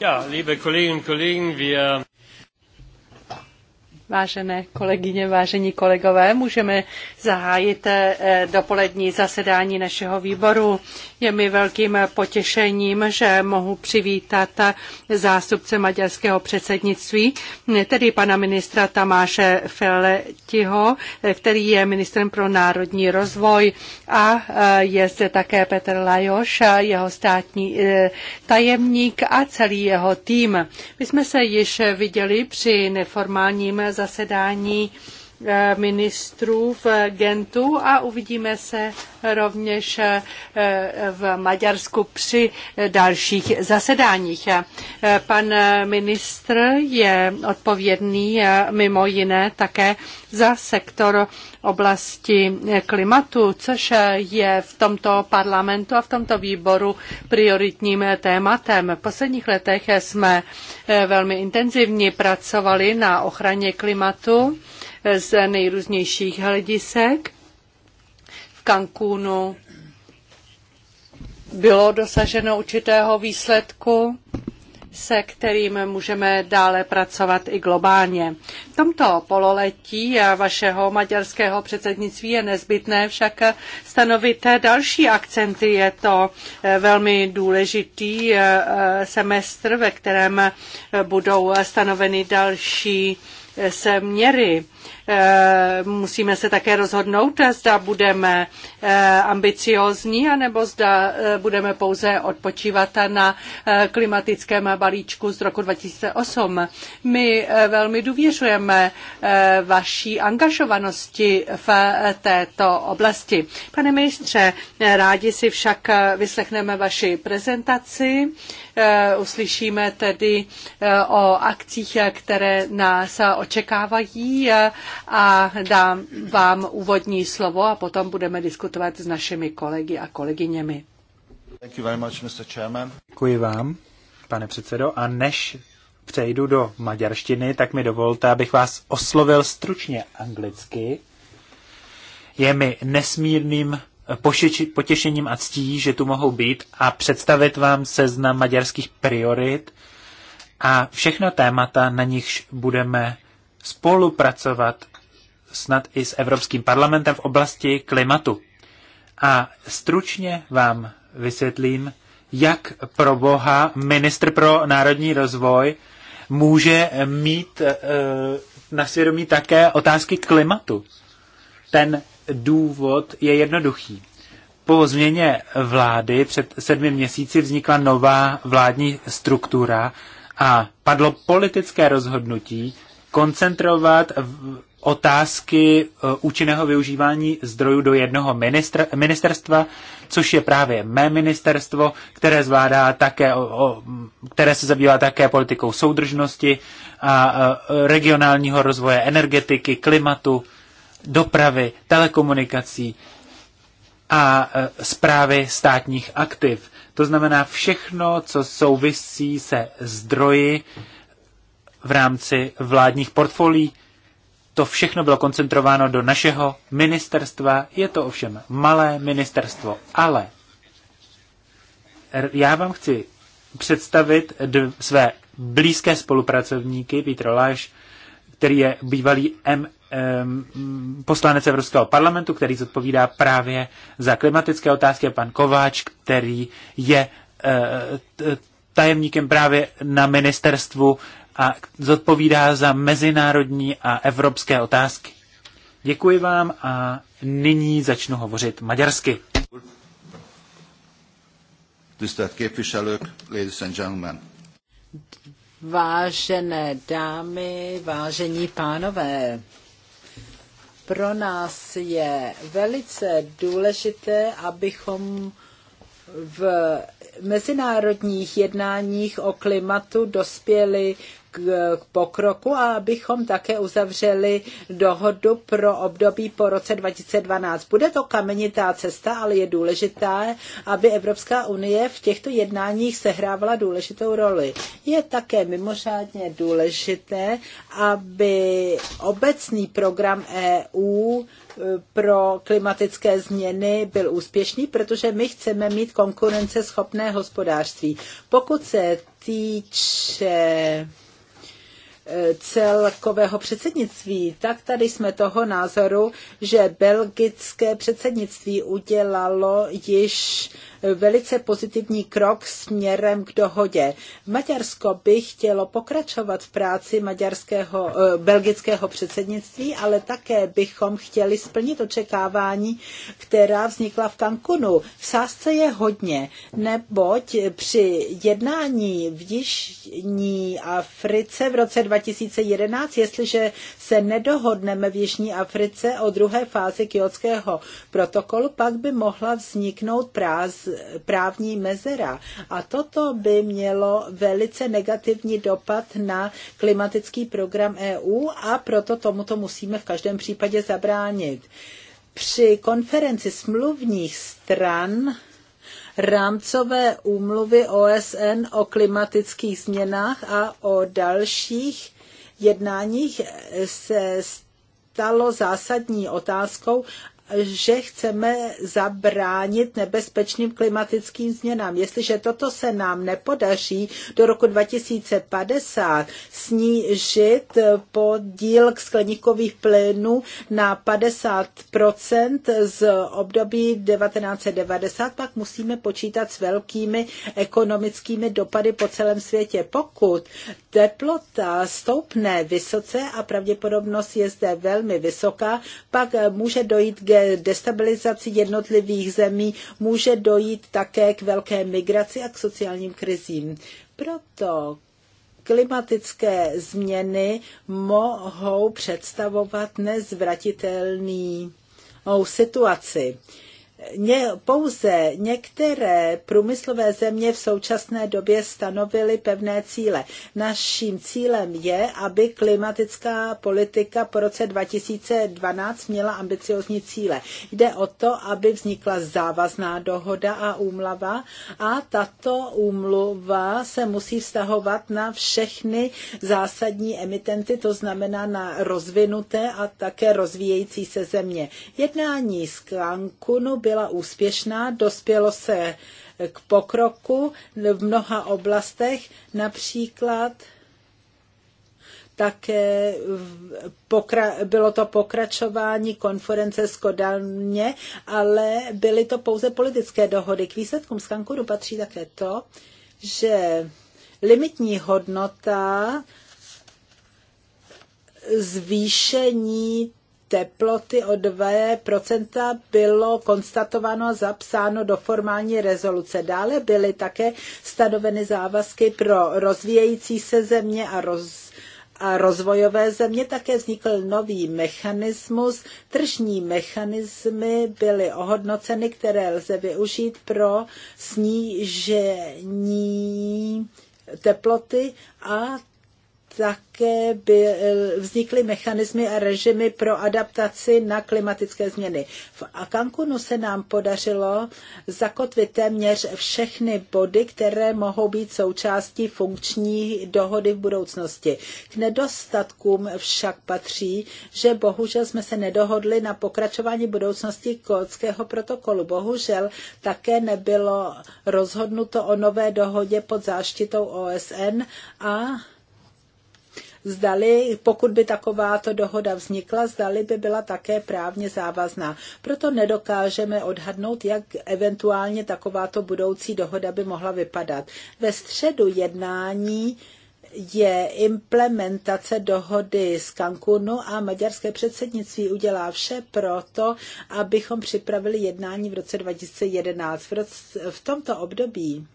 Ja, liebe Kolleginnen und Kollegen, wir Vážené kolegyně, vážení kolegové, můžeme zahájit eh, dopolední zasedání našeho výboru. Je mi velkým potěšením, že mohu přivítat eh, zástupce maďarského předsednictví, tedy pana ministra Tamáše Feletiho, eh, který je ministrem pro národní rozvoj a je zde také Petr Lajoš, jeho státní tajemník a celý jeho tým. My jsme se již viděli při neformálním zasedání Eh, ministrů v Gentu a uvidíme se rovněž eh, v Maďarsku při dalších zasedáních. Eh, pan ministr je odpovědný mimo jiné také za sektor oblasti klimatu, což je v tomto parlamentu a v tomto výboru prioritním tématem. V posledních letech jsme velmi intenzivně pracovali na ochraně klimatu z nejrůznějších hledisek. V Cancúnu bylo dosaženo určitého výsledku se kterým můžeme dále pracovat i globálně. V tomto pololetí vašeho maďarského předsednictví je nezbytné však stanovit další akcenty. Je to velmi důležitý semestr, ve kterém budou stanoveny další se měry eh, Musíme se také rozhodnout, zda budeme eh, ambiciozní, anebo zda eh, budeme pouze odpočívat na klimatickém balíčku z roku 2008. My velmi důvěřujeme vaší angažovanosti v této oblasti. Pane ministře, rádi si však vyslechneme vaši prezentaci Eh, uslyšíme tedy eh, o akcích, eh, které nás očekávají a dám vám úvodní slovo a potom budeme diskutovat s našimi kolegy a kolegyněmi. Děkuji vám, pane předsedo. A než přejdu do maďarštiny, tak mi dovolte, abych vás oslovil stručně anglicky. Je mi nesmírným potěšením a ctí, že tu mohou být a představit vám seznam maďarských priorit a všechna témata, na nichž budeme spolupracovat snad i s Evropským parlamentem v oblasti klimatu. A stručně vám vysvětlím, jak pro Boha ministr pro národní rozvoj může mít e, na svědomí také otázky klimatu. Ten důvod je jednoduchý. Po změně vlády před sedmi měsíci vznikla nová vládní struktura a padlo politické rozhodnutí koncentrovat otázky eh, účinného využívání zdrojů do jednoho ministr, ministerstva, což je právě mé ministerstvo, které zvládá také, o, o, které se zabývá také politikou soudržnosti a, a eh, regionálního rozvoje energetiky, klimatu dopravy, telekomunikací a zprávy e, státních aktiv. To znamená všechno, co souvisí se zdroji v rámci vládních portfolí. To všechno bylo koncentrováno do našeho ministerstva. Je to ovšem malé ministerstvo, ale já vám chci představit své blízké spolupracovníky, Petr Láš, který je bývalý M- poslanec Evropského parlamentu, který zodpovídá právě za klimatické otázky, pan Kováč, který je eh, tajemníkem právě na ministerstvu a zodpovídá za mezinárodní a evropské otázky. Děkuji vám a nyní začnu hovořit maďarsky. Vážené dámy, vážení pánové, pro nás je velice důležité, abychom v mezinárodních jednáních o klimatu dospěli k pokroku a abychom také uzavřeli dohodu pro období po roce 2012. Bude to kamenitá cesta, ale je důležitá, aby Evropská unie v těchto jednáních sehrávala důležitou roli. Je také mimořádně důležité, aby obecný program EU eh, pro klimatické změny byl úspěšný, protože my chceme mít konkurenceschopné hospodářství. Pokud se týče celkového předsednictví, tak tady jsme toho názoru, že belgické předsednictví udělalo již velice pozitivní krok směrem k dohodě. Maďarsko by chtělo pokračovat v práci maďarského, eh, belgického předsednictví, ale také bychom chtěli splnit očekávání, která vznikla v Cancunu. V sázce je hodně, neboť při jednání v Jižní Africe v roce 2000 2011, jestliže se nedohodneme v Jižní Africe o druhé fázi kyotského protokolu, pak by mohla vzniknout práz, právní mezera. A toto by mělo velice negativní dopad na klimatický program EU a proto tomuto musíme v každém případě zabránit. Při konferenci smluvních stran rámcové úmluvy OSN o klimatických změnách a o dalších jednáních se stalo zásadní otázkou že chceme zabránit nebezpečným klimatickým změnám. Jestliže toto se nám nepodaří do roku 2050 snížit podíl skleníkových plynů na 50 z období 1990, pak musíme počítat s velkými ekonomickými dopady po celém světě. Pokud teplota stoupne vysoce a pravděpodobnost je zde velmi vysoká, pak může dojít k destabilizaci jednotlivých zemí může dojít také k velké migraci a k sociálním krizím. Proto klimatické změny mohou představovat nezvratitelný situaci ně, pouze některé průmyslové země v současné době stanovily pevné cíle. Naším cílem je, aby klimatická politika po roce 2012 měla ambiciozní cíle. Jde o to, aby vznikla závazná dohoda a úmlava a tato úmluva se musí vztahovat na všechny zásadní emitenty, to znamená na rozvinuté a také rozvíjející se země. Jednání z Cancunu bylo byla úspěšná, dospělo se k pokroku v mnoha oblastech, například také pokra- bylo to pokračování konference s Kodaně, ale byly to pouze politické dohody. K výsledkům z Cancunu patří také to, že limitní hodnota zvýšení teploty o 2% bylo konstatováno a zapsáno do formální rezoluce. Dále byly také stanoveny závazky pro rozvíjející se země a roz a rozvojové země také vznikl nový mechanismus. Tržní mechanismy byly ohodnoceny, které lze využít pro snížení teploty a také byl, eh, vznikly mechanismy a režimy pro adaptaci na klimatické změny. V Cancunu se nám podařilo zakotvit téměř všechny body, které mohou být součástí funkční dohody v budoucnosti. K nedostatkům však patří, že bohužel jsme se nedohodli na pokračování budoucnosti Kótského protokolu. Bohužel také nebylo rozhodnuto o nové dohodě pod záštitou OSN a zdali, pokud by takováto dohoda vznikla, zdali by byla také právně závazná. Proto nedokážeme odhadnout, jak eventuálně takováto budoucí dohoda by mohla vypadat. Ve středu jednání je implementace dohody z Cancunu a maďarské předsednictví udělá vše proto, abychom připravili jednání v roce 2011. V, roce, v tomto období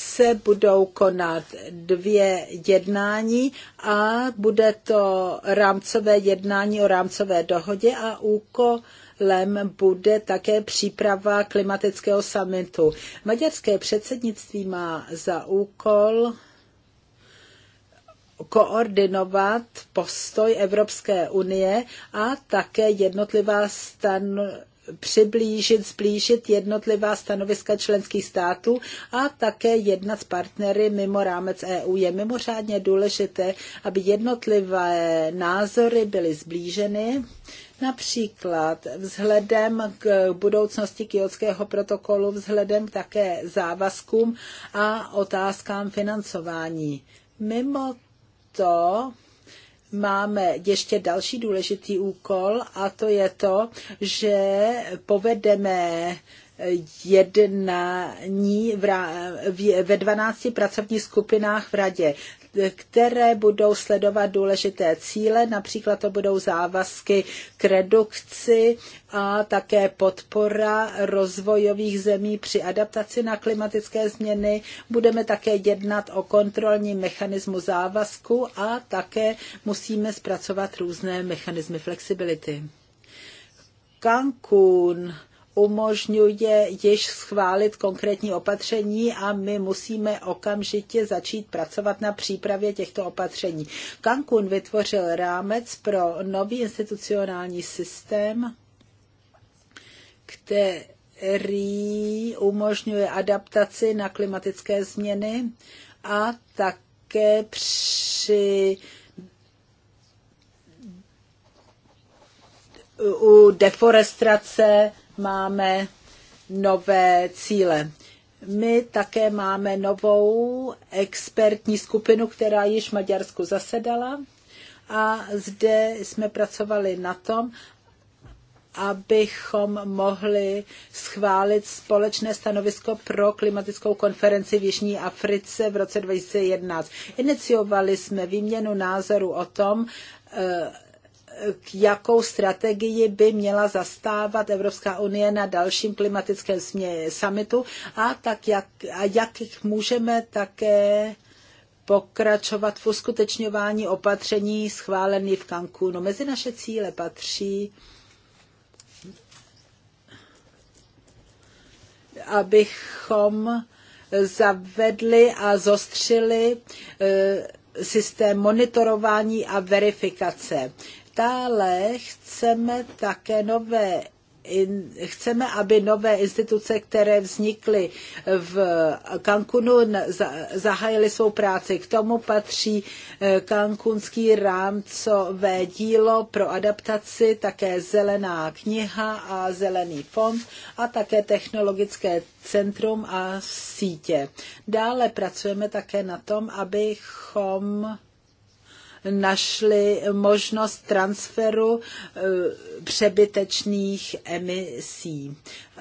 se budou konat dvě jednání a bude to rámcové jednání o rámcové dohodě a úkolem bude také příprava klimatického summitu. Maďarské předsednictví má za úkol koordinovat postoj Evropské unie a také jednotlivá stan, přiblížit, zblížit jednotlivá stanoviska členských států a také jednat s partnery mimo rámec EU. Je mimořádně důležité, aby jednotlivé názory byly zblíženy, Například vzhledem k budoucnosti Kyotského protokolu, vzhledem také závazkům a otázkám financování. Mimo to máme ještě další důležitý úkol a to je to, že povedeme jednání v, ve 12 pracovních skupinách v radě které budou sledovat důležité cíle, například to budou závazky k redukci a také podpora rozvojových zemí při adaptaci na klimatické změny. Budeme také jednat o kontrolním mechanismu závazku a také musíme zpracovat různé mechanismy flexibility. Cancún umožňuje již schválit konkrétní opatření a my musíme okamžitě začít pracovat na přípravě těchto opatření. Cancún vytvořil rámec pro nový institucionální systém, který umožňuje adaptaci na klimatické změny a také při u deforestace máme nové cíle. My také máme novou expertní skupinu, která již v Maďarsku zasedala a zde jsme pracovali na tom, abychom mohli schválit společné stanovisko pro klimatickou konferenci v Jižní Africe v roce 2011. Iniciovali jsme výměnu názoru o tom, eh, jakou strategii by měla zastávat Evropská unie na dalším klimatickém summitu a, tak jak, a jak můžeme také pokračovat v uskutečňování opatření schválených v Cancúnu. Mezi naše cíle patří abychom zavedli a zostřili eh, systém monitorování a verifikace. Dále chceme také nové in, chceme, aby nové instituce, které vznikly v Cancunu, zahájily svou práci. K tomu patří eh, Cancunský rámcové dílo pro adaptaci, také zelená kniha a zelený fond a také technologické centrum a sítě. Dále pracujeme také na tom, abychom našli možnost transferu eh, přebytečných emisí.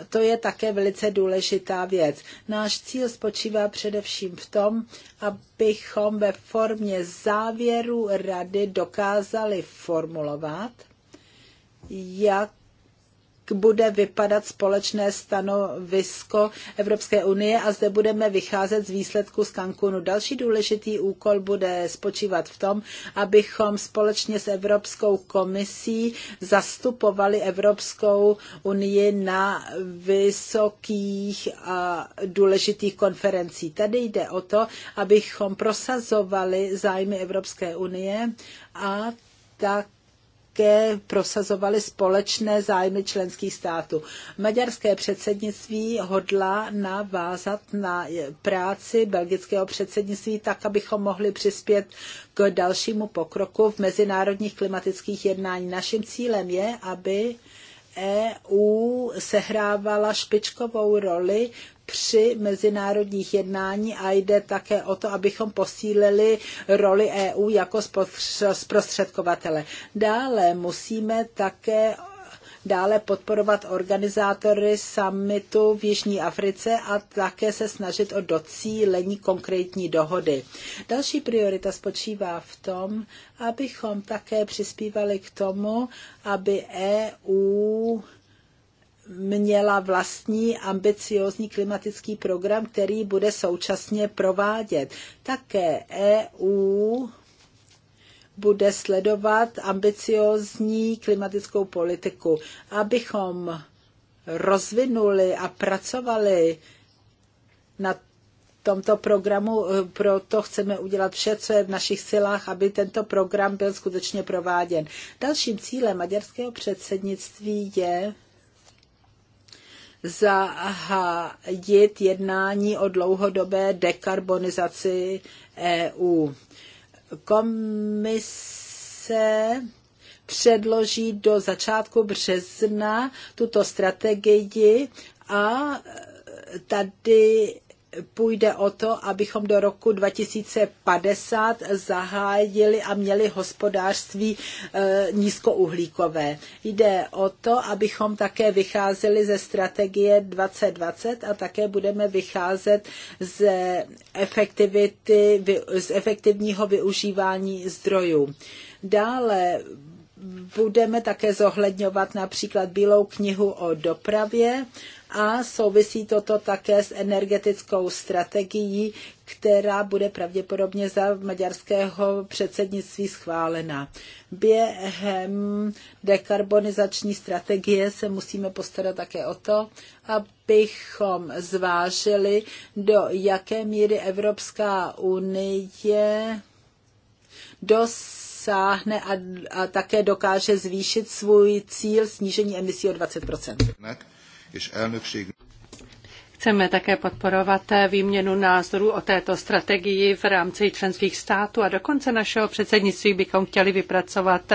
To je také velice důležitá věc. Náš cíl spočívá především v tom, abychom ve formě závěru rady dokázali formulovat, jak bude vypadat společné stanovisko Evropské unie a zde budeme vycházet z výsledku z Cancunu. Další důležitý úkol bude spočívat v tom, abychom společně s Evropskou komisí zastupovali Evropskou unii na vysokých a důležitých konferencích. Tady jde o to, abychom prosazovali zájmy Evropské unie a tak také prosazovali společné zájmy členských států. Maďarské předsednictví hodla navázat na práci belgického předsednictví tak, abychom mohli přispět k dalšímu pokroku v mezinárodních klimatických jednání. Naším cílem je, aby EU sehrávala špičkovou roli při mezinárodních jednání a jde také o to, abychom posílili roli EU jako zprostředkovatele. Dále musíme také dále podporovat organizátory summitu v Jižní Africe a také se snažit o docílení konkrétní dohody. Další priorita spočívá v tom, abychom také přispívali k tomu, aby EU měla vlastní ambiciózní klimatický program, který bude současně provádět. Také EU bude sledovat ambiciózní klimatickou politiku. Abychom rozvinuli a pracovali na tomto programu, eh, proto chceme udělat vše, co je v našich silách, aby tento program byl skutečně prováděn. Dalším cílem maďarského předsednictví je zahájit jednání o dlouhodobé dekarbonizaci EU. Komise předloží do začátku března tuto strategii a tady půjde o to, abychom do roku 2050 zahájili a měli hospodářství e, nízkouhlíkové. Jde o to, abychom také vycházeli ze strategie 2020 a také budeme vycházet z, efektivity, z efektivního využívání zdrojů. Dále budeme také zohledňovat například Bílou knihu o dopravě a souvisí toto také s energetickou strategií, která bude pravděpodobně za maďarského předsednictví schválena. Během dekarbonizační strategie se musíme postarat také o to, abychom zvážili, do jaké míry Evropská unie dosáhne a, a také dokáže zvýšit svůj cíl snížení emisí o 20 és Chceme také podporovat výměnu názorů o této strategii v rámci členských států a do konce našeho předsednictví bychom chtěli vypracovat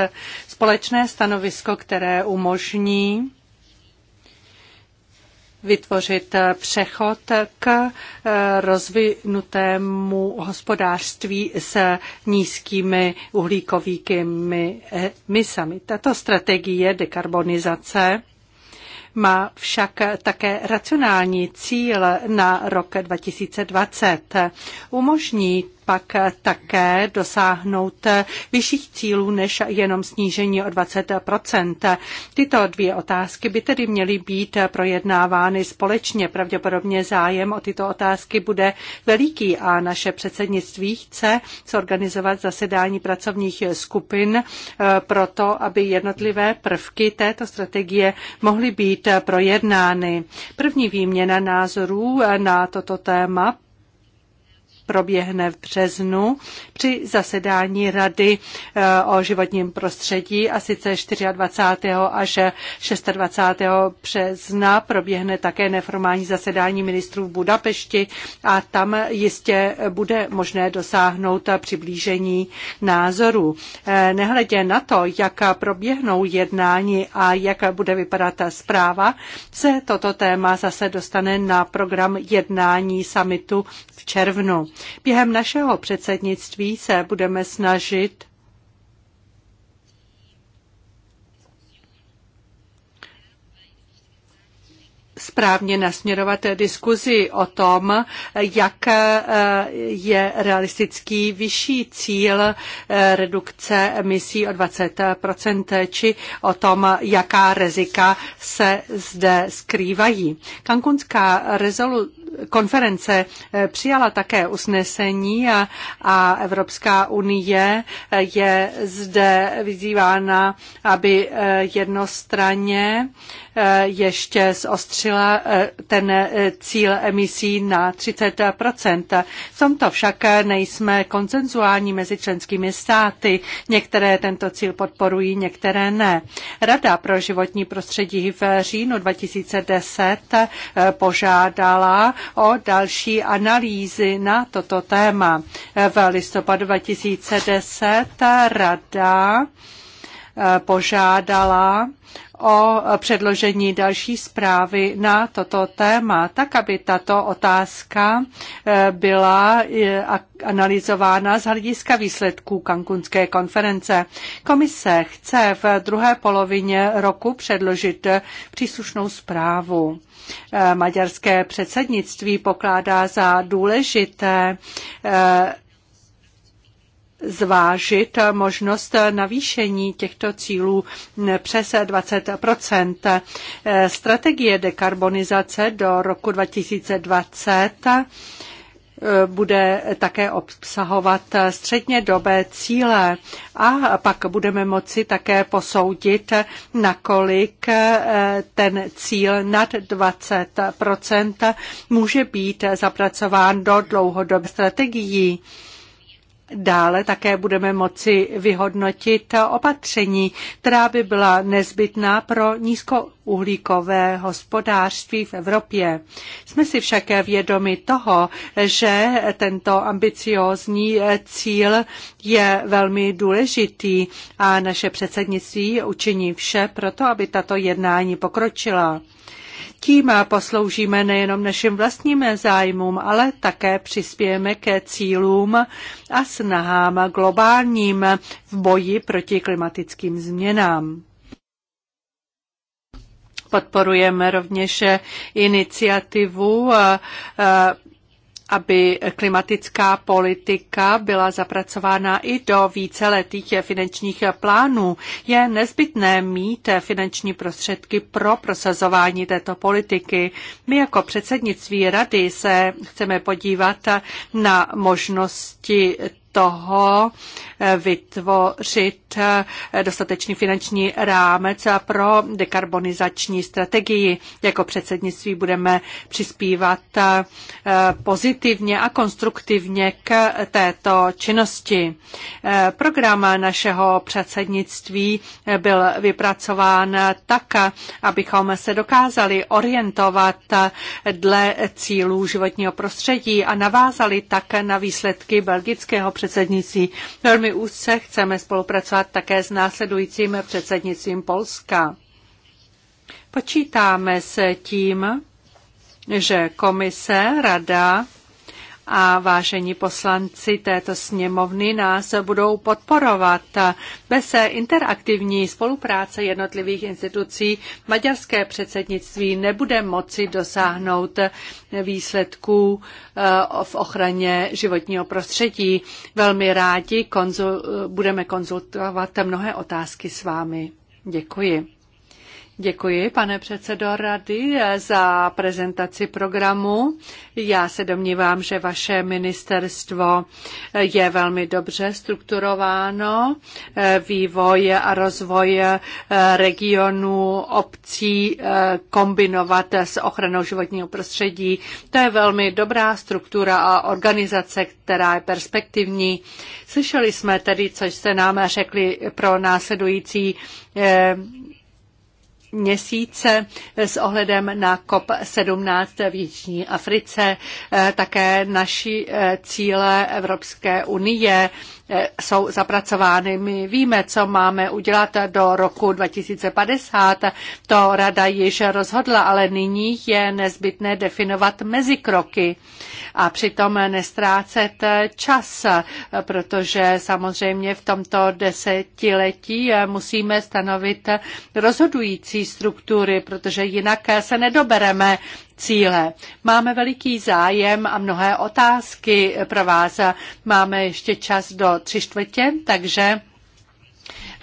společné stanovisko, které umožní vytvořit přechod k rozvinutému hospodářství s nízkými uhlíkovými emisami. Tato strategie dekarbonizace má však také racionální cíl na rok 2020. Umožní pak eh, také dosáhnout eh, vyšších cílů než jenom snížení o 20 Tyto dvě otázky by tedy měly být eh, projednávány společně. Pravděpodobně zájem o tyto otázky bude veliký a naše předsednictví chce zorganizovat zasedání pracovních skupin proto, aby jednotlivé prvky této strategie mohly být projednány. První výměna názorů na toto téma proběhne v březnu při zasedání Rady eh, o životním prostředí a sice 24. až 26. března proběhne také neformální zasedání ministrů v Budapešti a tam jistě bude možné dosáhnout přiblížení názorů. Eh, nehledě na to, jak proběhnou jednání a jak bude vypadat ta zpráva, se toto téma zase dostane na program jednání samitu v červnu. Během našeho předsednictví se budeme snažit správně nasměrovat diskuzi o tom, jak eh, je realistický vyšší cíl eh, redukce emisí o 20 či o tom, jaká rizika se zde skrývají. Kankunská rezolu- konference eh, přijala také usnesení a, a Evropská unie eh, je zde vyzývána, aby eh, jednostranně ještě zostřila ten cíl emisí na 30 V tomto však nejsme koncenzuální mezi členskými státy. Některé tento cíl podporují, některé ne. Rada pro životní prostředí v říjnu 2010 požádala o další analýzy na toto téma. V listopadu 2010 rada eh, požádala o předložení další zprávy na toto téma, tak aby tato otázka eh, byla eh, analyzována z hlediska výsledků Cancunské konference. Komise chce v druhé polovině roku předložit eh, příslušnou zprávu. Maďarské předsednictví pokládá za důležité zvážit možnost navýšení těchto cílů přes 20 Strategie dekarbonizace do roku 2020 bude také obsahovat středně dobé cíle a pak budeme moci také posoudit, nakolik ten cíl nad 20 může být zapracován do dlouhodobé strategií. Dále také budeme moci vyhodnotit opatření, která by byla nezbytná pro nízkouhlíkové hospodářství v Evropě. Jsme si však vědomi toho, že tento ambiciózní cíl je velmi důležitý a naše předsednictví učiní vše pro to, aby tato jednání pokročila. Tím posloužíme nejenom našim vlastním zájmům, ale také přispějeme ke cílům a snahám globálním v boji proti klimatickým změnám. Podporujeme rovněž iniciativu aby klimatická politika byla zapracována i do víceletých finančních plánů, je nezbytné mít finanční prostředky pro prosazování této politiky. My jako předsednictví rady se chceme podívat na možnosti toho eh, vytvořit eh, dostatečný finanční rámec pro dekarbonizační strategii. Jako předsednictví budeme přispívat eh, pozitivně a konstruktivně k této činnosti. Program našeho předsednictví byl vypracován tak, abychom se dokázali orientovat dle cílů životního prostředí a navázali tak na výsledky belgického předsednictví předsednictví. Velmi úzce chceme spolupracovat také s následujícím předsednictvím Polska. Počítáme s tím, že komise, rada a vážení poslanci této sněmovny nás budou podporovat. Bez interaktivní spolupráce jednotlivých institucí maďarské předsednictví nebude moci dosáhnout výsledků eh, v ochraně životního prostředí. Velmi rádi konzul, budeme konzultovat mnohé otázky s vámi. Děkuji. Děkuji, pane předsedo rady, za prezentaci programu. Já se domnívám, že vaše ministerstvo je velmi dobře strukturováno. Vývoj a rozvoj regionů, obcí kombinovat s ochranou životního prostředí, to je velmi dobrá struktura a organizace, která je perspektivní. Slyšeli jsme tedy, co jste nám řekli pro následující eh, měsíce s ohledem na COP17 v Jižní Africe, eh, také naši eh, cíle Evropské unie Eh, jsou zapracovány. My víme, co máme udělat do roku 2050. To rada již rozhodla, ale nyní je nezbytné definovat mezikroky a přitom nestrácet čas, protože samozřejmě v tomto desetiletí musíme stanovit rozhodující struktury, protože jinak se nedobereme cíle. Máme veliký zájem a mnohé otázky pro vás. Máme ještě čas do tři čtvrtě, takže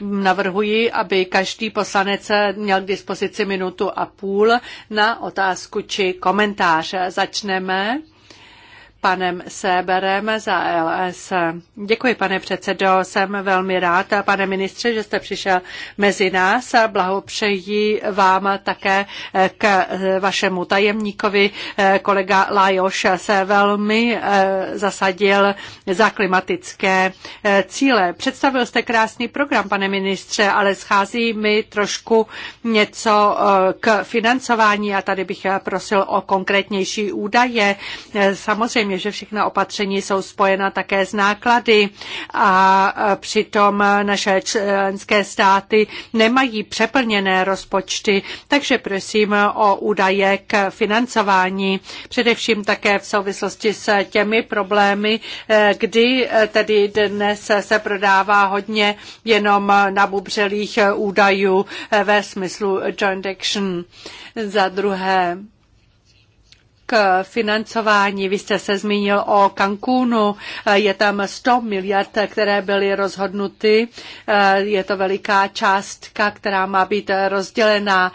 navrhuji, aby každý poslanec měl k dispozici minutu a půl na otázku či komentář. Začneme panem Séberem za LS. Děkuji, pane předsedo, jsem velmi rád, pane ministře, že jste přišel mezi nás. Blahopřeji vám také k vašemu tajemníkovi. Kolega Lajoš se velmi eh, zasadil za klimatické eh, cíle. Představil jste krásný program, pane ministře, ale schází mi trošku něco eh, k financování a tady bych prosil o konkrétnější údaje. Samozřejmě Samozřejmě, že všechna opatření jsou spojena také s náklady a přitom naše členské státy nemají přeplněné rozpočty, takže prosím o údaje k financování, především také v souvislosti s těmi problémy, eh, kdy eh, tedy dnes se prodává hodně jenom nabubřelých údajů eh, ve smyslu joint action. Za druhé, financování. Vy jste se zmínil o Cancúnu, je tam 100 miliard, které byly rozhodnuty. Je to veliká částka, která má být rozdělena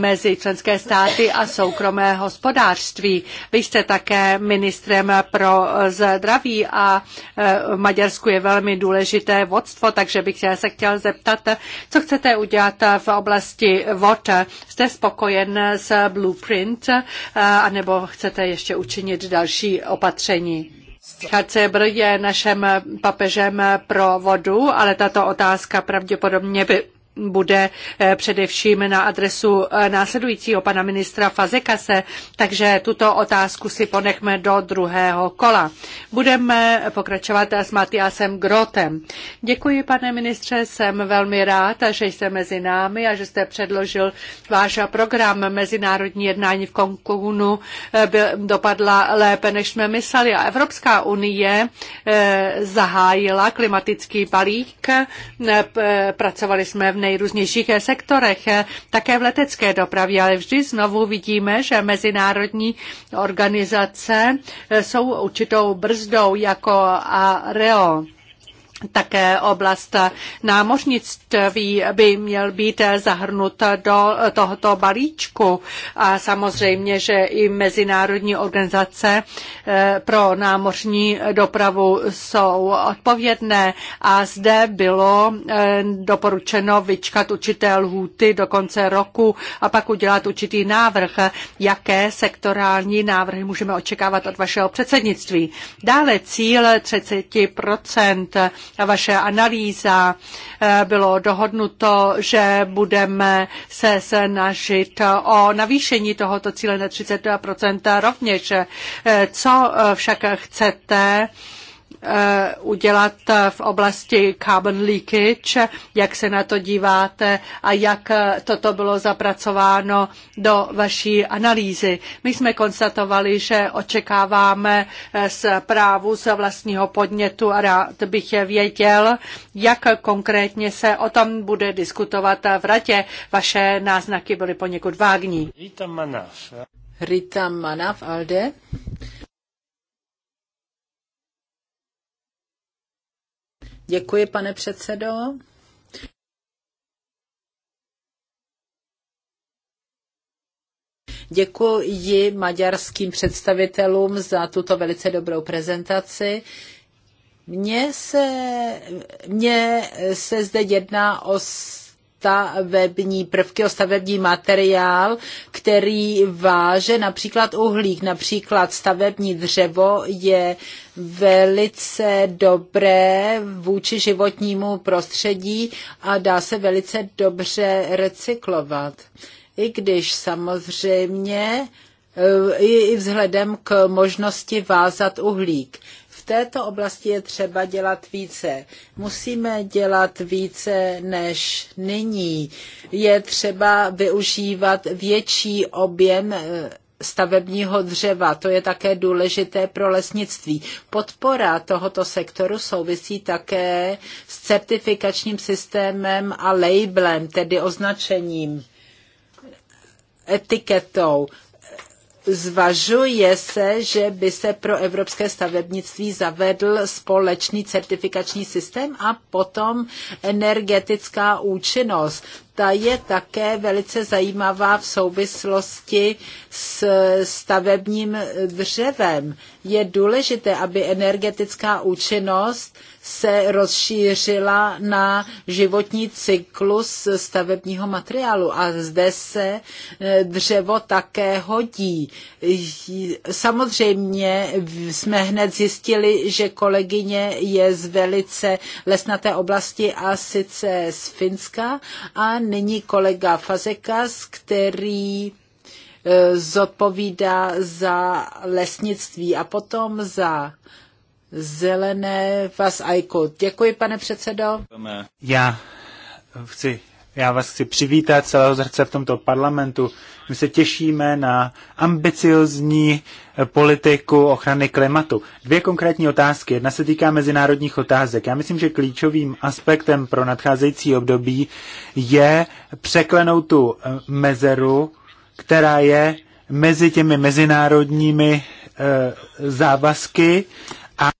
mezi členské státy a soukromé hospodářství. Vy jste také ministrem pro zdraví a e, Maďarsku je velmi důležité vodstvo, takže bych se chtěl zeptat, co chcete udělat v oblasti vod. Jste spokojen s blueprint anebo chcete ještě učinit další opatření? Charcebr je našem papežem pro vodu, ale tato otázka pravděpodobně by bude eh, především na adresu eh, následujícího pana ministra Fazekase, takže tuto otázku si ponechme do druhého kola. Budeme pokračovat s Matiasem Grotem. Děkuji, pane ministře, jsem velmi rád, že jste mezi námi a že jste předložil váš program Mezinárodní jednání v Konkunu eh, dopadla lépe, než jsme mysleli. A Evropská unie zahájila klimatický balík, pracovali jsme v nej nejrůznějších sektorech, také v letecké dopravě, ale vždy znovu vidíme, že mezinárodní organizace jsou určitou brzdou jako AREO. Také oblast námořnictví by měl být zahrnuta do tohoto balíčku a samozřejmě, že i mezinárodní organizace eh, pro námořní dopravu jsou odpovědné a zde bylo eh, doporučeno vyčkat určité lhůty do konce roku a pak udělat určitý návrh, jaké sektorální návrhy můžeme očekávat od vašeho předsednictví. Dále cíl 30 vaše analýza. Eh, bylo dohodnuto, že budeme se snažit o navýšení tohoto cíle na 32% rovněž. Eh, co eh, však chcete? Eh, udělat eh, v oblasti carbon leakage, jak se na to díváte a jak eh, toto bylo zapracováno do vaší analýzy. My jsme konstatovali, že očekáváme zprávu z vlastního podnětu a rád bych je věděl, jak konkrétně se o tom bude diskutovat v radě. Vaše náznaky byly poněkud vágní. Rita Manaf. Rita Manaf, Alde. Děkuji, pane předsedo. Děkuji maďarským představitelům za tuto velice dobrou prezentaci. Mně se, mně se zde jedná o stavební prvky, o stavební materiál, který váže například uhlík. Například stavební dřevo je velice dobré vůči životnímu prostředí a dá se velice dobře recyklovat. I když samozřejmě e, i vzhledem k možnosti vázat uhlík této oblasti je třeba dělat více. Musíme dělat více než nyní. Je třeba využívat větší objem eh, stavebního dřeva. To je také důležité pro lesnictví. Podpora tohoto sektoru souvisí také s certifikačním systémem a labelem, tedy označením etiketou. Zvažuje se, že by se pro evropské stavebnictví zavedl společný certifikační systém a potom energetická účinnost ta je také velice zajímavá v souvislosti s stavebním dřevem. Je důležité, aby energetická účinnost se rozšířila na životní cyklus stavebního materiálu a zde se e, dřevo také hodí. Samozřejmě jsme hned zjistili, že kolegyně je z velice lesnaté oblasti a sice z Finska a nyní kolega Fazekas, který e, zodpovídá za lesnictví a potom za zelené vás Aiko. Děkuji, pane předsedo. Já chci já vás chci přivítat celého zrce v tomto parlamentu. My se těšíme na ambiciozní eh, politiku ochrany klimatu. Dvě konkrétní otázky. Jedna se týká mezinárodních otázek. Já myslím, že klíčovým aspektem pro nadcházející období je překlenout tu eh, mezeru, která je mezi těmi mezinárodními e, závazky a,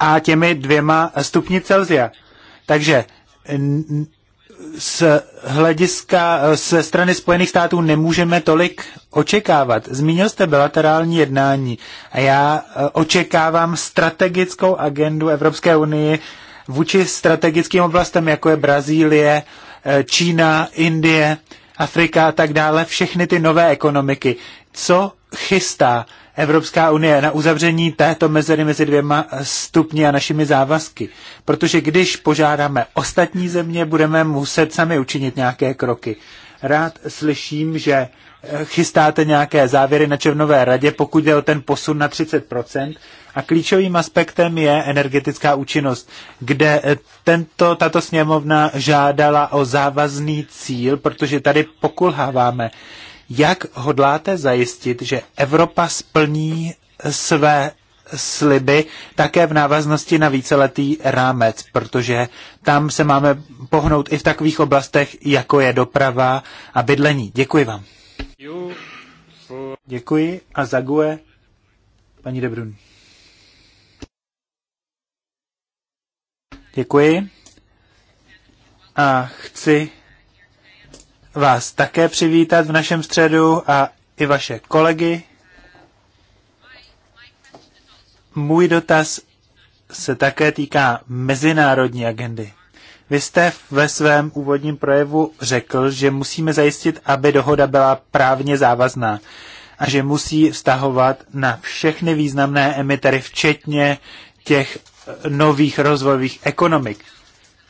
a těmi dvěma stupni Celzia. Takže z hlediska ze strany Spojených států nemůžeme tolik očekávat. Zmínil jste bilaterální jednání a já e, očekávám strategickou agendu Evropské unie vůči strategickým oblastem, jako je Brazílie, e, Čína, Indie, Afrika a tak dále, všechny ty nové ekonomiky. Co chystá Evropská unie na uzavření této mezery mezi dvěma stupni a našimi závazky. Protože když požádáme ostatní země, budeme muset sami učinit nějaké kroky. Rád slyším, že eh, chystáte nějaké závěry na Černové radě, pokud jde o ten posun na 30%, a klíčovým aspektem je energetická účinnost, kde eh, tento, tato sněmovna žádala o závazný cíl, protože tady pokulháváme. Jak hodláte zajistit, že Evropa splní eh, své sliby také v návaznosti na víceletý rámec, protože tam se máme pohnout i v takových oblastech, jako je doprava a bydlení. Děkuji vám. Děkuji a zague paní Debrun. Děkuji. A chci vás také přivítat v našem středu a i vaše kolegy. Můj dotaz se také týká mezinárodní agendy. Vy jste ve svém úvodním projevu řekl, že musíme zajistit, aby dohoda byla právně závazná a že musí vztahovat na všechny významné emitery, včetně těch nových rozvojových ekonomik.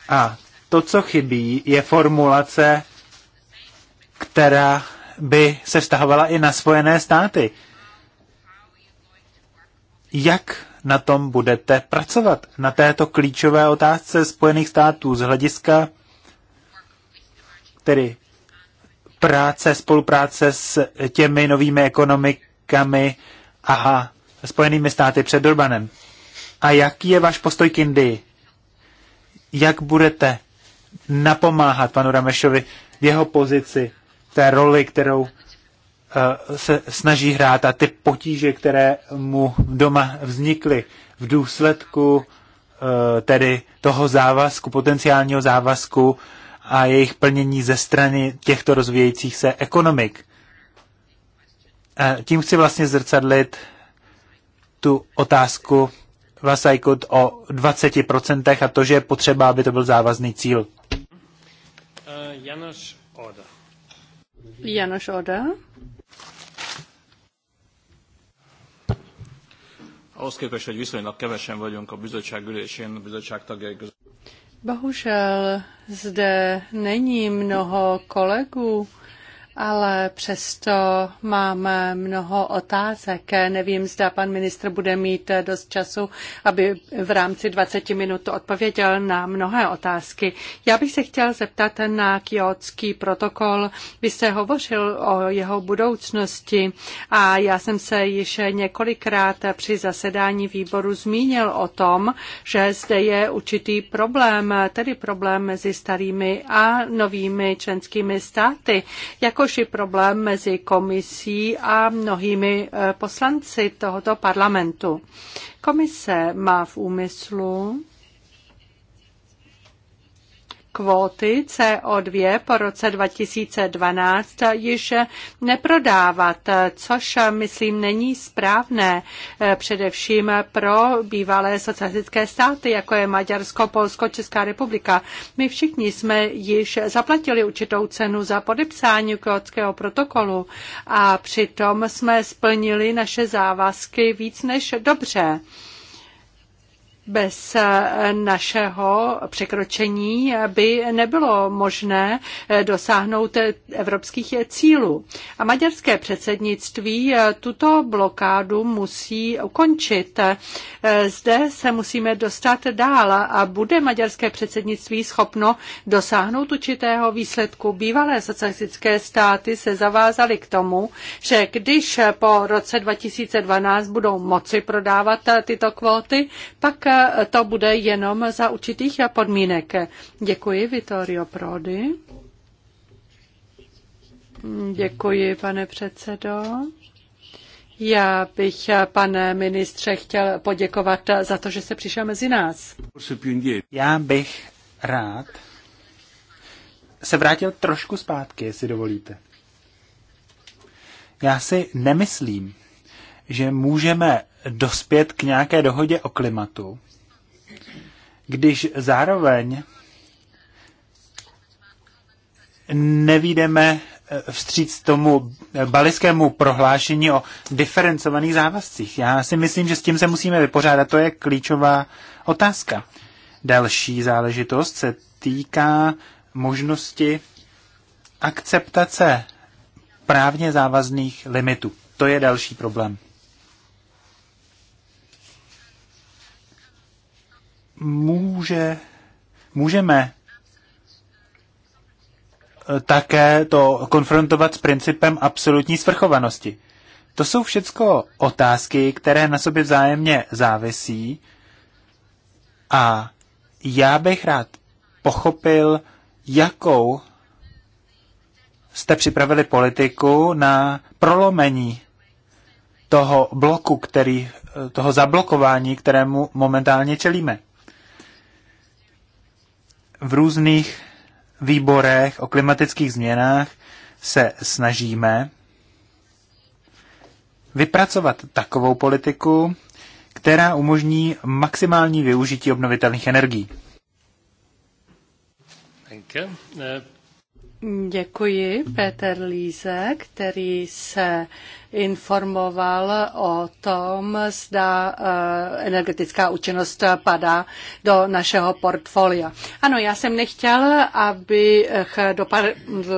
A to, co chybí, je formulace, která by se vztahovala i na Spojené státy. Jak na tom budete pracovat? Na této klíčové otázce Spojených států z hlediska tedy práce, spolupráce s těmi novými ekonomikami a Spojenými státy před Durbanem. A jaký je váš postoj k Indii? Jak budete napomáhat panu Ramešovi v jeho pozici, té roli, kterou eh, se snaží hrát a ty potíže, které mu doma vznikly v důsledku eh, tedy toho závazku, potenciálního závazku a jejich plnění ze strany těchto rozvíjejících se ekonomik. A eh, tím chci vlastně zrcadlit tu otázku Vlasajkut o 20% a to, že je potřeba, aby to byl závazný cíl. Eh, Janoš Oda. Janoš Oda. Ahhoz képest, hogy viszonylag kevesen vagyunk a bizottság ülésén, a bizottság tagjai között. Bohužel zde není mnoho kolegů ale přesto mám mnoho otázek. Nevím, zda pan ministr bude mít dost času, aby v rámci 20 minut odpověděl na mnohé otázky. Já bych se chtěl zeptat na kiotský protokol. Vy jste hovořil o jeho budoucnosti a já jsem se již několikrát při zasedání výboru zmínil o tom, že zde je určitý problém, tedy problém mezi starými a novými členskými státy. Jako což je problém mezi komisí a mnohými eh, poslanci tohoto parlamentu. Komise má v úmyslu kvóty CO2 po roce 2012 již neprodávat, což myslím není správné eh, především pro bývalé socialistické státy, jako je Maďarsko, Polsko, Česká republika. My všichni jsme již zaplatili určitou cenu za podepsání kvótského protokolu a přitom jsme splnili naše závazky víc než dobře. Bez eh, našeho překročení by nebylo možné eh, dosáhnout eh, evropských cílů. A maďarské předsednictví tuto blokádu musí ukončit. Zde se musíme dostat dál a bude maďarské předsednictví schopno dosáhnout určitého výsledku. Bývalé socialistické státy se zavázaly k tomu, že když po roce 2012 budou moci prodávat tyto kvóty, pak to bude jenom za určitých podmínek. Děkuji, Vittorio Prodi. Děkuji, pane předsedo. Já bych, pane ministře, chtěl poděkovat za to, že se přišel mezi nás. Já bych rád se vrátil trošku zpátky, jestli dovolíte. Já si nemyslím, že můžeme dospět k nějaké dohodě o klimatu, když zároveň nevídeme eh, vstříc tomu balickému prohlášení o diferencovaných závazcích. Já si myslím, že s tím se musíme vypořádat, to je klíčová otázka. Další záležitost se týká možnosti akceptace právně závazných limitů. To je další problém. může, můžeme eh, také to konfrontovat s principem absolutní svrchovanosti. To jsou všechno otázky, které na sobě vzájemně závisí a já bych rád pochopil, jakou jste připravili politiku na prolomení toho bloku, který, eh, toho zablokování, kterému momentálně čelíme v různých výborech o klimatických změnách se snažíme vypracovat takovou politiku, která umožní maximální využití obnovitelných energií. Uh, Děkuji Peter Líze, který se informoval o tom, zda eh, energetická účinnost padá do našeho portfolia. Ano, já jsem nechtěl, aby dopadl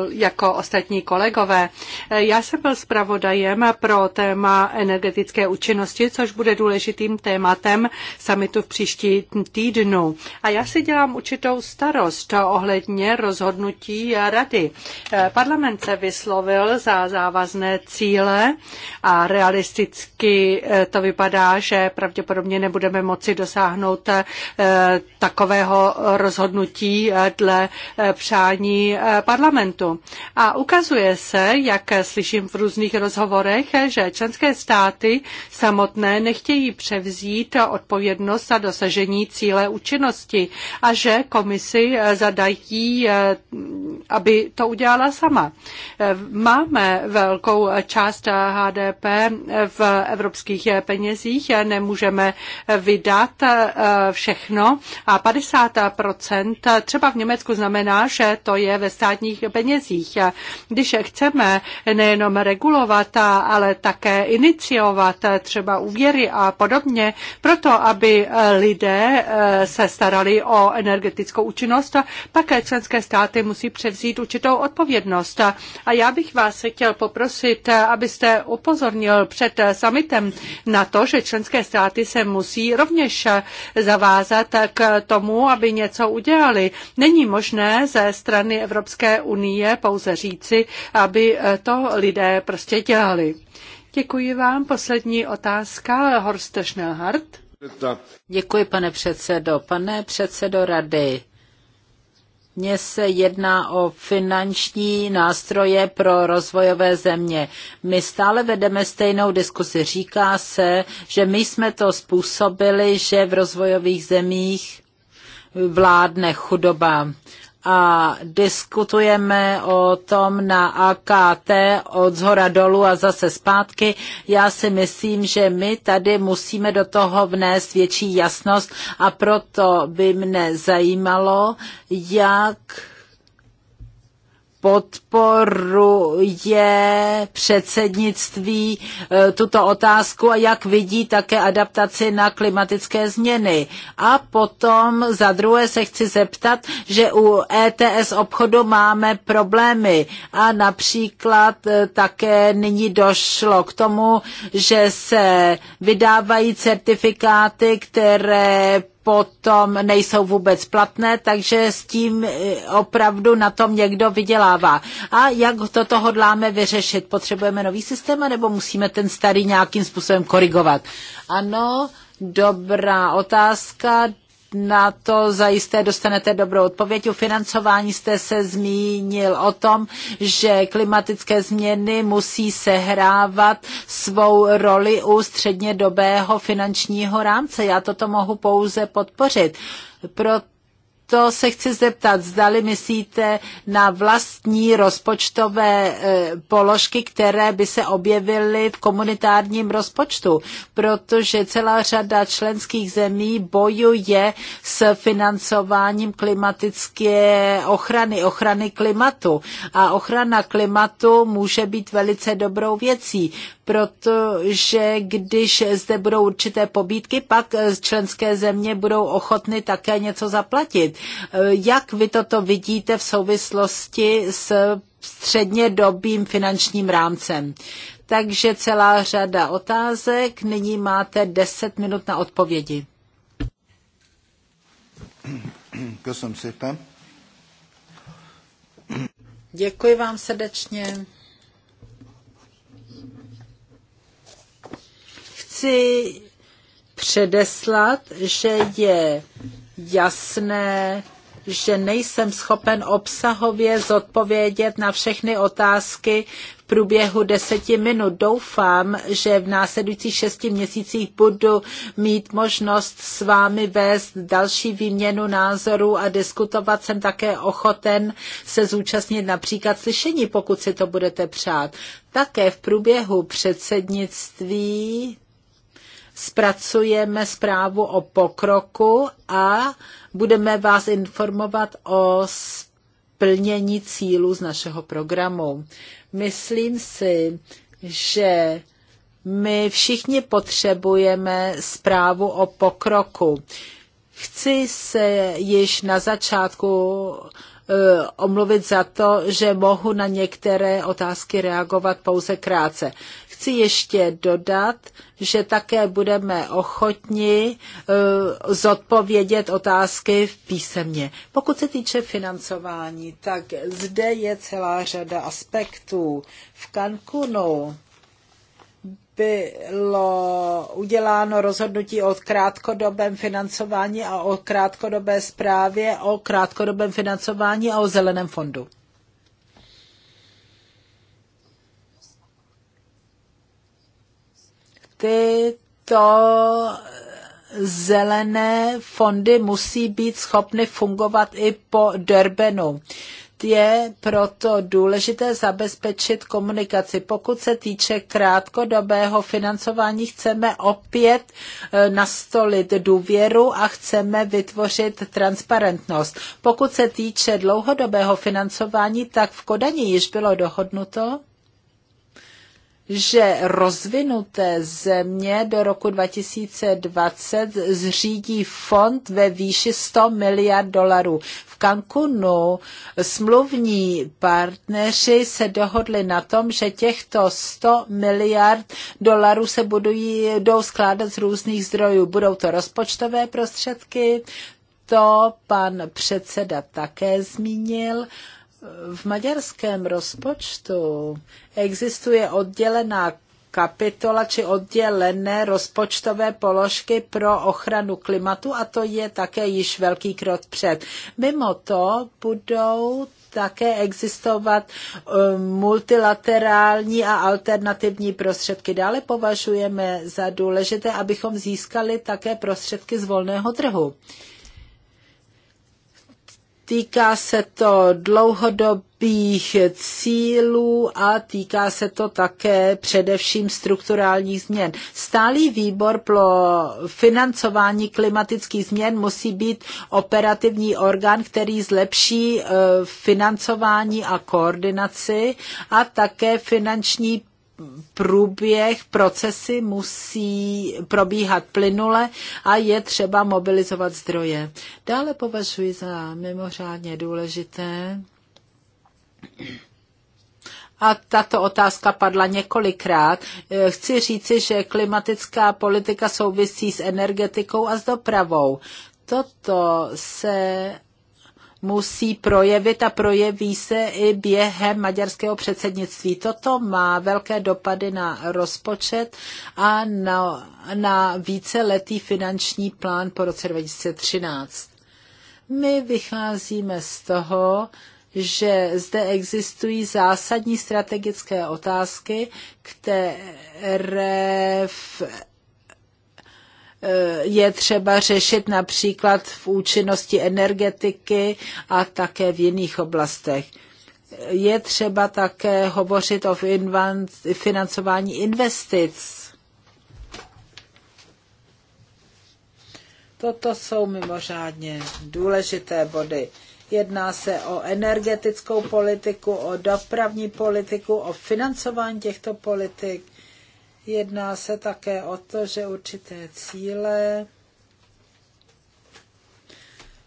jako ostatní kolegové. Eh, já jsem byl zpravodajem pro téma energetické účinnosti, což bude důležitým tématem samitu v příští týdnu. A já si dělám určitou starost ohledně rozhodnutí rady. Eh, parlament se vyslovil za závazné cíle a realisticky eh, to vypadá, že pravděpodobně nebudeme moci dosáhnout eh, takového rozhodnutí eh, dle přání parlamentu. A ukazuje se, jak slyším v různých rozhovorech, že členské státy samotné nechtějí převzít odpovědnost za dosažení cíle účinnosti a že komisi zadají, aby to udělala sama. Máme velkou část HDP v evropských penězích nemůžeme vydat eh, všechno a 50 eh, třeba v Německu znamená, že to je ve státních penězích. Když chceme nejenom regulovat, eh, ale také iniciovat třeba úvěry a podobně, proto aby lidé se starali o energetickou účinnost, také členské státy musí převzít určitou odpovědnost. A já bych vás chtěl poprosit, abyste upozornil před summitem na to, že členské státy se musí rovněž zavázat k tomu, aby něco udělali. Není možné ze strany Evropské unie pouze říci, aby to lidé prostě dělali. Děkuji vám. Poslední otázka. Horst Schnellhardt. Děkuji, pane předsedo. Pane předsedo rady, mně se jedná o finanční nástroje pro rozvojové země. My stále vedeme stejnou diskusi. Říká se, že my jsme to způsobili, že v rozvojových zemích vládne chudoba a diskutujeme o tom na AKT od zhora dolů a zase zpátky. Já si myslím, že my tady musíme do toho vnést větší jasnost a proto by mne zajímalo, jak podporuje předsednictví e, tuto otázku a jak vidí také adaptaci na klimatické změny. A potom za druhé se chci zeptat, že u ETS obchodu máme problémy a například e, také nyní došlo k tomu, že se vydávají certifikáty, které potom nejsou vůbec platné, takže s tím eh, opravdu na tom někdo vydělává. A jak toto hodláme vyřešit? Potřebujeme nový systém, nebo musíme ten starý nějakým způsobem korigovat? Ano, dobrá otázka na to zajisté dostanete dobrou odpověď. U financování jste se zmínil o tom, že klimatické změny musí sehrávat svou roli u střednědobého finančního rámce. Já toto mohu pouze podpořit, proto proto se chci zeptat, zdali myslíte na vlastní rozpočtové e, položky, které by se objevily v komunitárním rozpočtu, protože celá řada členských zemí bojuje s financováním klimatické ochrany, ochrany klimatu. A ochrana klimatu může být velice dobrou věcí protože když zde budou určité pobídky, pak eh, členské země budou ochotny také něco zaplatit. Eh, jak vy toto vidíte v souvislosti s střednědobým finančním rámcem? Takže celá řada otázek. Nyní máte 10 minut na odpovědi. Děkuji vám srdečně. chci předeslat, že je jasné, že nejsem schopen obsahově zodpovědět na všechny otázky v průběhu deseti minut. Doufám, že v následujících šesti měsících budu mít možnost s vámi vést další výměnu názorů a diskutovat jsem také ochoten se zúčastnit například slyšení, pokud si to budete přát. Také v průběhu předsednictví zpracujeme zprávu o pokroku a budeme vás informovat o splnění cílů z našeho programu. Myslím si, že my všichni potřebujeme zprávu o pokroku. Chci se již na začátku eh, omluvit za to, že mohu na některé otázky reagovat pouze krátce. Chci ještě dodat, že také budeme ochotni eh, zodpovědět otázky v písemně. Pokud se týče financování, tak zde je celá řada aspektů. V Cancunu bylo uděláno rozhodnutí o krátkodobém financování a o krátkodobé zprávě, o krátkodobém financování a o zeleném fondu. to zelené fondy musí být schopny fungovat i po Durbanu je proto důležité zabezpečit komunikaci. Pokud se týče krátkodobého financování, chceme opět eh, nastolit důvěru a chceme vytvořit transparentnost. Pokud se týče dlouhodobého financování, tak v Kodani již bylo dohodnuto, že rozvinuté země do roku 2020 zřídí fond ve výši 100 miliard dolarů. V Cancunu smluvní partneři se dohodli na tom, že těchto 100 miliard dolarů se budují, budou skládat z různých zdrojů. Budou to rozpočtové prostředky, to pan předseda také zmínil v maďarském rozpočtu existuje oddělená kapitola či oddělené rozpočtové položky pro ochranu klimatu a to je také již velký krok před. Mimo to budou také existovat um, multilaterální a alternativní prostředky. Dále považujeme za důležité, abychom získali také prostředky z volného trhu. Týká se to dlouhodobých cílů a týká se to také především strukturálních změn. Stálý výbor pro financování klimatických změn musí být operativní orgán, který zlepší eh, financování a koordinaci a také finanční průběh, procesy musí probíhat plynule a je třeba mobilizovat zdroje. Dále považuji za mimořádně důležité, a tato otázka padla několikrát. Eh, chci říci, že klimatická politika souvisí s energetikou a s dopravou. Toto se musí projevit a projeví se i během maďarského předsednictví. Toto má velké dopady na rozpočet a na, na víceletý finanční plán po roce 2013. My vycházíme z toho, že zde existují zásadní strategické otázky, které v Eh, je třeba řešit například v účinnosti energetiky a také v jiných oblastech. Je třeba také hovořit o financování investic. Toto jsou mimořádně důležité body. Jedná se o energetickou politiku, o dopravní politiku, o financování těchto politik. Jedná se také o to, že určité cíle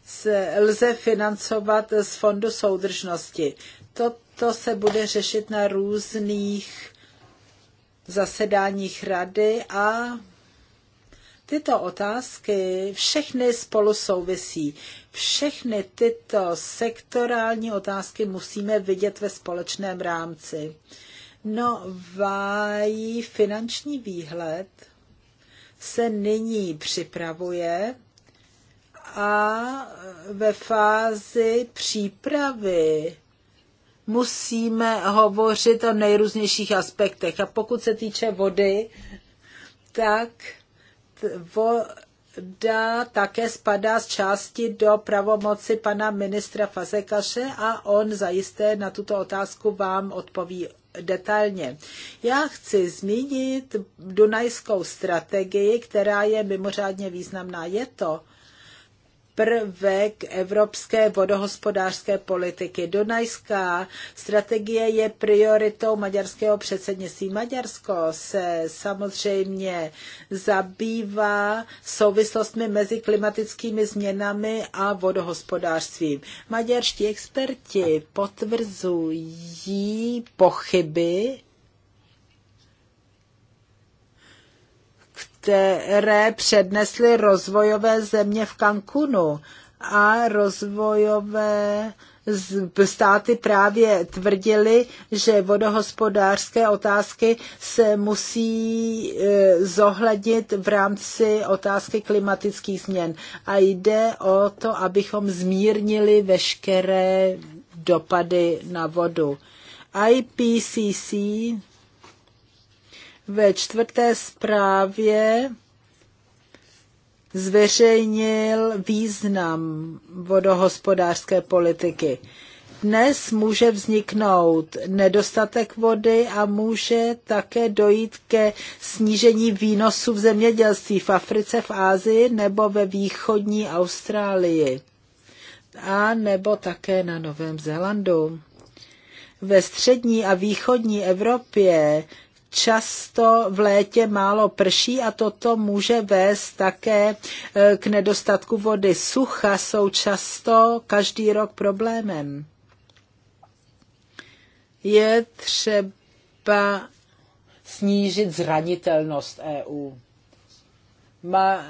se lze financovat z Fondu soudržnosti. Toto se bude řešit na různých zasedáních rady a tyto otázky všechny spolu souvisí. Všechny tyto sektorální otázky musíme vidět ve společném rámci. No, nový finanční výhled se nyní připravuje a ve fázi přípravy musíme hovořit o nejrůznějších aspektech. A pokud se týče vody, tak voda také spadá z části do pravomoci pana ministra Fazekaše a on zajisté na tuto otázku vám odpoví detailně. Já chci zmínit Dunajskou strategii, která je mimořádně významná. Je to prvek evropské vodohospodářské politiky. Dunajská strategie je prioritou maďarského předsednictví. Maďarsko se samozřejmě zabývá souvislostmi mezi klimatickými změnami a vodohospodářstvím. Maďarští experti potvrzují pochyby, které přednesly rozvojové země v Cancunu. A rozvojové státy právě tvrdili, že vodohospodářské otázky se musí e, zohlednit v rámci otázky klimatických změn. A jde o to, abychom zmírnili veškeré dopady na vodu. IPCC ve čtvrté zprávě zveřejnil význam vodohospodářské politiky. Dnes může vzniknout nedostatek vody a může také dojít ke snížení výnosů v zemědělství v Africe, v Ázii nebo ve východní Austrálii a nebo také na Novém Zélandu. Ve střední a východní Evropě často v létě málo prší a toto může vést také e, k nedostatku vody. Sucha jsou často každý rok problémem. Je třeba snížit zranitelnost EU. Má,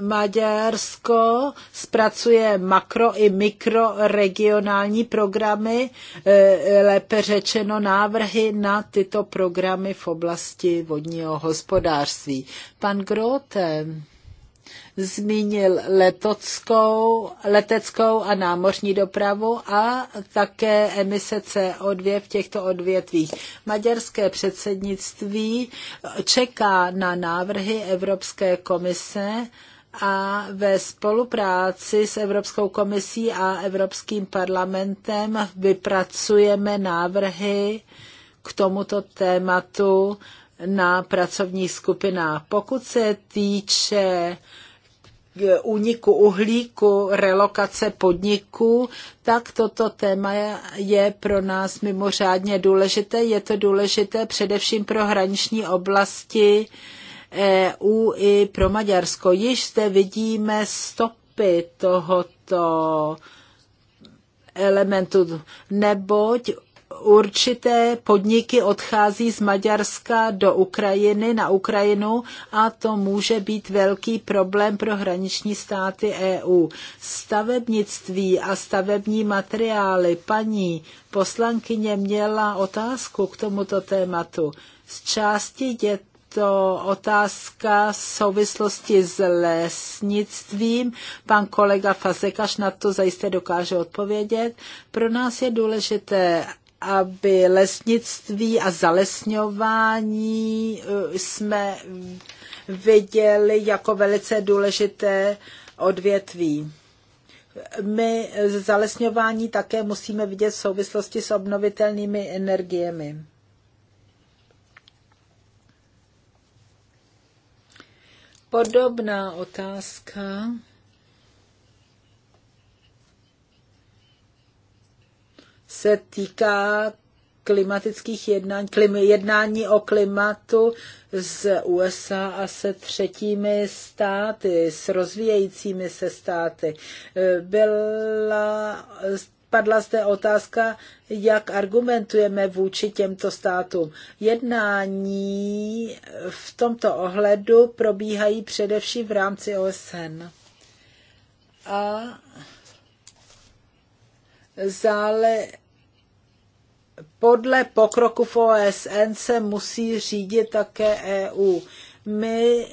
Maďarsko zpracuje makro i mikroregionální programy, e, lépe řečeno návrhy na tyto programy v oblasti vodního hospodářství. Pan Grote zmínil letockou, leteckou a námořní dopravu a také emise CO2 v těchto odvětvích. Maďarské předsednictví čeká na návrhy Evropské komise, a ve spolupráci s Evropskou komisí a Evropským parlamentem vypracujeme návrhy k tomuto tématu na pracovních skupinách. Pokud se týče úniku uhlíku, relokace podniků, tak toto téma je pro nás mimořádně důležité. Je to důležité především pro hraniční oblasti, EU i pro Maďarsko. Již zde vidíme stopy tohoto elementu, neboť určité podniky odchází z Maďarska do Ukrajiny, na Ukrajinu a to může být velký problém pro hraniční státy EU. Stavebnictví a stavební materiály. Paní poslankyně měla otázku k tomuto tématu. Z části je to otázka v souvislosti s lesnictvím. Pan kolega Fasekaš na to zajisté dokáže odpovědět. Pro nás je důležité, aby lesnictví a zalesňování eh, jsme viděli jako velice důležité odvětví. My zalesňování také musíme vidět v souvislosti s obnovitelnými energiemi. Podobná otázka. se týká klimatických jednání, klim, jednání o klimatu z USA a se třetími státy, s rozvíjejícími se státy. Byla padla zde otázka, jak argumentujeme vůči těmto státům. Jednání v tomto ohledu probíhají především v rámci OSN. A zále podle pokroku v OSN se musí řídit také EU. My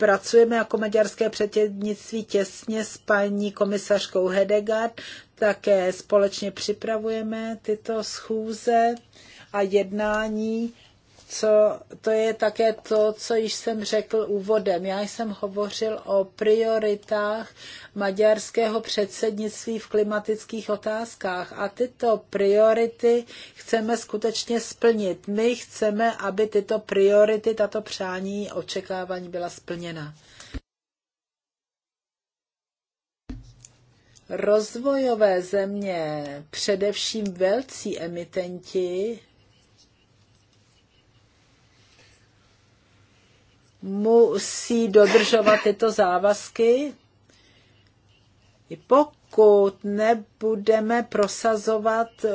pracujeme jako maďarské předsednictví těsně s paní komisařkou Hedegard, také společně připravujeme tyto schůze a jednání co, to je také to, co již jsem řekl úvodem. Já jsem hovořil o prioritách maďarského předsednictví v klimatických otázkách a tyto priority chceme skutečně splnit. My chceme, aby tyto priority, tato přání, očekávání byla splněna. Rozvojové země, především velcí emitenti, musí dodržovat tyto závazky. I pokud nebudeme prosazovat e,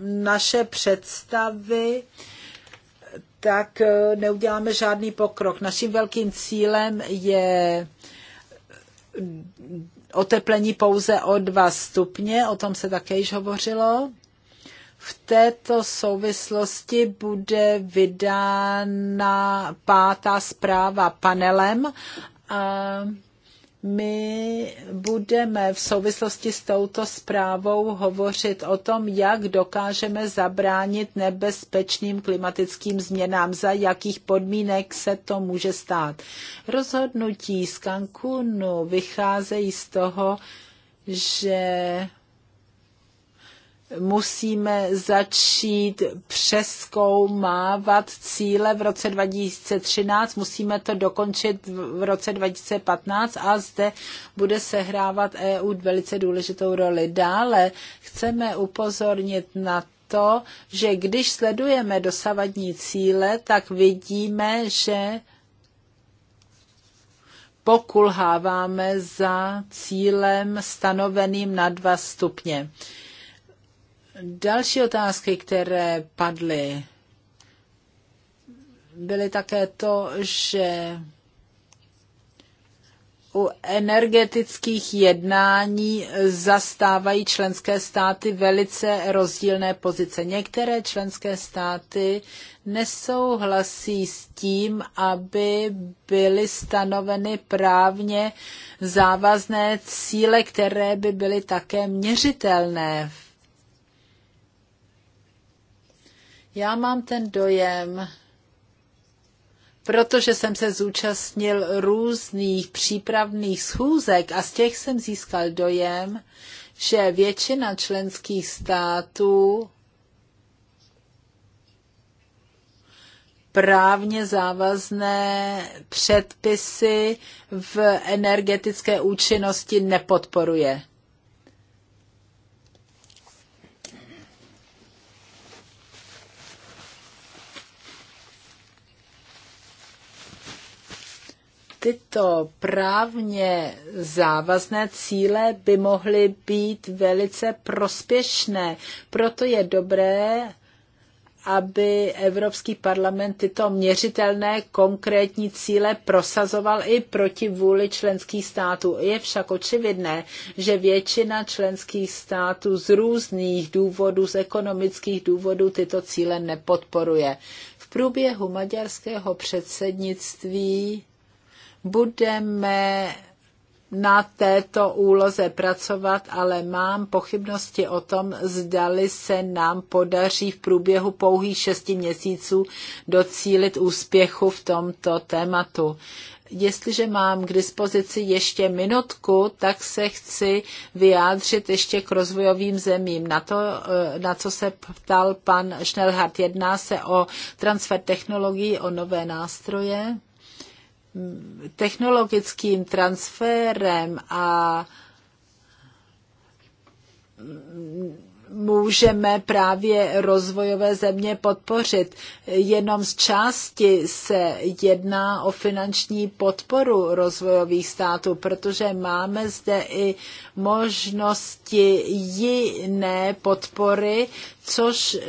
naše představy, tak e, neuděláme žádný pokrok. Naším velkým cílem je oteplení pouze o dva stupně, o tom se také již hovořilo. V této souvislosti bude vydána pátá zpráva panelem a my budeme v souvislosti s touto zprávou hovořit o tom, jak dokážeme zabránit nebezpečným klimatickým změnám, za jakých podmínek se to může stát. Rozhodnutí z Cancunu vycházejí z toho, že musíme začít přeskoumávat cíle v roce 2013, musíme to dokončit v roce 2015 a zde bude sehrávat EU velice důležitou roli. Dále chceme upozornit na to, že když sledujeme dosavadní cíle, tak vidíme, že pokulháváme za cílem stanoveným na dva stupně. Další otázky, které padly, byly také to, že u energetických jednání zastávají členské státy velice rozdílné pozice. Některé členské státy nesouhlasí s tím, aby byly stanoveny právně závazné cíle, které by byly také měřitelné v Já mám ten dojem, protože jsem se zúčastnil různých přípravných schůzek a z těch jsem získal dojem, že většina členských států právně závazné předpisy v energetické účinnosti nepodporuje. tyto právně závazné cíle by mohly být velice prospěšné. Proto je dobré, aby Evropský parlament tyto měřitelné konkrétní cíle prosazoval i proti vůli členských států. Je však očividné, že většina členských států z různých důvodů, z ekonomických důvodů tyto cíle nepodporuje. V průběhu maďarského předsednictví budeme na této úloze pracovat, ale mám pochybnosti o tom, zdali se nám podaří v průběhu pouhých šesti měsíců docílit úspěchu v tomto tématu. Jestliže mám k dispozici ještě minutku, tak se chci vyjádřit ještě k rozvojovým zemím. Na to, eh, na co se ptal pan Schnellhardt, jedná se o transfer technologií, o nové nástroje technologickým transferem a můžeme právě rozvojové země podpořit. Jenom z části se jedná o finanční podporu rozvojových států, protože máme zde i možnosti jiné podpory, což e,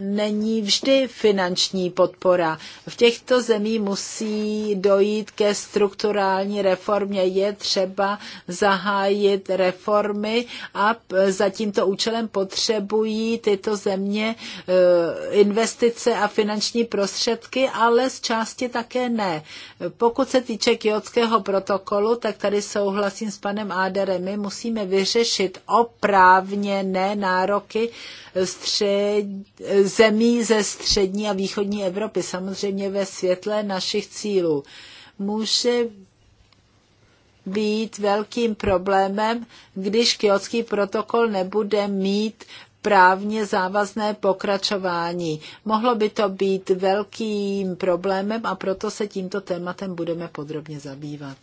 není vždy finanční podpora. V těchto zemích musí dojít ke strukturální reformě. Je třeba zahájit reformy a za tímto účelem potřebují tyto země e, investice a finanční prostředky, ale z části také ne. Pokud se týče kyotského protokolu, tak tady souhlasím s panem Áderem. My musíme vyřešit oprávněné nároky střed, eh, zemí ze střední a východní Evropy, samozřejmě ve světle našich cílů. Může být velkým problémem, když kiotský protokol nebude mít právně závazné pokračování. Mohlo by to být velkým problémem a proto se tímto tématem budeme podrobně zabývat.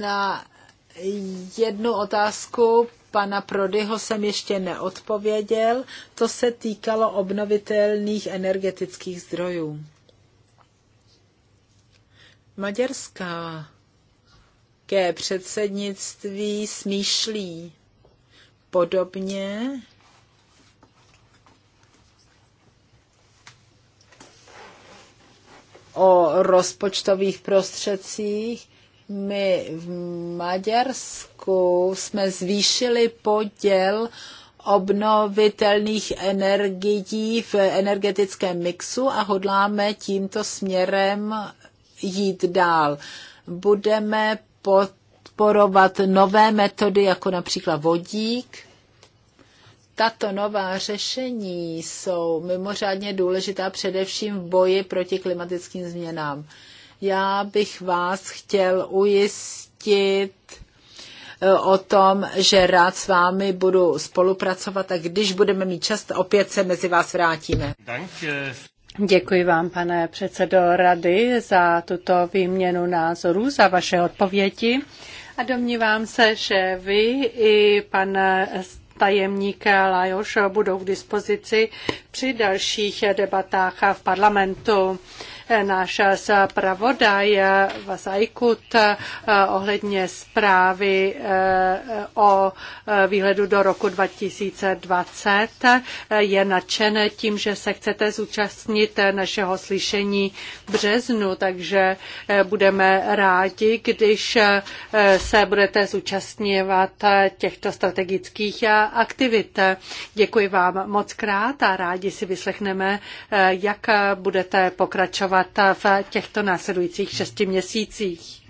Na jednu otázku pana Prodyho jsem ještě neodpověděl. To se týkalo obnovitelných energetických zdrojů. Maďarská ke předsednictví smýšlí podobně o rozpočtových prostředcích my v Maďarsku jsme zvýšili poděl obnovitelných energií v energetickém mixu a hodláme tímto směrem jít dál. Budeme podporovat nové metody, jako například vodík. Tato nová řešení jsou mimořádně důležitá především v boji proti klimatickým změnám. Já bych vás chtěl ujistit eh, o tom, že rád s vámi budu spolupracovat a když budeme mít čas, opět se mezi vás vrátíme. Danke. Děkuji vám, pane předsedo rady, za tuto výměnu názorů, za vaše odpovědi. A domnívám se, že vy i pan tajemník Lajoš budou k dispozici při dalších debatách v parlamentu. Náš zpravodaj Vasajkut eh, ohledně zprávy eh, o eh, výhledu do roku 2020 je nadšen tím, že se chcete zúčastnit našeho slyšení v březnu, takže budeme rádi, když se budete zúčastňovat těchto strategických aktivit. Děkuji vám moc krát a rádi si vyslechneme, jak budete pokračovat pracovat v těchto následujících šesti měsících.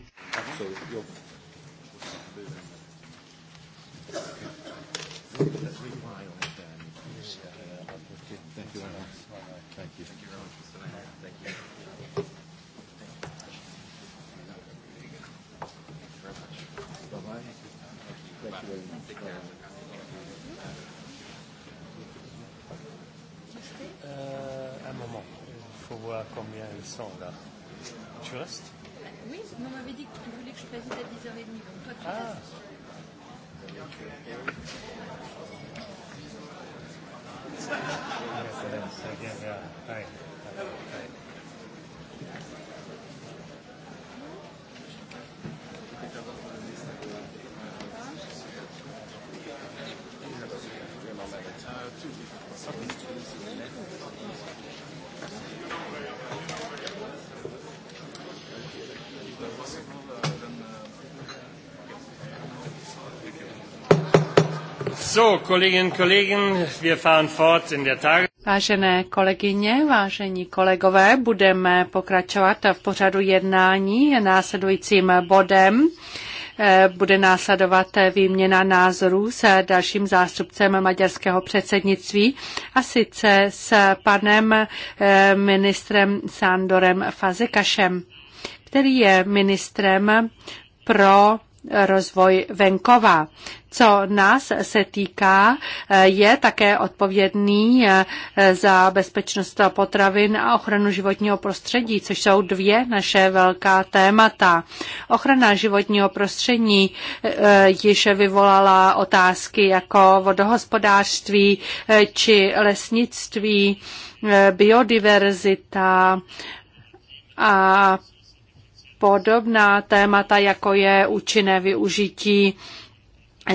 Uh, combien intéressant là. Tu restes Oui, mais on m'avait dit que tu voulais que je fasse à 10h30, donc toi tu ah. restes. Yes, Vážené kolegyně, vážení kolegové, budeme pokračovat v pořadu jednání následujícím bodem. Eh, bude následovat výměna názorů s dalším zástupcem maďarského předsednictví a sice s panem eh, ministrem Sándorem Fazekašem, který je ministrem pro rozvoj venkova. Co nás se týká, eh, je také odpovědný eh, za bezpečnost potravin a ochranu životního prostředí, což jsou dvě naše velká témata. Ochrana životního prostředí eh, již vyvolala otázky jako vodohospodářství či lesnictví, biodiverzita a podobná témata, jako je účinné využití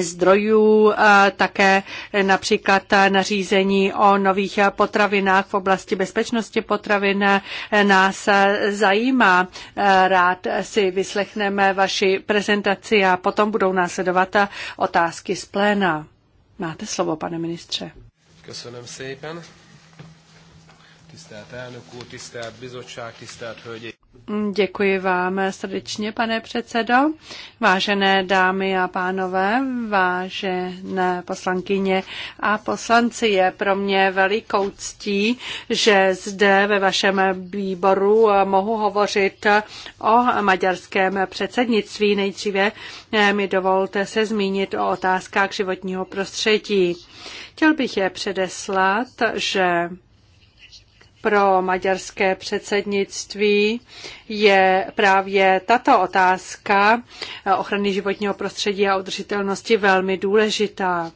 zdrojů, také například nařízení o nových potravinách v oblasti bezpečnosti potravin nás zajímá. Rád si vyslechneme vaši prezentaci a potom budou následovat otázky z pléna. Máte slovo, pane ministře. Köszönöm szépen. Tisztelt elnök úr, tisztelt bizottság, tisztelt hölgyi. Děkuji vám srdečně, pane předsedo. Vážené dámy a pánové, vážené poslankyně a poslanci, je pro mě velikou ctí, že zde ve vašem výboru mohu hovořit o maďarském předsednictví. Nejdříve mi dovolte se zmínit o otázkách životního prostředí. Chtěl bych je předeslat, že pro maďarské předsednictví je právě tato otázka ochrany životního prostředí a udržitelnosti velmi důležitá.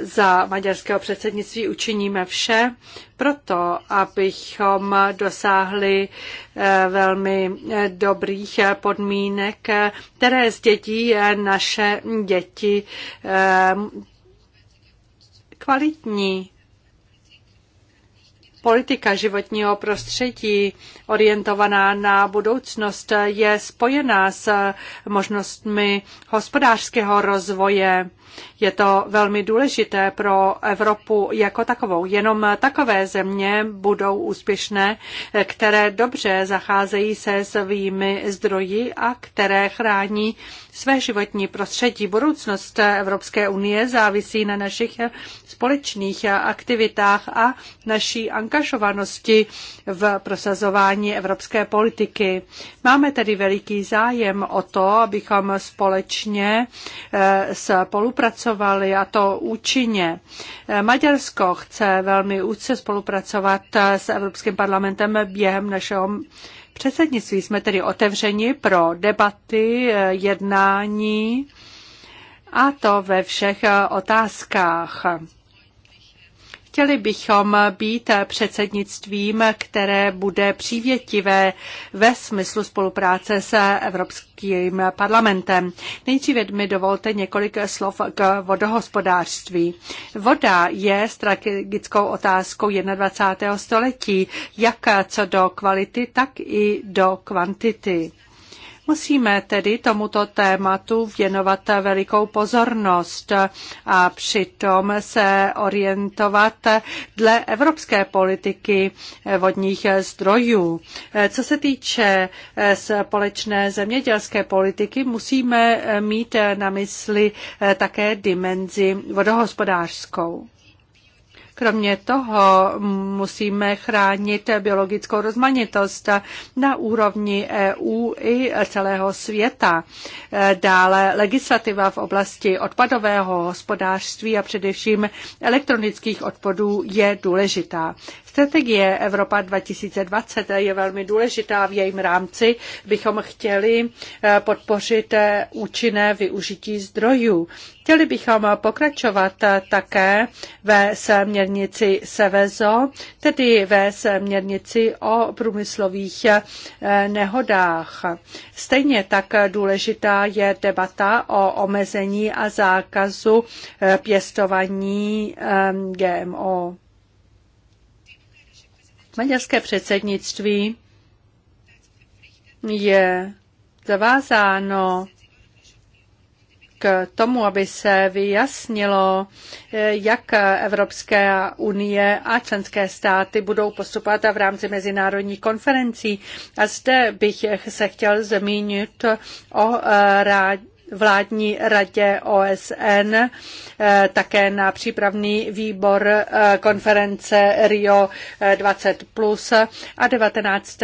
Za maďarského předsednictví učiníme vše proto, abychom dosáhli eh, velmi eh, dobrých eh, podmínek, které zdědí naše děti kvalitní Politika životního prostředí orientovaná na budoucnost je spojená s možnostmi hospodářského rozvoje je to velmi důležité pro Evropu jako takovou. Jenom takové země budou úspěšné, které dobře zacházejí se svými zdroji a které chrání své životní prostředí. Budoucnost Evropské unie závisí na našich společných aktivitách a naší angažovanosti v prosazování evropské politiky. Máme tedy veliký zájem o to, abychom společně eh, spolupracovali spolupracovali a to účinně. Eh, Maďarsko chce velmi úzce spolupracovat eh, s Evropským parlamentem během našeho předsednictví. Jsme tedy otevřeni pro debaty, eh, jednání a to ve všech otázkách. Chtěli bychom být předsednictvím, které bude přívětivé ve smyslu spolupráce se Evropským parlamentem. Nejdříve mi dovolte několik slov k vodohospodářství. Voda je strategickou otázkou 21. století, jak co do kvality, tak i do kvantity. Musíme tedy tomuto tématu věnovat velikou pozornost a přitom se orientovat dle evropské politiky vodních zdrojů. Co se týče společné zemědělské politiky, musíme mít na mysli také dimenzi vodohospodářskou. Kromě toho musíme chránit biologickou rozmanitost na úrovni EU i celého světa. Dále legislativa v oblasti odpadového hospodářství a především elektronických odpadů je důležitá. Strategie Evropa 2020 je velmi důležitá. V jejím rámci bychom chtěli eh, podpořit eh, účinné využití zdrojů. Chtěli bychom pokračovat eh, také ve směrnici SEVEZO, tedy ve směrnici o průmyslových nehodách. Stejně tak důležitá je debata o omezení a zákazu pěstování GMO. Maďarské předsednictví je zavázáno k tomu, aby se vyjasnilo, jak Evropská unie a členské státy budou postupovat v rámci mezinárodních konferencí. A zde bych se chtěl zmínit o vládní radě OSN, eh, také na přípravný výbor eh, konference Rio 20 eh, plus a 19.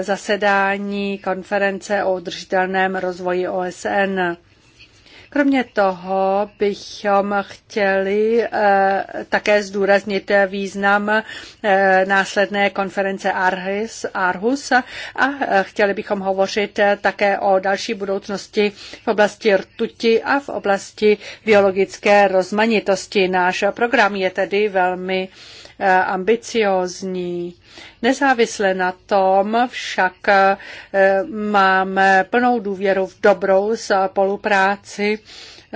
zasedání konference o udržitelném rozvoji OSN. Kromě toho bychom chtěli eh, také zdůraznit význam eh, následné konference Arhus, Arhus a eh, chtěli bychom hovořit také o další budoucnosti v oblasti rtuti a v oblasti biologické rozmanitosti. Náš program je tedy velmi Eh, ambiciózní. Nezávisle na tom však eh, máme plnou důvěru v dobrou spolupráci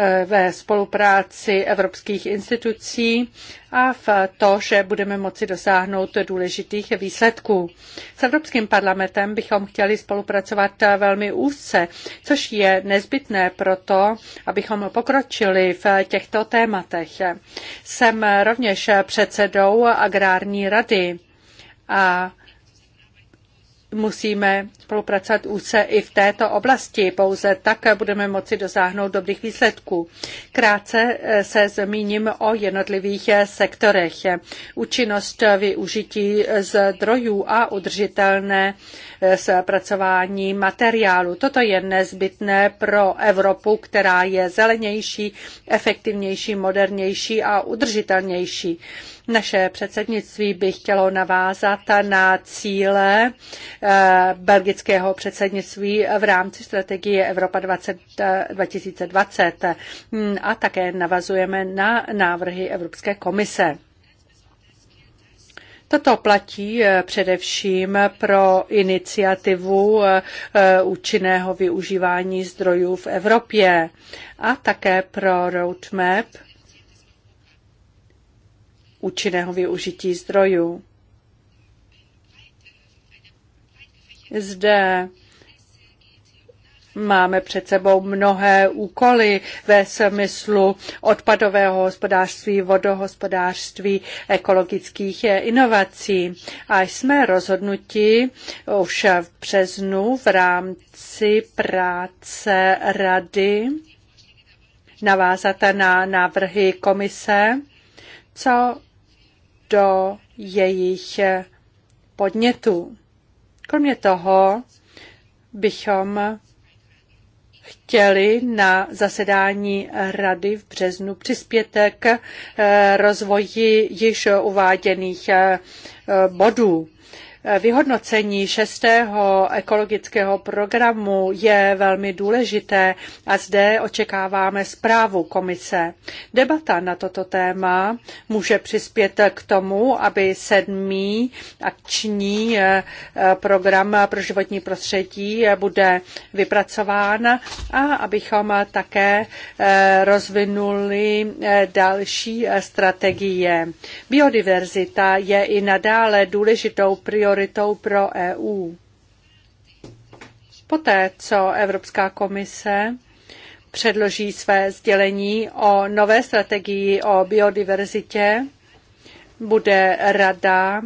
Eh, ve spolupráci evropských institucí a v to, že budeme moci dosáhnout důležitých výsledků. S Evropským parlamentem bychom chtěli spolupracovat velmi úzce, což je nezbytné proto, abychom pokročili v těchto tématech. Jsem rovněž předsedou Agrární rady a musíme spolupracovat úzce i v této oblasti. Pouze tak budeme moci dosáhnout dobrých výsledků. Krátce eh, se zmíním o jednotlivých eh, sektorech. Účinnost využití zdrojů a udržitelné eh, zpracování materiálu. Toto je nezbytné pro Evropu, která je zelenější, efektivnější, modernější a udržitelnější. Naše předsednictví by chtělo navázat na cíle belgické britského předsednictví v rámci strategie Evropa 2020 eh, hmm, a také navazujeme na návrhy Evropské komise. Toto platí eh, především pro iniciativu eh, účinného využívání zdrojů v Evropě a také pro roadmap účinného využití zdrojů. Zde Máme před sebou mnohé úkoly ve smyslu odpadového hospodářství, vodohospodářství, ekologických inovací. A jsme rozhodnuti už v březnu v rámci práce rady navázat na návrhy komise, co do jejich podnětů. Kromě toho bychom chtěli na zasedání rady v březnu přispět k eh, rozvoji již uváděných eh, bodů. Vyhodnocení šestého ekologického programu je velmi důležité a zde očekáváme zprávu komise. Debata na toto téma může přispět k tomu, aby sedmý akční eh, program pro životní prostředí bude vypracován a abychom také eh, rozvinuli eh, další strategie. Biodiverzita je i nadále důležitou prioritou prioritou pro EU. Poté, co Evropská komise předloží své sdělení o nové strategii o biodiverzitě, bude rada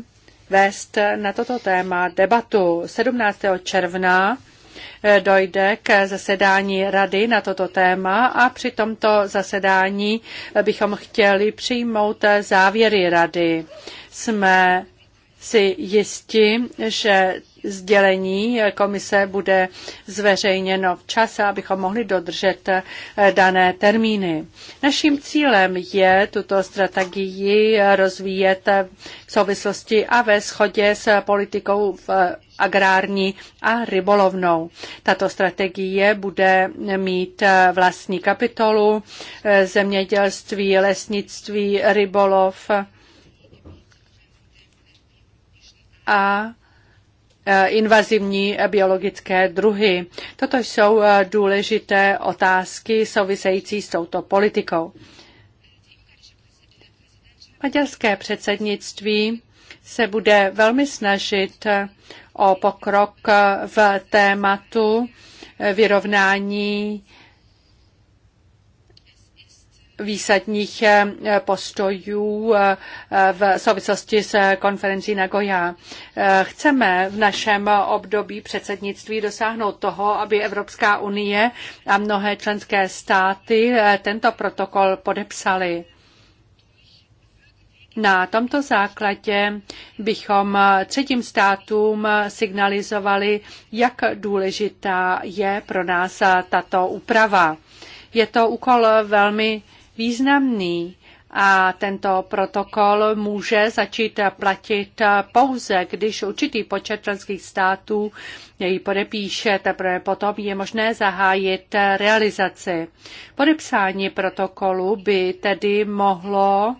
vést na toto téma debatu. 17. června eh, dojde k zasedání rady na toto téma a při tomto zasedání bychom chtěli přijmout eh, závěry rady. Jsme si jisti, že sdělení komise bude zveřejněno v čase, abychom mohli dodržet eh, dané termíny. Naším cílem je tuto strategii rozvíjet eh, v souvislosti a ve shodě s politikou v eh, agrární a rybolovnou. Tato strategie bude mít vlastní kapitolu zemědělství, lesnictví, rybolov a e, invazivní biologické druhy. Toto jsou e, důležité otázky související s touto politikou. Maďarské předsednictví se bude velmi snažit e, o pokrok v tématu vyrovnání výsadních eh, postojů eh, v souvislosti s konferencí na Goja. Eh, chceme v našem období předsednictví dosáhnout toho, aby Evropská unie a mnohé členské státy tento protokol podepsaly. Na tomto základě bychom třetím státům signalizovali, jak důležitá je pro nás tato úprava. Je to úkol velmi významný a tento protokol může začít platit pouze, když určitý počet členských států jej podepíše, teprve potom je možné zahájit realizaci. Podepsání protokolu by tedy mohlo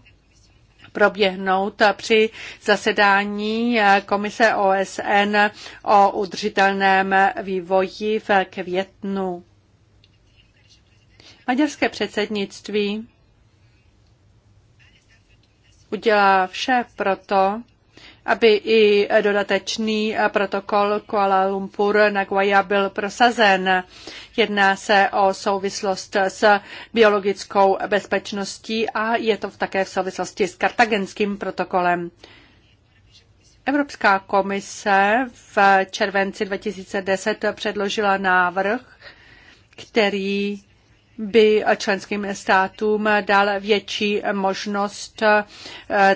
proběhnout při zasedání Komise OSN o udržitelném vývoji v květnu. Maďarské předsednictví udělá vše proto, aby i dodatečný protokol Kuala Lumpur na Guaya byl prosazen. Jedná se o souvislost s biologickou bezpečností a je to také v souvislosti s kartagenským protokolem. Evropská komise v červenci 2010 předložila návrh, který by členským státům dal větší možnost eh,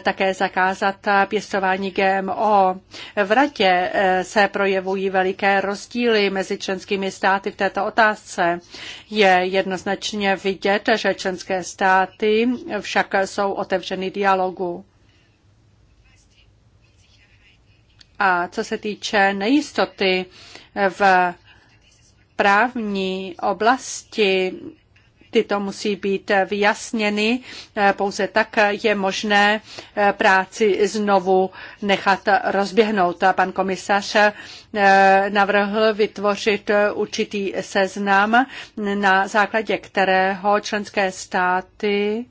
také zakázat pěstování GMO. V Radě eh, se projevují veliké rozdíly mezi členskými státy v této otázce. Je jednoznačně vidět, že členské státy však jsou otevřeny dialogu. A co se týče nejistoty v právní oblasti, Tyto musí být vyjasněny, eh, pouze tak je možné eh, práci znovu nechat rozběhnout. Pan komisař eh, navrhl vytvořit určitý seznam, na základě kterého členské státy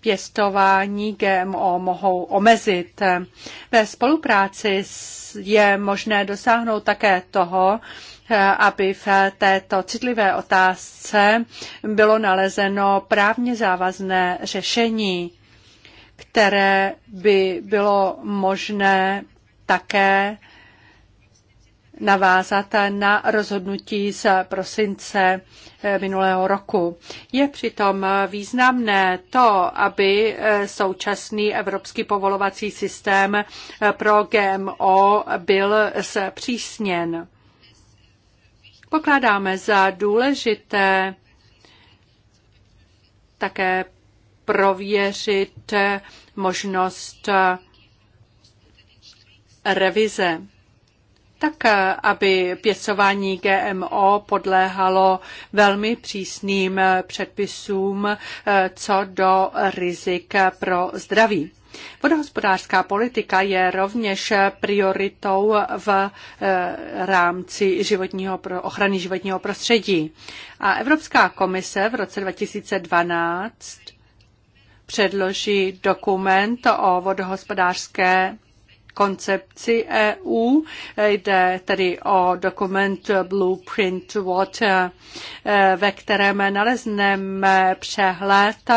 pěstování GMO mohou omezit. Ve spolupráci je možné dosáhnout také toho, Eh, aby v této citlivé otázce bylo nalezeno právně závazné řešení, které by bylo možné také navázat na rozhodnutí z prosince eh, minulého roku. Je přitom významné to, aby eh, současný evropský povolovací systém pro GMO byl zpřísněn. Pokládáme za důležité také prověřit možnost revize tak, aby pěstování GMO podléhalo velmi přísným předpisům eh, co do rizik pro zdraví. Vodohospodářská politika je rovněž prioritou v eh, rámci životního, ochrany životního prostředí. A Evropská komise v roce 2012 předloží dokument o vodohospodářské koncepci EU. Jde tedy o dokument Blueprint Water, eh, ve kterém nalezneme přehled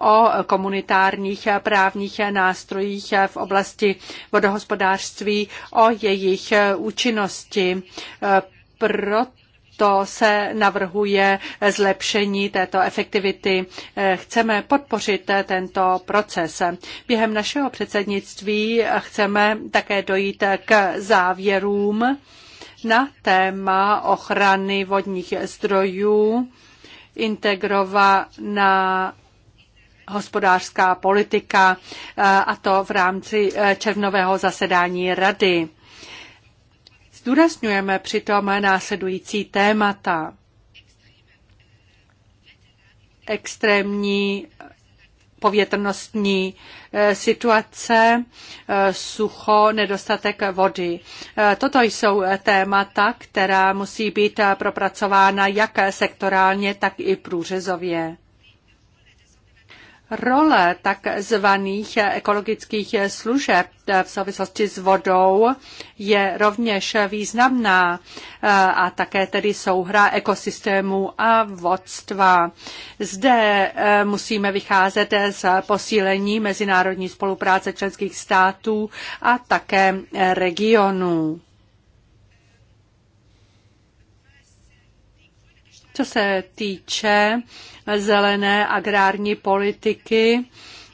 o komunitárních právních nástrojích v oblasti vodohospodářství, o jejich účinnosti. Proto proto se navrhuje zlepšení této efektivity. Chceme podpořit tento proces. Během našeho předsednictví chceme také dojít k závěrům na téma ochrany vodních zdrojů, integrovaná hospodářská politika, a to v rámci červnového zasedání Rady. Zdůrazňujeme přitom následující témata. Extrémní povětrnostní eh, situace, eh, sucho, nedostatek vody. Eh, toto jsou témata, která musí být propracována jak sektorálně, tak i průřezově. Role takzvaných ekologických služeb v souvislosti s vodou je rovněž významná eh, a také tedy souhra ekosystému a vodstva. Zde eh, musíme vycházet z posílení mezinárodní spolupráce členských států a také regionů. Co se týče zelené agrární politiky,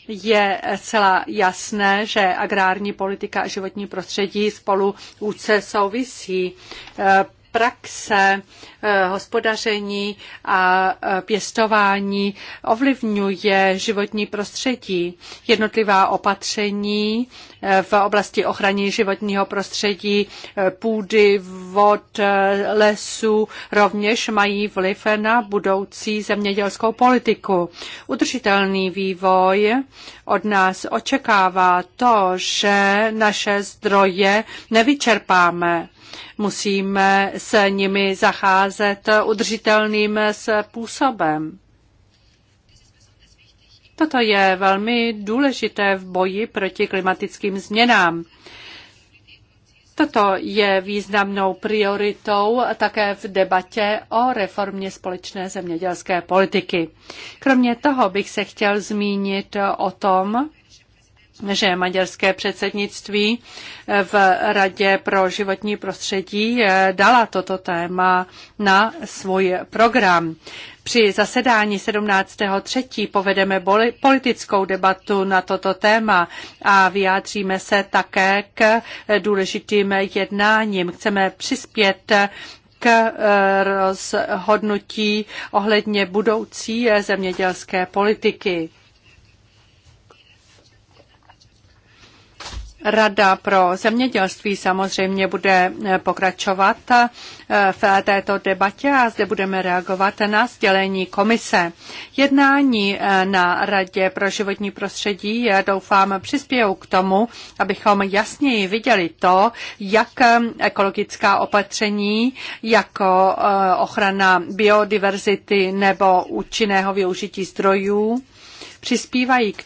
je celá jasné, že agrární politika a životní prostředí spolu úce souvisí praxe eh, hospodaření a eh, pěstování ovlivňuje životní prostředí. Jednotlivá opatření eh, v oblasti ochrany životního prostředí, půdy, vod, lesů rovněž mají vliv na budoucí zemědělskou politiku. Udržitelný vývoj od nás očekává to, že naše zdroje nevyčerpáme. Musíme se nimi zacházet udržitelným způsobem. Toto je velmi důležité v boji proti klimatickým změnám. Toto je významnou prioritou také v debatě o reformě společné zemědělské politiky. Kromě toho bych se chtěl zmínit o tom, že maďarské předsednictví eh, v Radě pro životní prostředí eh, dala toto téma na svůj program. Při zasedání 17.3. povedeme politickou debatu na toto téma a vyjádříme se také k eh, důležitým jednáním. Chceme přispět k rozhodnutí ohledně budoucí zemědělské politiky. Rada pro zemědělství samozřejmě bude eh, pokračovat eh, v této debatě a zde budeme reagovat na sdělení komise. Jednání eh, na Radě pro životní prostředí doufám přispějí k tomu, abychom jasněji viděli to, jak ekologická opatření jako ochrana biodiverzity nebo účinného využití zdrojů přispívají k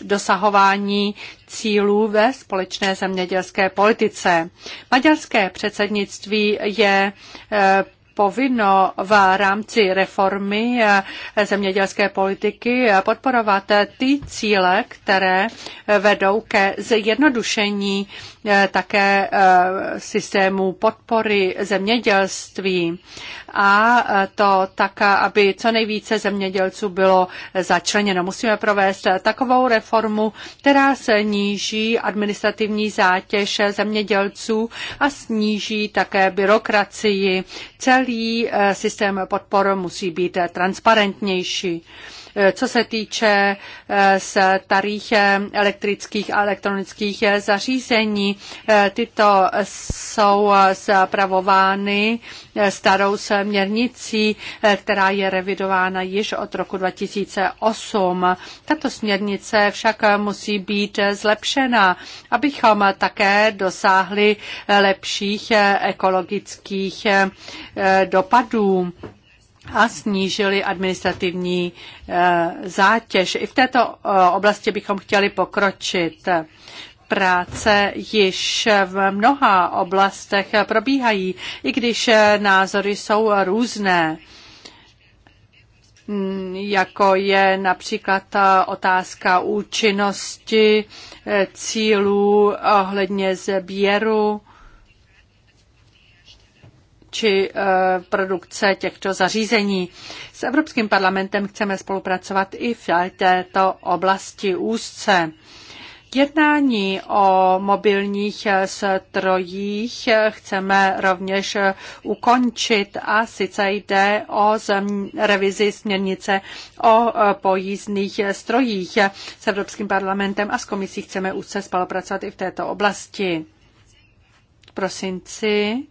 dosahování cílů ve společné zemědělské politice. Maďarské předsednictví je eh, povinno v rámci reformy eh, zemědělské politiky podporovat ty cíle, které eh, vedou ke zjednodušení Eh, také eh, systému podpory zemědělství a eh, to tak, aby co nejvíce zemědělců bylo začleněno. Musíme provést takovou reformu, která se níží administrativní zátěž zemědělců a sníží také byrokracii. Celý systém podpor musí být transparentnější co se týče eh, starých eh, elektrických a elektronických eh, zařízení. Tyto jsou zpravovány starou směrnicí, která je revidována již od roku 2008. Tato směrnice však musí být zlepšena, abychom také dosáhli lepších ekologických dopadů a snížili administrativní eh, zátěž. I v této eh, oblasti bychom chtěli pokročit práce již v mnoha oblastech probíhají, i když eh, názory jsou různé mm, jako je například otázka účinnosti cílů ohledně sběru či eh, produkce těchto zařízení. S Evropským parlamentem chceme spolupracovat i v této oblasti úzce. Jednání o mobilních eh, strojích eh, chceme rovněž ukončit a sice jde o revizi směrnice o pojízdných strojích. S Evropským parlamentem a s komisí chceme úzce spolupracovat i v této oblasti. V prosinci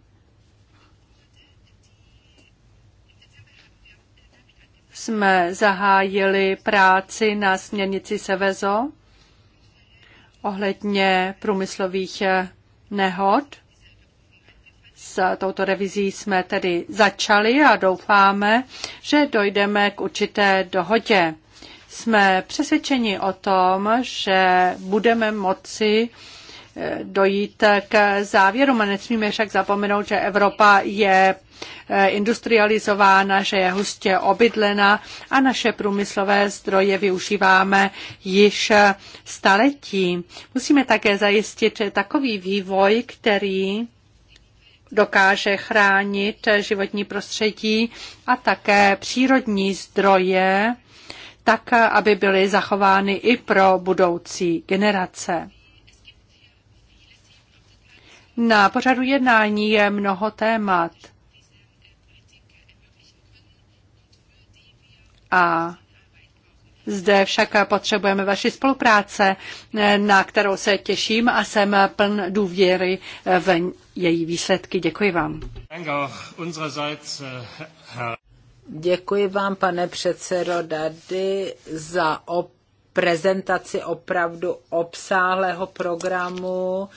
jsme zahájili práci na směrnici Sevezo ohledně průmyslových eh, nehod. S touto revizí jsme tedy začali a doufáme, že dojdeme k určité dohodě. Jsme přesvědčeni o tom, že budeme moci dojít k závěru. A nesmíme však zapomenout, že Evropa je eh, industrializována, že je hustě obydlena a naše průmyslové zdroje využíváme již eh, staletí. Musíme také zajistit takový vývoj, který dokáže chránit životní prostředí a také přírodní zdroje, tak aby byly zachovány i pro budoucí generace. Na pořadu jednání je mnoho témat. A zde však potřebujeme vaši spolupráce, na kterou se těším a jsem pln důvěry v její výsledky. Děkuji vám. Äh, Děkuji vám, pane předsedo Dady, za op- prezentaci opravdu obsáhlého programu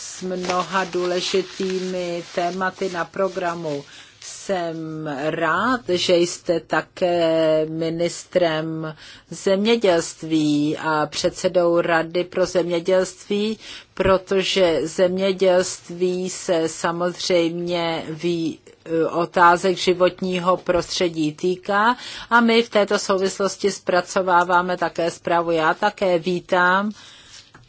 s mnoha důležitými tématy na programu. Jsem rád, že jste také ministrem zemědělství a předsedou Rady pro zemědělství, protože zemědělství se samozřejmě ví, eh, otázek životního prostředí týká a my v této souvislosti zpracováváme také zprávu. Já také vítám,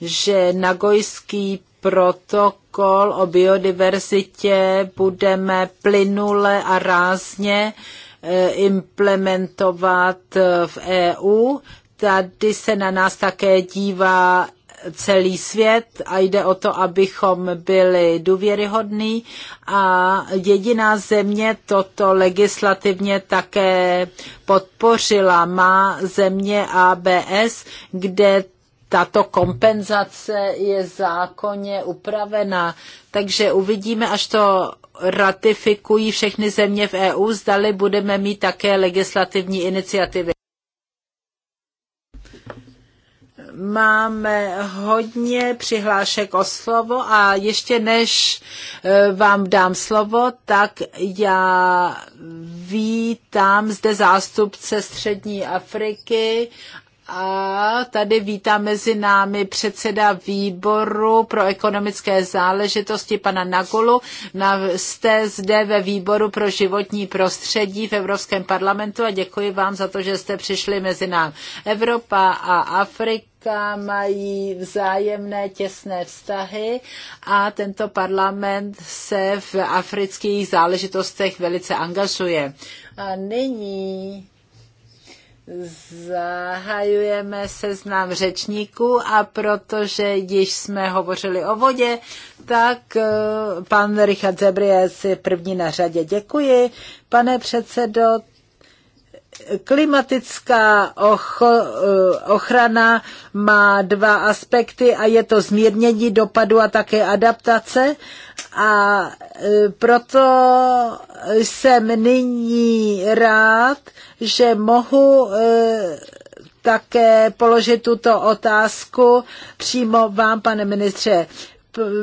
že Nagojský protokol o biodiverzitě budeme plynule a rázně eh, implementovat eh, v EU. Tady se na nás také dívá celý svět a jde o to, abychom byli důvěryhodní a jediná země toto legislativně také podpořila. Má země ABS, kde tato kompenzace je zákonně upravena, takže uvidíme, až to ratifikují všechny země v EU, zdali budeme mít také legislativní iniciativy. Máme hodně přihlášek o slovo a ještě než eh, vám dám slovo, tak já vítám zde zástupce Střední Afriky a tady vítá mezi námi předseda výboru pro ekonomické záležitosti pana Nagulu. Na, jste zde ve výboru pro životní prostředí v Evropském parlamentu a děkuji vám za to, že jste přišli mezi nám. Evropa a Afrika mají vzájemné těsné vztahy a tento parlament se v afrických záležitostech velice angažuje. A nyní Zahajujeme seznam řečníků a protože již jsme hovořili o vodě, tak eh, pan Richard Zebrie je první na řadě. Děkuji, pane předsedo, klimatická ochrana má dva aspekty a je to zmírnění dopadu a také adaptace. A e, proto jsem nyní rád, že mohu e, také položit tuto otázku přímo vám, pane ministře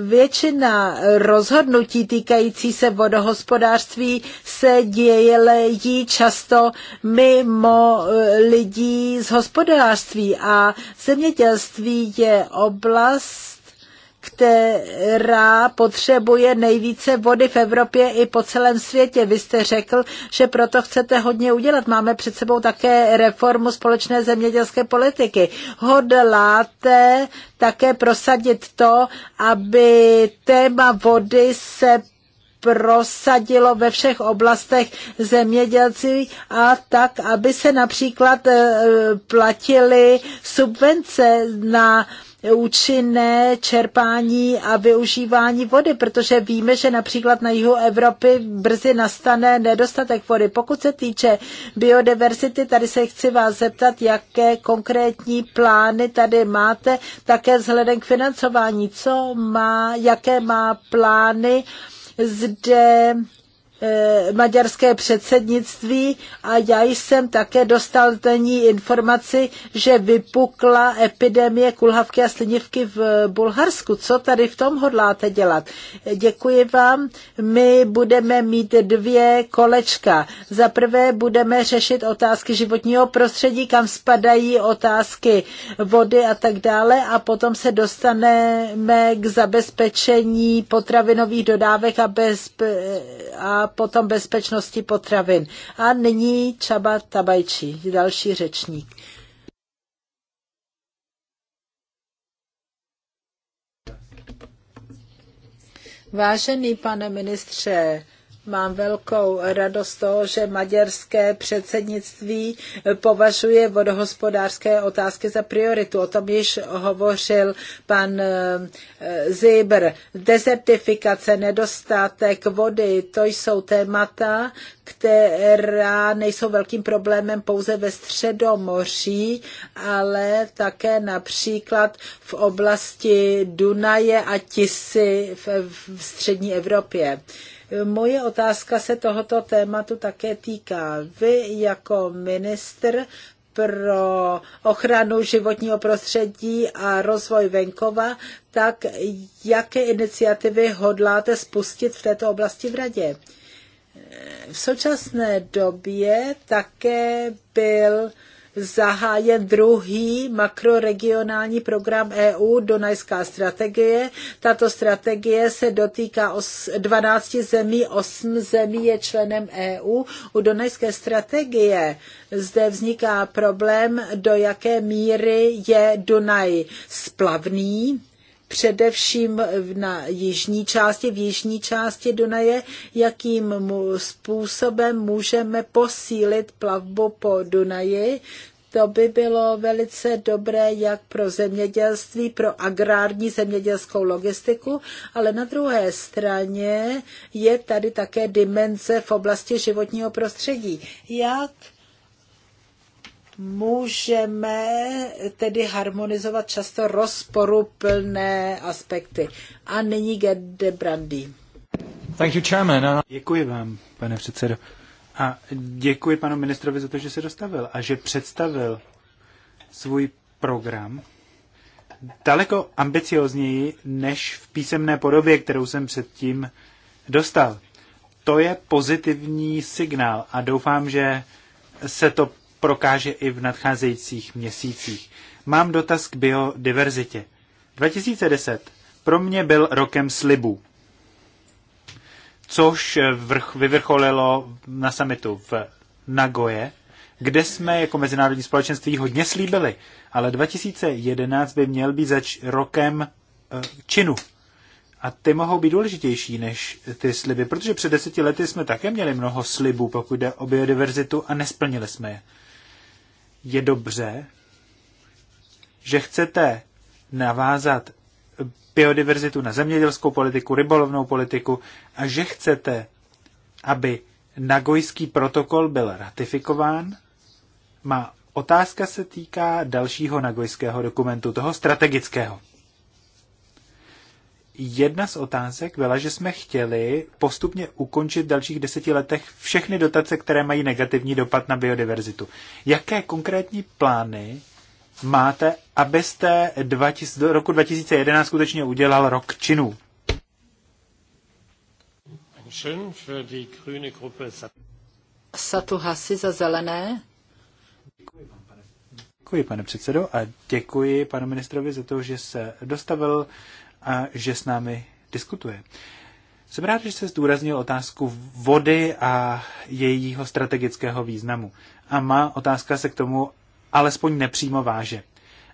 většina rozhodnutí týkající se vodohospodářství se dějí často mimo e, lidí z hospodářství a zemědělství je oblast, která potřebuje nejvíce vody v Evropě i po celém světě. Vy jste řekl, že proto chcete hodně udělat. Máme před sebou také reformu společné zemědělské politiky. Hodláte také prosadit to, aby téma vody se prosadilo ve všech oblastech zemědělci a tak, aby se například eh, platily subvence na účinné čerpání a využívání vody, protože víme, že například na jihu Evropy brzy nastane nedostatek vody. Pokud se týče biodiverzity, tady se chci vás zeptat, jaké konkrétní plány tady máte, také vzhledem k financování. Co má, jaké má plány zde Eh, maďarské předsednictví a já jsem také dostal denní informaci, že vypukla epidemie kulhavky a slinivky v Bulharsku. Co tady v tom hodláte dělat? Děkuji vám. My budeme mít dvě kolečka. Za prvé budeme řešit otázky životního prostředí, kam spadají otázky vody a tak dále a potom se dostaneme k zabezpečení potravinových dodávek a, bezpe- a a potom bezpečnosti potravin. A nyní Čaba Tabajčí, další řečník. Vážený pane ministře, Mám velkou radost toho, že maďarské předsednictví považuje vodohospodářské otázky za prioritu. O tom již hovořil pan eh, Zibr. Dezertifikace, nedostatek vody, to jsou témata, která nejsou velkým problémem pouze ve Středomoří, ale také například v oblasti Dunaje a Tisy v, v střední Evropě. Moje otázka se tohoto tématu také týká. Vy jako ministr pro ochranu životního prostředí a rozvoj venkova, tak jaké iniciativy hodláte spustit v této oblasti v radě? V současné době také byl zahájen druhý makroregionální program EU Dunajská strategie. Tato strategie se dotýká 12 zemí, 8 zemí je členem EU. U Dunajské strategie zde vzniká problém, do jaké míry je Dunaj splavný především na jižní části, v jižní části Dunaje, jakým způsobem můžeme posílit plavbu po Dunaji. To by bylo velice dobré jak pro zemědělství, pro agrární zemědělskou logistiku, ale na druhé straně je tady také dimenze v oblasti životního prostředí. Jak můžeme tedy harmonizovat často rozporuplné aspekty. A nyní Gede Brandy. Thank you, chairman. Děkuji vám, pane předsedo. A děkuji panu ministrovi za to, že se dostavil a že představil svůj program daleko ambiciozněji než v písemné podobě, kterou jsem předtím dostal. To je pozitivní signál a doufám, že se to prokáže i v nadcházejících měsících. Mám dotaz k biodiverzitě. 2010 pro mě byl rokem slibů, což vrch, vyvrcholilo na samitu v Nagoje, kde jsme jako mezinárodní společenství hodně slíbili, ale 2011 by měl být zač rokem e, činu. A ty mohou být důležitější než ty sliby, protože před deseti lety jsme také měli mnoho slibů, pokud jde o biodiverzitu a nesplnili jsme je je dobře, že chcete navázat biodiverzitu na zemědělskou politiku, rybolovnou politiku a že chcete, aby Nagojský protokol byl ratifikován. Má otázka se týká dalšího Nagojského dokumentu, toho strategického jedna z otázek byla, že jsme chtěli postupně ukončit v dalších deseti letech všechny dotace, které mají negativní dopad na biodiverzitu. Jaké konkrétní plány máte, abyste do roku 2011 skutečně udělal rok činů? Satu Hasi za zelené. Děkuji pane. Děkuji, pane předsedo, a děkuji panu ministrovi za to, že se dostavil a že s námi diskutuje. Jsem rád, že se zdůraznil otázku vody a jejího strategického významu. A má otázka se k tomu alespoň nepřímo váže.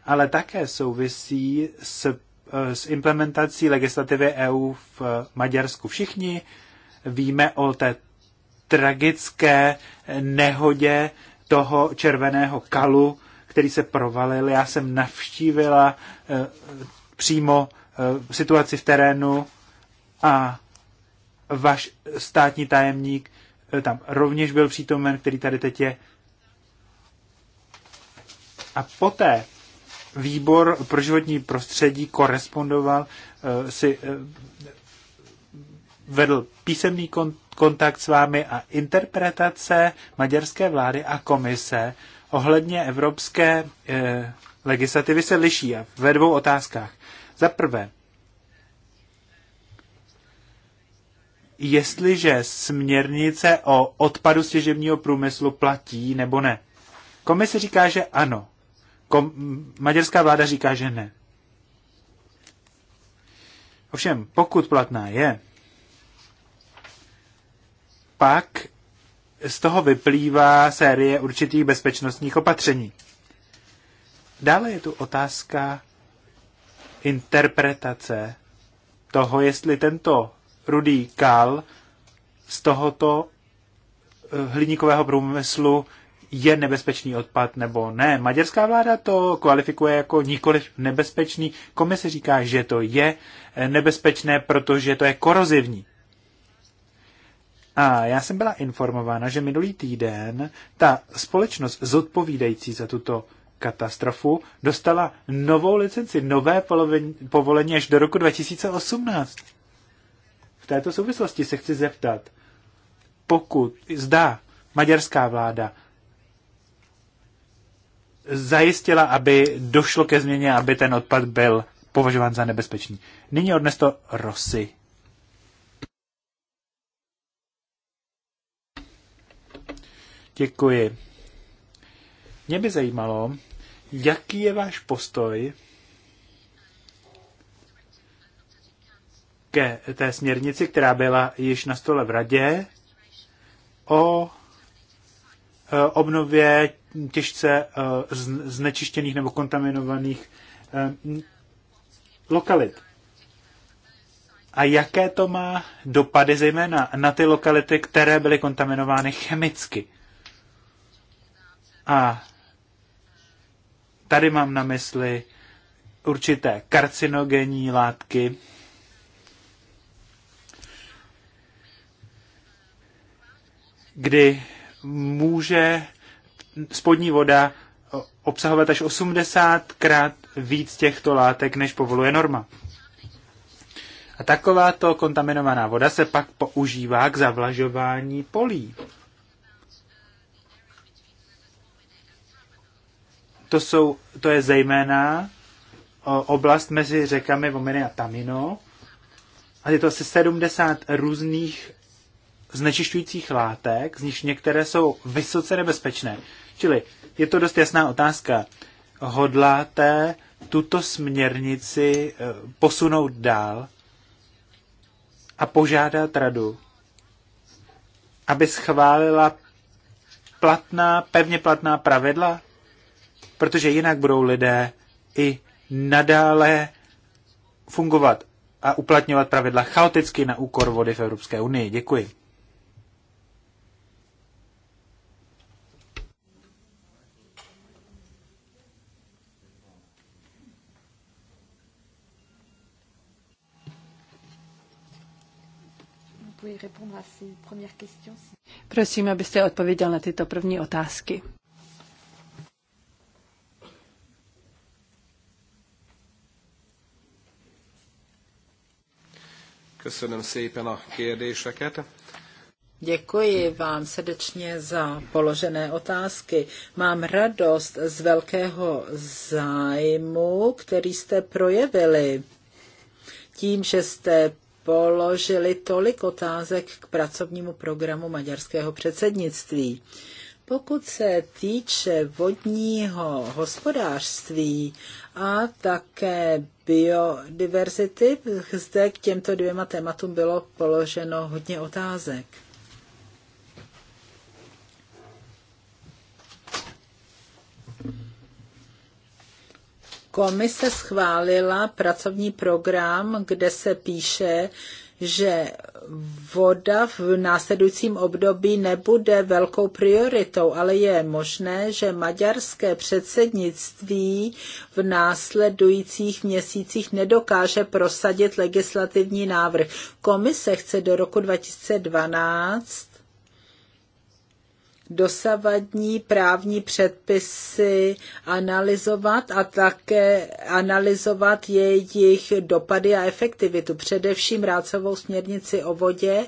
Ale také souvisí s, eh, s implementací legislativy EU v Maďarsku. Všichni víme o té tragické nehodě toho červeného kalu, který se provalil. Já jsem navštívila eh, přímo Eh, situaci v terénu a váš státní tajemník eh, tam rovněž byl přítomen, který tady teď je. A poté výbor pro životní prostředí korespondoval, eh, si vedl písemný kontakt s vámi a interpretace maďarské vlády a komise ohledně evropské legislativy se liší a ve dvou otázkách. Za prvé, jestliže směrnice o odpadu stěžebního průmyslu platí nebo ne. Komise říká, že ano. Kom- maďarská vláda říká, že ne. Ovšem, pokud platná je, pak z toho vyplývá série určitých bezpečnostních opatření. Dále je tu otázka interpretace toho, jestli tento rudý kal z tohoto eh, hliníkového průmyslu je nebezpečný odpad nebo ne. Maďarská vláda to kvalifikuje jako nikoliv nebezpečný. Komise říká, že to je eh, nebezpečné, protože to je korozivní. A já jsem byla informována, že minulý týden ta společnost zodpovídající za tuto katastrofu, dostala novou licenci, nové povolení až do roku 2018. V této souvislosti se chci zeptat, pokud zdá maďarská vláda zajistila, aby došlo ke změně, aby ten odpad byl považován za nebezpečný. Nyní odnes to Rosy. Děkuji. Mě by zajímalo, Jaký je váš postoj ke té směrnici, která byla již na stole v radě, o e, obnově těžce e, znečištěných nebo kontaminovaných e, lokalit. A jaké to má dopady zejména na ty lokality, které byly kontaminovány chemicky? A Tady mám na mysli určité karcinogenní látky, kdy může spodní voda obsahovat až 80 krát víc těchto látek, než povoluje norma. A takováto kontaminovaná voda se pak používá k zavlažování polí. to, jsou, to je zejména oblast mezi řekami Vomeny a Tamino. A je to asi 70 různých znečišťujících látek, z nich některé jsou vysoce nebezpečné. Čili je to dost jasná otázka. Hodláte tuto směrnici e, posunout dál a požádat radu, aby schválila platná, pevně platná pravidla? protože jinak budou lidé i nadále fungovat a uplatňovat pravidla chaoticky na úkor vody v Evropské unii. Děkuji. Prosím, abyste odpověděl na tyto první otázky. Köszönöm szépen a kérdéseket. Děkuji vám srdečně za položené otázky. Mám radost z velkého zájmu, který jste projevili tím, že jste položili tolik otázek k pracovnímu programu maďarského předsednictví. Pokud se týče vodního hospodářství a také biodiverzity, zde k těmto dvěma tématům bylo položeno hodně otázek. Komise schválila pracovní program, kde se píše, že voda v následujícím období nebude velkou prioritou, ale je možné, že maďarské předsednictví v následujících měsících nedokáže prosadit legislativní návrh. Komise chce do roku 2012 dosavadní právní předpisy analyzovat a také analyzovat jejich dopady a efektivitu, především rácovou směrnici o vodě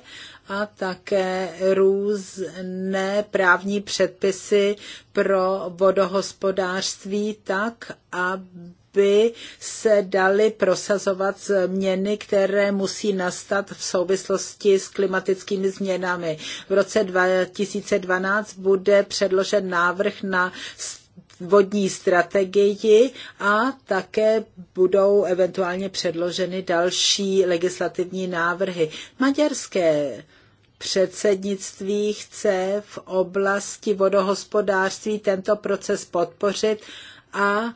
a také různé právní předpisy pro vodohospodářství tak, aby by se daly prosazovat změny, které musí nastat v souvislosti s klimatickými změnami. V roce 2012 bude předložen návrh na vodní strategii a také budou eventuálně předloženy další legislativní návrhy. Maďarské předsednictví chce v oblasti vodohospodářství tento proces podpořit a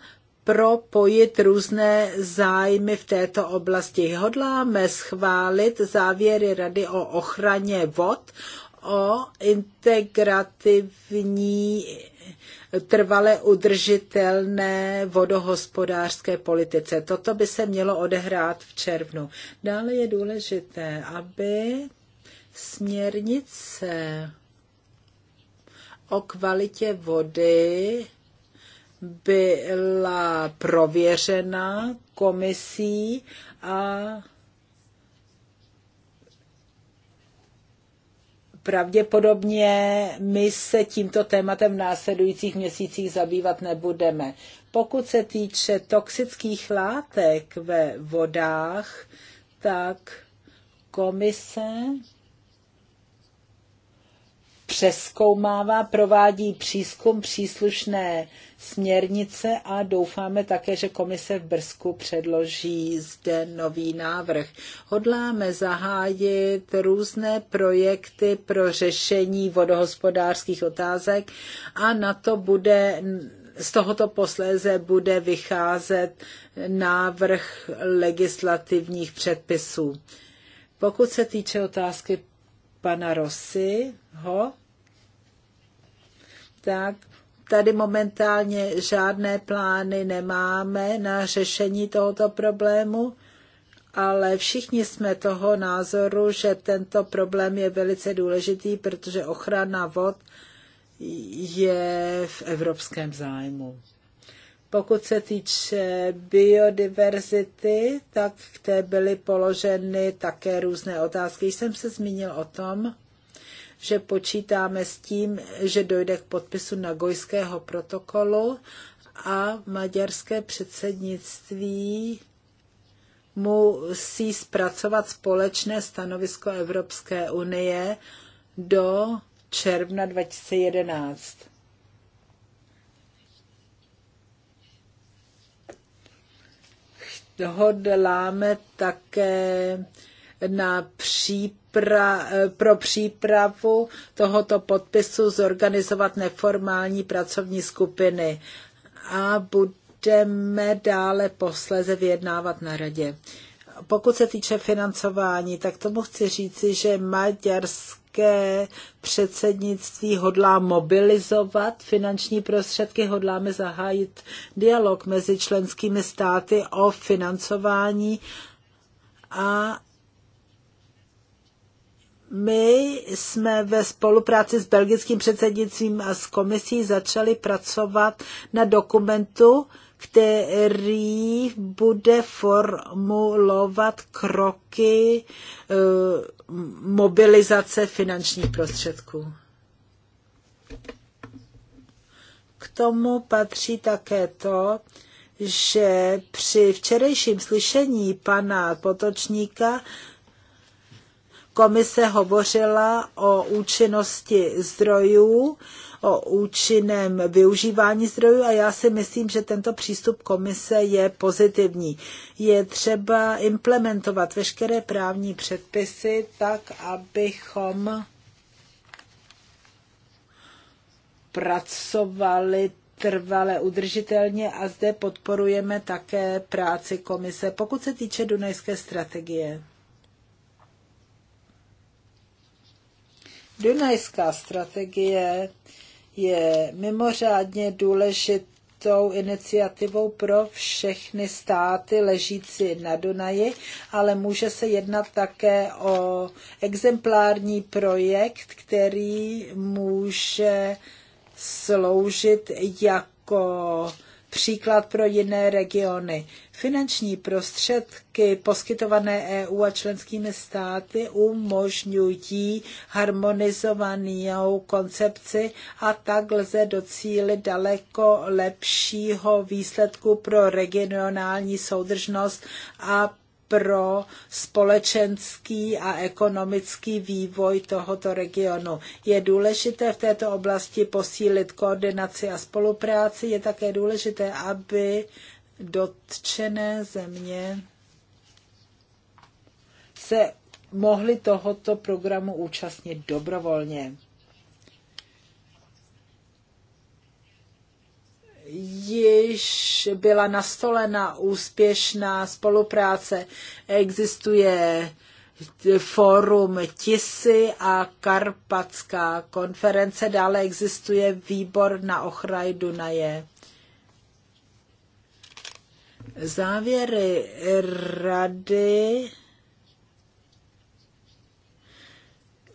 propojit různé zájmy v této oblasti. Hodláme schválit závěry Rady o ochraně vod, o integrativní trvale udržitelné vodohospodářské politice. Toto by se mělo odehrát v červnu. Dále je důležité, aby směrnice o kvalitě vody byla prověřena komisí a pravděpodobně my se tímto tématem v následujících měsících zabývat nebudeme. Pokud se týče toxických látek ve vodách, tak komise přeskoumává, provádí přízkum příslušné směrnice a doufáme také, že komise v Brzku předloží zde nový návrh. Hodláme zahájit různé projekty pro řešení vodohospodářských otázek a na to bude z tohoto posléze bude vycházet návrh legislativních předpisů. Pokud se týče otázky pana Rossiho, tak tady momentálně žádné plány nemáme na řešení tohoto problému, ale všichni jsme toho názoru, že tento problém je velice důležitý, protože ochrana vod je v evropském zájmu. Pokud se týče biodiverzity, tak k té byly položeny také různé otázky. Jsem se zmínil o tom, že počítáme s tím, že dojde k podpisu Nagojského protokolu a maďarské předsednictví musí zpracovat společné stanovisko Evropské unie do června 2011. hodláme také na přípra, pro přípravu tohoto podpisu zorganizovat neformální pracovní skupiny a budeme dále posléze vyjednávat na radě. Pokud se týče financování, tak tomu chci říci, že maďarské předsednictví hodlá mobilizovat finanční prostředky, hodláme zahájit dialog mezi členskými státy o financování a my jsme ve spolupráci s belgickým předsednictvím a s komisí začali pracovat na dokumentu, který bude formulovat kroky eh, mobilizace finančních prostředků. K tomu patří také to, že při včerejším slyšení pana Potočníka komise hovořila o účinnosti zdrojů o účinném využívání zdrojů a já si myslím, že tento přístup komise je pozitivní. Je třeba implementovat veškeré právní předpisy tak, abychom pracovali trvale udržitelně a zde podporujeme také práci komise, pokud se týče Dunajské strategie. Dunajská strategie je mimořádně důležitou iniciativou pro všechny státy ležící na Dunaji, ale může se jednat také o exemplární projekt, který může sloužit jako příklad pro jiné regiony. Finanční prostředky poskytované EU a členskými státy umožňují harmonizovanou koncepci a tak lze docílit daleko lepšího výsledku pro regionální soudržnost a pro společenský a ekonomický vývoj tohoto regionu. Je důležité v této oblasti posílit koordinaci a spolupráci. Je také důležité, aby dotčené země se mohly tohoto programu účastnit dobrovolně. Již byla nastolena úspěšná spolupráce. Existuje Fórum Tisy a Karpatská konference. Dále existuje výbor na ochranu Dunaje. Závěry rady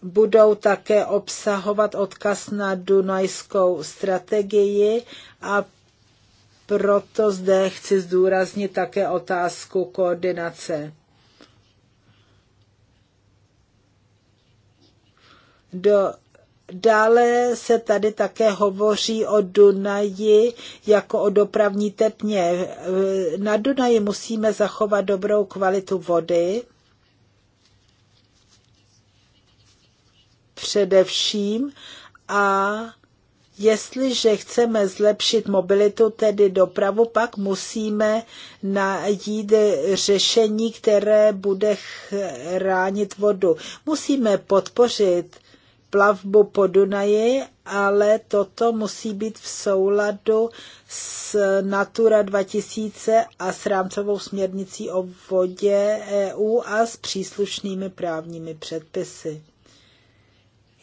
budou také obsahovat odkaz na Dunajskou strategii a proto zde chci zdůraznit také otázku koordinace. Do Dále se tady také hovoří o Dunaji jako o dopravní tepně. Na Dunaji musíme zachovat dobrou kvalitu vody. Především a Jestliže chceme zlepšit mobilitu, tedy dopravu, pak musíme najít řešení, které bude chránit vodu. Musíme podpořit plavbu po Dunaji, ale toto musí být v souladu s Natura 2000 a s rámcovou směrnicí o vodě EU a s příslušnými právními předpisy.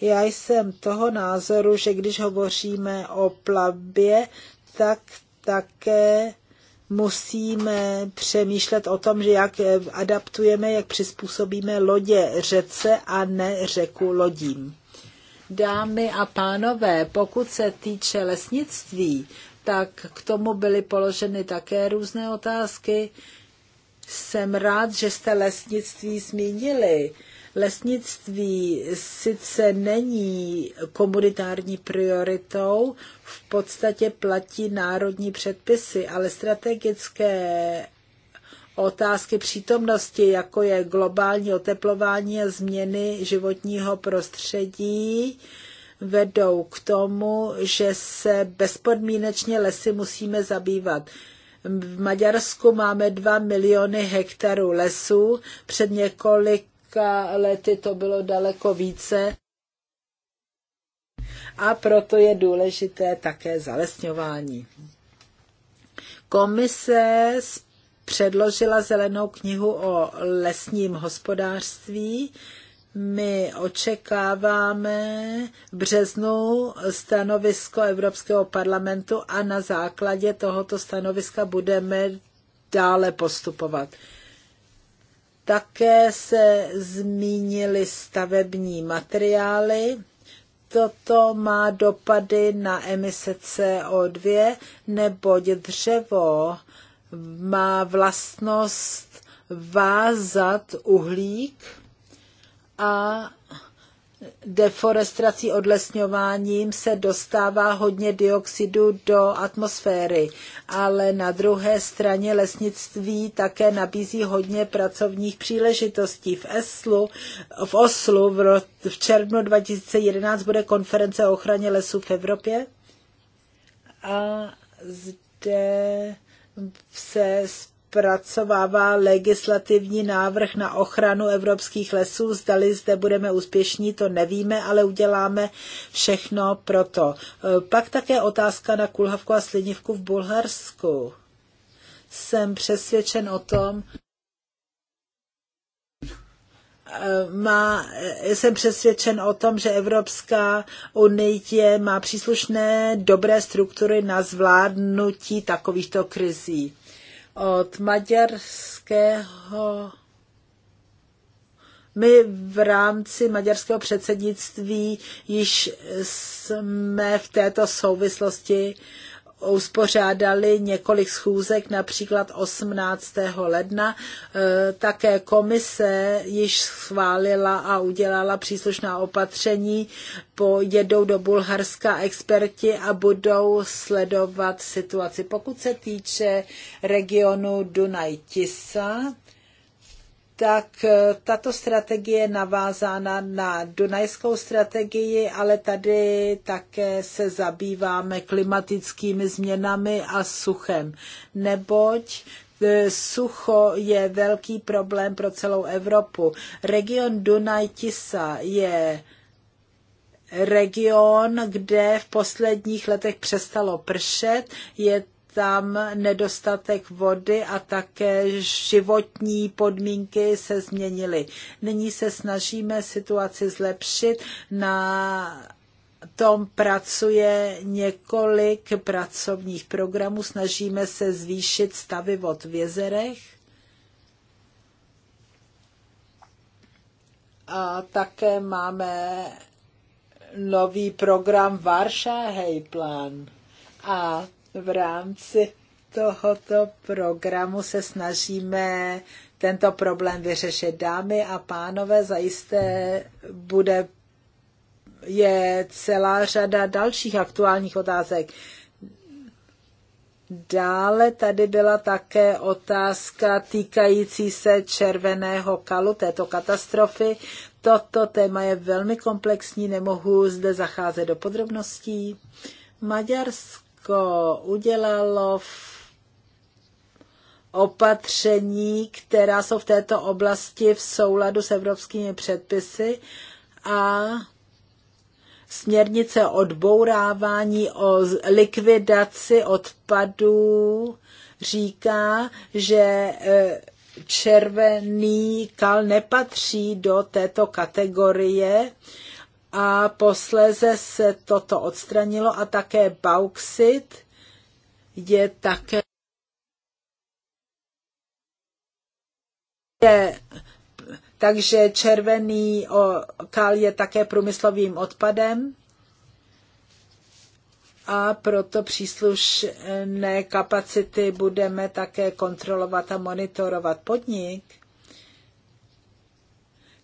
Já jsem toho názoru, že když hovoříme o plavbě, tak také musíme přemýšlet o tom, že jak adaptujeme, jak přizpůsobíme lodě řece a ne řeku lodím. Dámy a pánové, pokud se týče lesnictví, tak k tomu byly položeny také různé otázky. Jsem rád, že jste lesnictví zmínili. Lesnictví sice není komunitární prioritou, v podstatě platí národní předpisy, ale strategické otázky přítomnosti, jako je globální oteplování a změny životního prostředí, vedou k tomu, že se bezpodmínečně lesy musíme zabývat. V Maďarsku máme 2 miliony hektarů lesů, před několika lety to bylo daleko více. A proto je důležité také zalesňování. Komise předložila zelenou knihu o lesním hospodářství. My očekáváme v březnu stanovisko Evropského parlamentu a na základě tohoto stanoviska budeme dále postupovat. Také se zmínili stavební materiály. Toto má dopady na emise CO2, neboť dřevo má vlastnost vázat uhlík a deforestací odlesňováním se dostává hodně dioxidu do atmosféry, ale na druhé straně lesnictví také nabízí hodně pracovních příležitostí. V, Eslu, v Oslu v, v červnu 2011 bude konference o ochraně lesů v Evropě a zde se zpracovává legislativní návrh na ochranu evropských lesů. Zdali zde budeme úspěšní, to nevíme, ale uděláme všechno pro to. E, pak také otázka na kulhavku a slinivku v Bulharsku. Jsem přesvědčen o tom, má, jsem přesvědčen o tom, že Evropská unie má příslušné dobré struktury na zvládnutí takovýchto krizí. Od maďarského my v rámci maďarského předsednictví již jsme v této souvislosti uh, uspořádali několik schůzek, například 18. ledna. E, také komise již schválila a udělala příslušná opatření. Pojedou do Bulharska experti a budou sledovat situaci. Pokud se týče regionu Dunaj-Tisa, tak eh, tato strategie je navázána na Dunajskou strategii, ale tady také se zabýváme klimatickými změnami a suchem, neboť eh, sucho je velký problém pro celou Evropu. Region Dunaj-Tisa je region, kde v posledních letech přestalo pršet, je tam nedostatek vody a také životní podmínky se změnily. Nyní se snažíme situaci zlepšit. Na tom pracuje několik pracovních programů. Snažíme se zvýšit stavy vod v jezerech. A také máme nový program Varšáhej Hejplan A v rámci tohoto programu se snažíme tento problém vyřešit. Dámy a pánové, zajisté bude je celá řada dalších aktuálních otázek. Dále tady byla také otázka týkající se červeného kalu této katastrofy. Toto téma je velmi komplexní, nemohu zde zacházet do podrobností. Maďarsko Německo udělalo v opatření, která jsou v této oblasti v souladu s evropskými předpisy a směrnice odbourávání, o likvidaci odpadů říká, že e, červený kal nepatří do této kategorie a posléze se toto odstranilo a také bauxit je také je, takže červený kal je také průmyslovým odpadem a proto příslušné kapacity budeme také kontrolovat a monitorovat podnik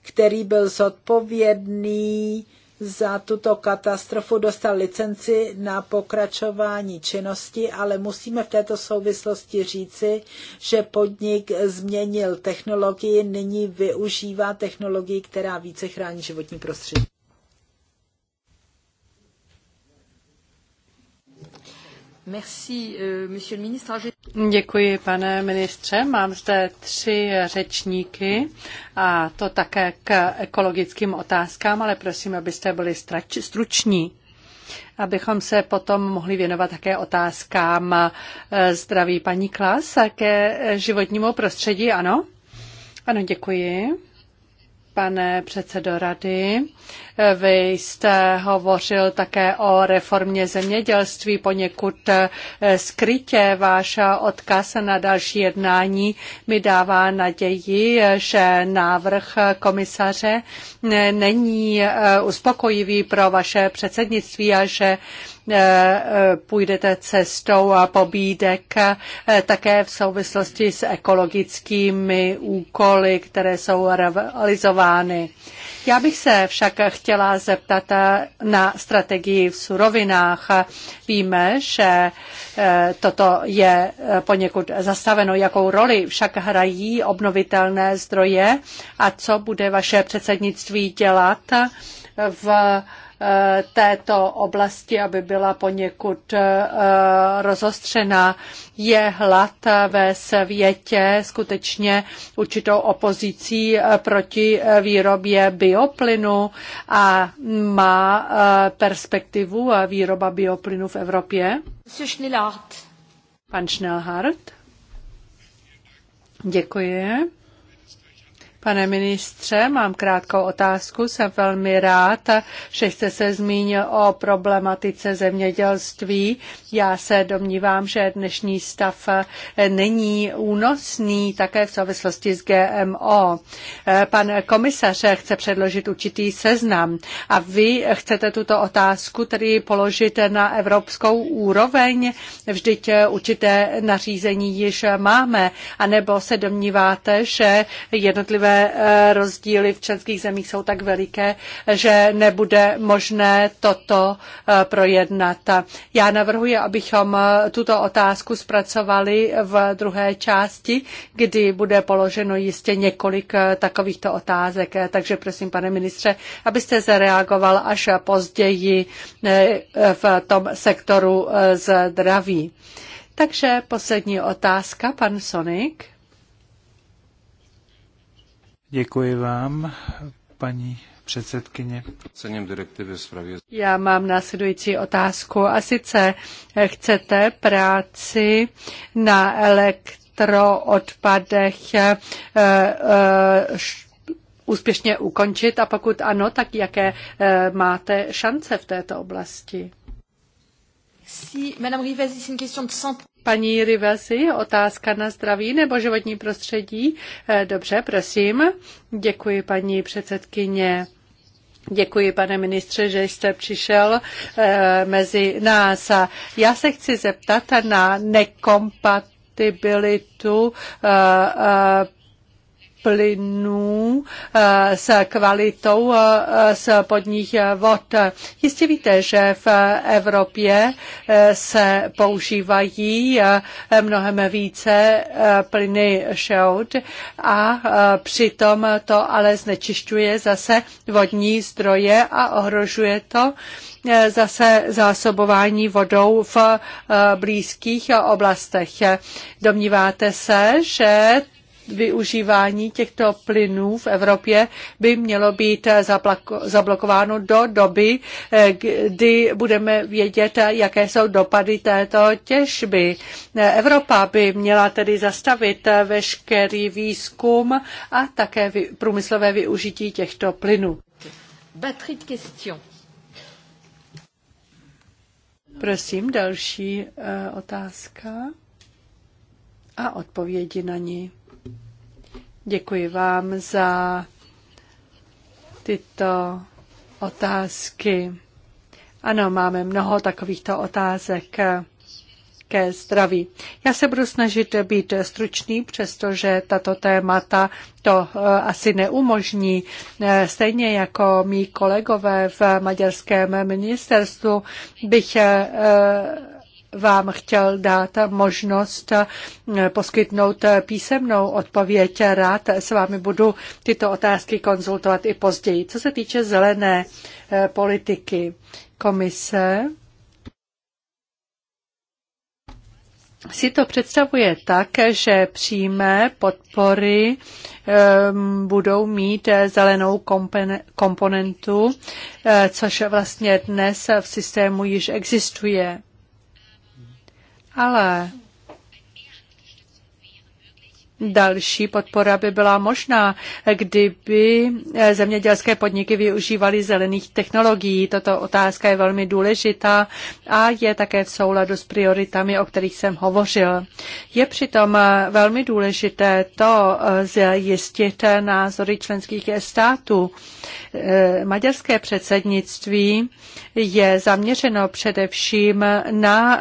který byl zodpovědný za tuto katastrofu, dostal licenci na pokračování činnosti, ale musíme v této souvislosti říci, že podnik změnil technologii, nyní využívá technologii, která více chrání životní prostředí. Euh, děkuji, pane ministře. Mám zde tři řečníky a to také k ekologickým otázkám, ale prosím, abyste byli struční abychom se potom mohli věnovat také otázkám eh, zdraví paní Klas ke životnímu prostředí, ano? Ano, děkuji. Pane předsedo rady, vy jste hovořil také o reformě zemědělství poněkud eh, skrytě. Váš odkaz na další jednání mi dává naději, že návrh komisaře není eh, uspokojivý pro vaše předsednictví a že Eh, eh, půjdete cestou pobídek eh, také v souvislosti s ekologickými úkoly, které jsou realizovány. Já bych se však chtěla zeptat na strategii v surovinách. Víme, že toto je poněkud zastaveno. Jakou roli však hrají obnovitelné zdroje a co bude vaše předsednictví dělat v Eh, této oblasti, aby byla poněkud eh, rozostřená. Je hlad ve světě skutečně určitou opozicí eh, proti výrobě bioplynu a má perspektivu výroba bioplynu v Evropě? Pan Schnellhardt. Děkuji. Pane ministře, mám krátkou otázku. Jsem velmi rád, že jste se zmínil o problematice zemědělství. Já se domnívám, že dnešní stav není únosný také v souvislosti s GMO. Pan komisař chce předložit určitý seznam a vy chcete tuto otázku tedy položit na evropskou úroveň. Vždyť určité nařízení již máme, anebo se domníváte, že jednotlivé rozdíly v členských zemích jsou tak veliké, že nebude možné toto eh, projednat. Já navrhuji, abychom eh, tuto otázku zpracovali v druhé části, kdy bude položeno jistě několik eh, takovýchto otázek. Takže prosím, pane ministře, abyste zareagoval až později v tom sektoru zdraví. Takže poslední otázka, pan Sonik. Děkuji vám, paní předsedkyně. Cením direktivy zpravě. Já mám následující otázku a sice chcete práci na elektroodpadech eh, eh, úspěšně ukončit a pokud ano, tak jaké eh, máte šance v této oblasti? Si, Madame Rivez, c'est une question de santé. Paní Rivesi, otázka na zdraví nebo životní prostředí? Eh, dobře, prosím. Děkuji, paní předsedkyně. Děkuji, pane ministře, že jste přišel eh, mezi nás. Já se chci zeptat na nekompatibilitu. Eh, plynů eh, s kvalitou spodních eh, eh, vod. Jistě víte, že v Evropě se používají mnohem více plyny šeod a přitom to ale znečišťuje zase vodní zdroje a ohrožuje to zase zásobování vodou v blízkých oblastech. Domníváte se, že využívání těchto plynů v Evropě by mělo být zablokováno do doby, eh, kdy budeme vědět, jaké jsou dopady této těžby. Evropa by měla tedy zastavit veškerý výzkum a také průmyslové využití těchto plynů. Prosím, další eh, otázka a odpovědi na ní. Děkuji vám za tyto otázky. Ano, máme mnoho takovýchto otázek ke zdraví. Já se budu snažit být stručný, přestože tato témata to eh, asi neumožní. Eh, stejně jako mý kolegové v maďarském ministerstvu bych eh, vám chtěl dát možnost eh, poskytnout eh, písemnou odpověď. Rád s vámi budu tyto otázky konzultovat i později. Co se týče zelené eh, politiky komise, si to představuje tak, že přímé podpory ehm, budou mít zelenou komponentu, což vlastně dnes v systému již existuje ale Další podpora by byla možná, kdyby eh, zemědělské podniky využívaly zelených technologií. Toto otázka je velmi důležitá a je také v souladu s prioritami, o kterých jsem hovořil. Je přitom eh, velmi důležité to eh, zjistit názory členských států. Maďarské předsednictví je zaměřeno především na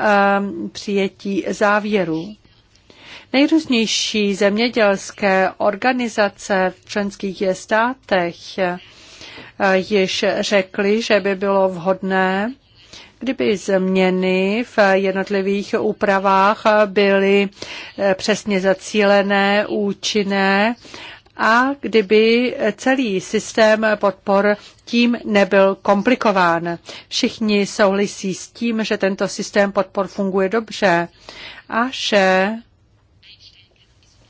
přijetí závěrů. Nejrůznější zemědělské organizace v členských státech eh, již řekly, že by bylo vhodné, kdyby změny v jednotlivých úpravách byly eh, přesně zacílené, účinné a kdyby celý systém podpor tím nebyl komplikován. Všichni souhlasí s tím, že tento systém podpor funguje dobře a že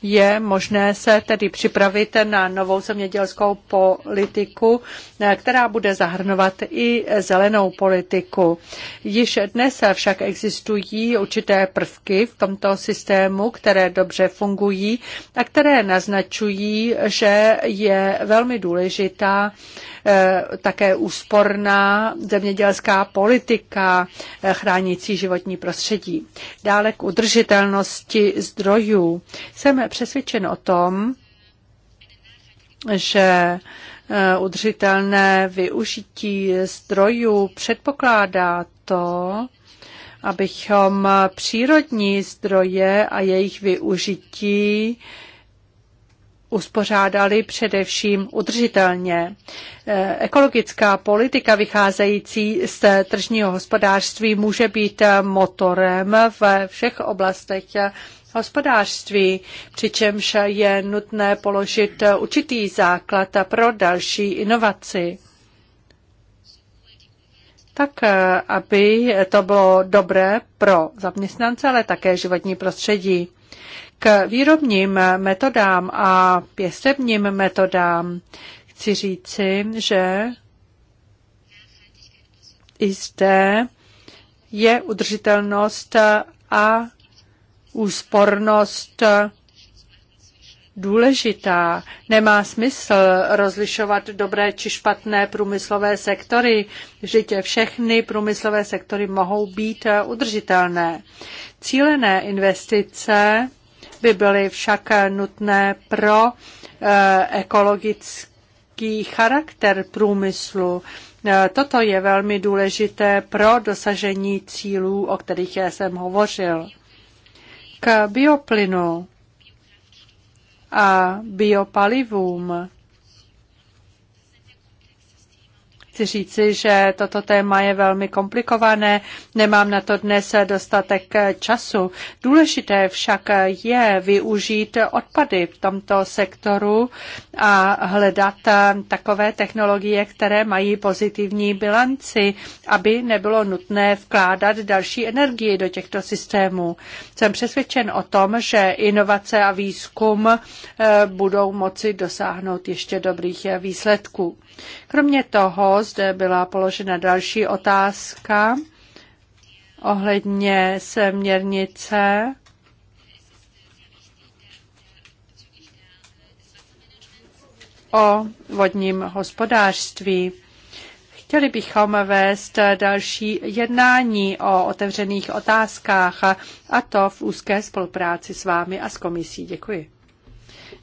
je možné se tedy připravit na novou zemědělskou politiku, eh, která bude zahrnovat i zelenou politiku. Již dnes však existují určité prvky v tomto systému, které dobře fungují a které naznačují, že je velmi důležitá Eh, také úsporná zemědělská politika eh, chránící životní prostředí. Dále k udržitelnosti zdrojů. Jsem přesvědčen o tom, že eh, udržitelné využití zdrojů předpokládá to, abychom přírodní zdroje a jejich využití uspořádali především udržitelně. Eh, ekologická politika vycházející z tržního hospodářství může být motorem ve všech oblastech hospodářství, přičemž je nutné položit určitý základ pro další inovaci tak eh, aby to bylo dobré pro zaměstnance, ale také životní prostředí k výrobním metodám a pěstebním metodám chci říci, že i zde je udržitelnost a úspornost důležitá. Nemá smysl rozlišovat dobré či špatné průmyslové sektory. Vždyť všechny průmyslové sektory mohou být udržitelné. Cílené investice by byly však nutné pro eh, ekologický charakter průmyslu. Eh, toto je velmi důležité pro dosažení cílů, o kterých já jsem hovořil. K bioplynu a biopalivům Chci říci, že toto téma je velmi komplikované, nemám na to dnes dostatek času. Důležité však je využít odpady v tomto sektoru a hledat takové technologie, které mají pozitivní bilanci, aby nebylo nutné vkládat další energii do těchto systémů. Jsem přesvědčen o tom, že inovace a výzkum eh, budou moci dosáhnout ještě dobrých výsledků. Kromě toho zde byla položena další otázka ohledně směrnice o vodním hospodářství. Chtěli bychom vést další jednání o otevřených otázkách a to v úzké spolupráci s vámi a s komisí. Děkuji.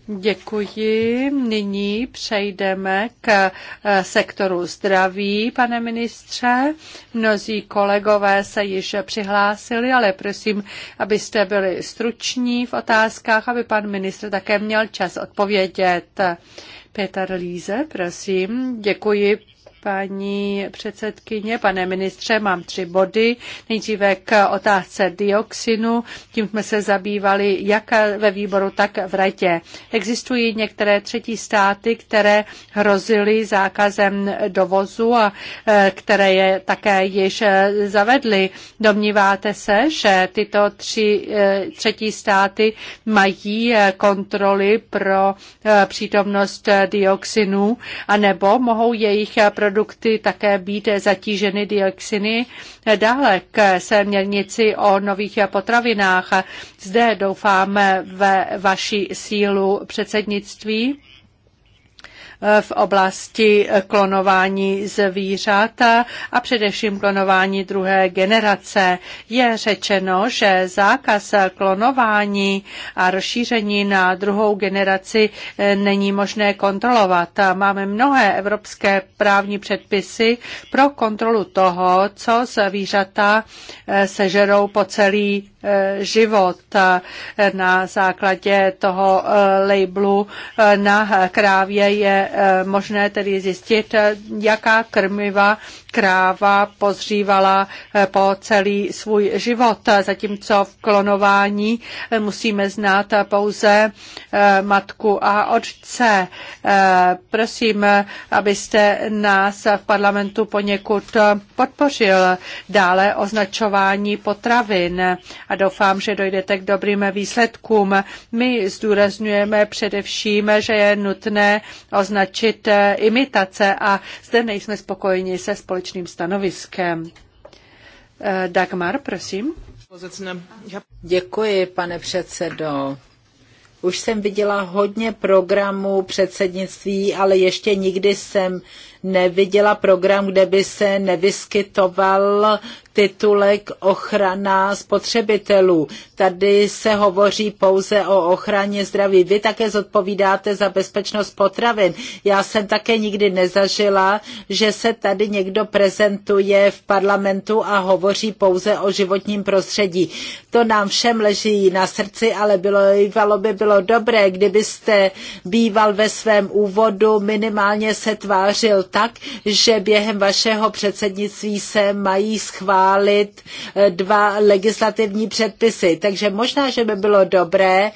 Děkuji. Nyní přejdeme k eh, sektoru zdraví, pane ministře. Mnozí kolegové se již přihlásili, ale prosím, abyste byli struční v otázkách, aby pan ministr také měl čas odpovědět. Petr Líze, prosím. Děkuji, Paní předsedkyně, pane ministře, mám tři body. Nejdříve k otázce dioxinu. Tím jsme se zabývali jak ve výboru, tak v radě. Existují některé třetí státy, které hrozily zákazem dovozu a e, které je také již e, zavedly. Domníváte se, že tyto tři, e, třetí státy mají kontroly pro přítomnost dioxinu, anebo mohou jejich produkty produkty také být zatíženy dioxiny. Dále k směrnici o nových potravinách. Zde doufáme ve vaši sílu předsednictví v oblasti klonování zvířat a především klonování druhé generace. Je řečeno, že zákaz klonování a rozšíření na druhou generaci eh, není možné kontrolovat. Máme mnohé evropské právní předpisy pro kontrolu toho, co zvířata eh, sežerou po celý eh, život na základě toho labelu na krávě je Eh, možné tedy zjistit, eh, jaká krmiva kráva pozřívala eh, po celý svůj život, zatímco v klonování eh, musíme znát pouze eh, matku a otce. Prosím, abyste nás v parlamentu poněkud podpořil dále označování potravin a doufám, že dojdete k dobrým výsledkům. My zdůrazňujeme především, že je nutné označit imitace a zde nejsme spokojeni se společností společným stanoviskem. Eh, Dagmar, prosím. Děkuji, pane předsedo. Už jsem viděla hodně programů předsednictví, ale ještě nikdy jsem neviděla program, kde by se nevyskytoval titulek ochrana spotřebitelů. Tady se hovoří pouze o ochraně zdraví. Vy také zodpovídáte za bezpečnost potravin. Já jsem také nikdy nezažila, že se tady někdo prezentuje v parlamentu a hovoří pouze o životním prostředí. To nám všem leží na srdci, ale bylo, by bylo dobré, kdybyste býval ve svém úvodu minimálně se tvářil tak, že během vašeho předsednictví se mají schválit eh, dva legislativní předpisy. Takže možná, že by bylo dobré,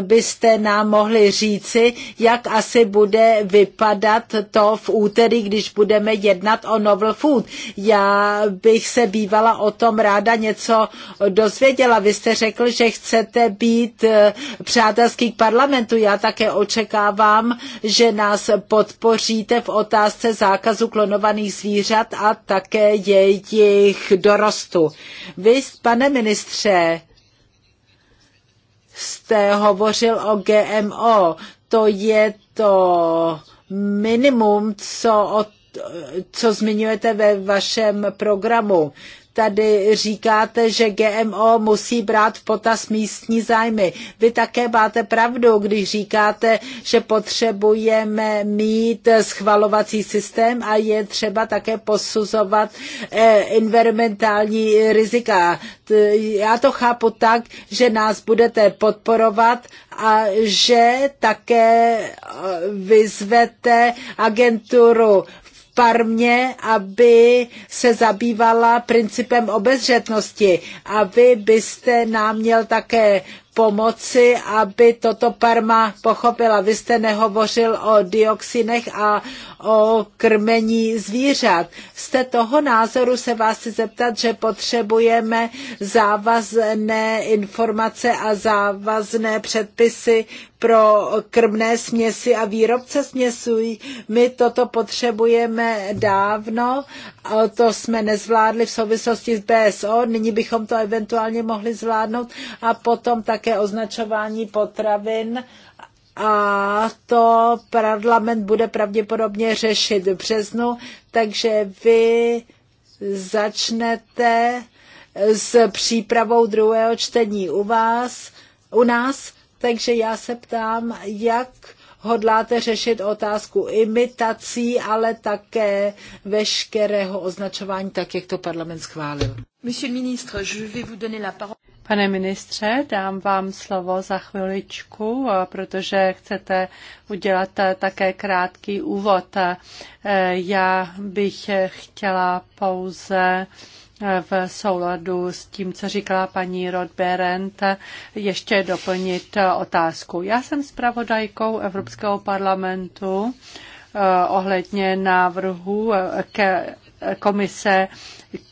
byste nám mohli říci, jak asi bude vypadat to v úterý, když budeme jednat o Novel Food. Já bych se bývala o tom ráda něco dozvěděla. Vy jste řekl, že chcete být eh, přátelský k parlamentu. Já také očekávám, že nás podpoříte v otázce otázce zákazu klonovaných zvířat a také jejich dorostu. Vy, pane ministře, jste hovořil o GMO. To je to minimum, co, od, co zmiňujete ve vašem programu tady říkáte, že GMO musí brát v potaz místní zájmy. Vy také máte pravdu, když říkáte, že potřebujeme mít schvalovací systém a je třeba také posuzovat eh, environmentální rizika. Já to chápu tak, že nás budete podporovat a že také eh, vyzvete agenturu Parmě, aby se zabývala principem obezřetnosti. A vy byste nám měl také pomoci, aby toto Parma pochopila. Vy jste nehovořil o dioxinech a o krmení zvířat. Z toho názoru se vás zeptat, že potřebujeme závazné informace a závazné předpisy pro krmné směsi a výrobce směsů. My toto potřebujeme dávno, to jsme nezvládli v souvislosti s BSO, nyní bychom to eventuálně mohli zvládnout a potom také označování potravin a to parlament bude pravděpodobně řešit v březnu, takže vy začnete s přípravou druhého čtení u vás, u nás takže já se ptám, jak hodláte řešit otázku imitací, ale také veškerého označování, tak jak to parlament schválil. Pane ministře, dám vám slovo za chviličku, protože chcete udělat eh, také krátký úvod. Eh, já bych chtěla pouze v souladu s tím, co říkala paní Rodberent, ještě doplnit otázku. Já jsem zpravodajkou Evropského parlamentu eh, ohledně návrhu eh, ke eh, komise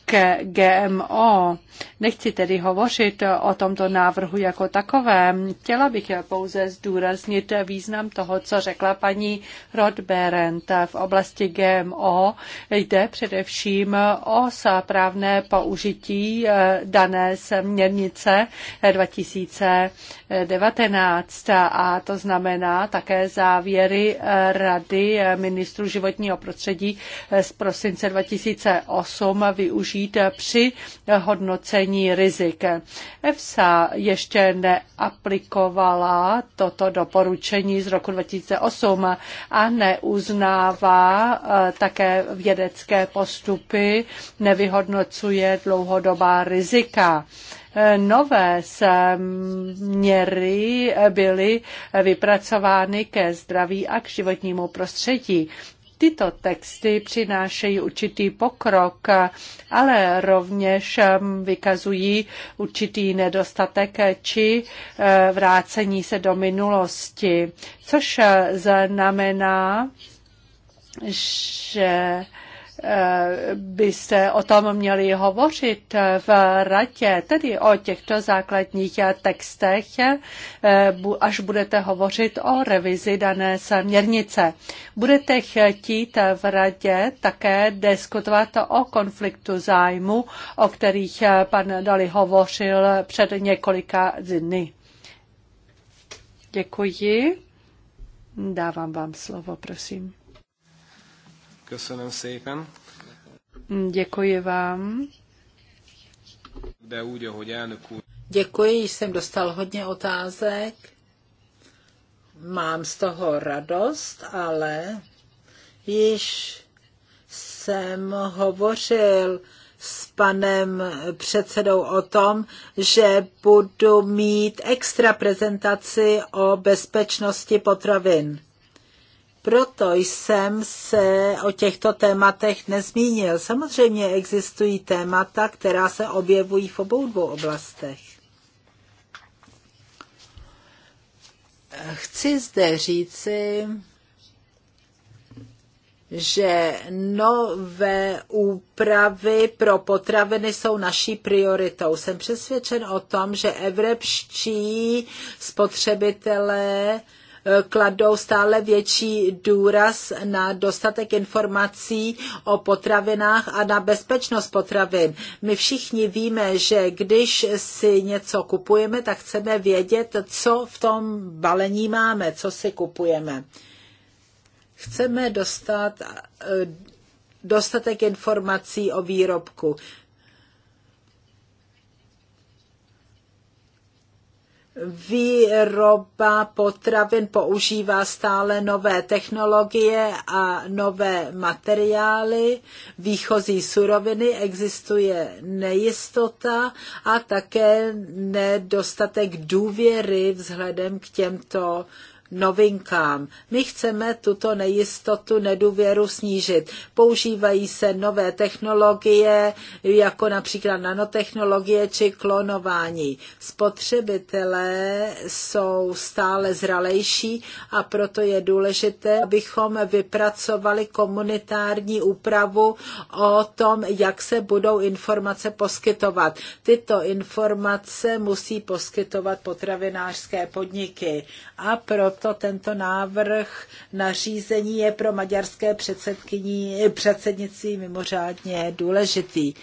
k GMO. Nechci tedy hovořit o tomto návrhu jako takovém. Chtěla bych pouze zdůraznit význam toho, co řekla paní Rodberent. V oblasti GMO jde především o správné použití eh, dané směrnice 2019 a to znamená také závěry eh, Rady eh, ministrů životního prostředí z prosince 2008 využít využít při hodnocení rizik. EFSA ještě neaplikovala toto doporučení z roku 2008 a neuznává eh, také vědecké postupy, nevyhodnocuje dlouhodobá rizika eh, nové směry byly vypracovány ke zdraví a k životnímu prostředí. Tyto texty přinášejí určitý pokrok, ale rovněž um, vykazují určitý nedostatek či eh, vrácení se do minulosti, což eh, znamená, že byste o tom měli hovořit v radě, tedy o těchto základních textech, až budete hovořit o revizi dané směrnice. Budete chtít v radě také diskutovat o konfliktu zájmu, o kterých pan Dali hovořil před několika dny. Děkuji. Dávám vám slovo, prosím. Köszönöm szépen. Děkuji vám. De úgy, ahogy elnök úr. Děkuji, jsem dostal hodně otázek. Mám z toho radost, ale již jsem hovořil s panem předsedou o tom, že budu mít extra prezentaci o bezpečnosti potravin. Proto jsem se o těchto tématech nezmínil. Samozřejmě existují témata, která se objevují v obou dvou oblastech. Chci zde říci, že nové úpravy pro potraviny jsou naší prioritou. Jsem přesvědčen o tom, že evropští spotřebitelé kladou stále větší důraz na dostatek informací o potravinách a na bezpečnost potravin. My všichni víme, že když si něco kupujeme, tak chceme vědět, co v tom balení máme, co si kupujeme. Chceme dostat eh, dostatek informací o výrobku. výroba potravin používá stále nové technologie a nové materiály, výchozí suroviny, existuje nejistota a také nedostatek důvěry vzhledem k těmto novinkám. My chceme tuto nejistotu, nedůvěru snížit. Používají se nové technologie, jako například nanotechnologie či klonování. Spotřebitelé jsou stále zralejší a proto je důležité, abychom vypracovali komunitární úpravu o tom, jak se budou informace poskytovat. Tyto informace musí poskytovat potravinářské podniky. A proto proto tento návrh nařízení je pro maďarské předsednictví mimořádně důležitý.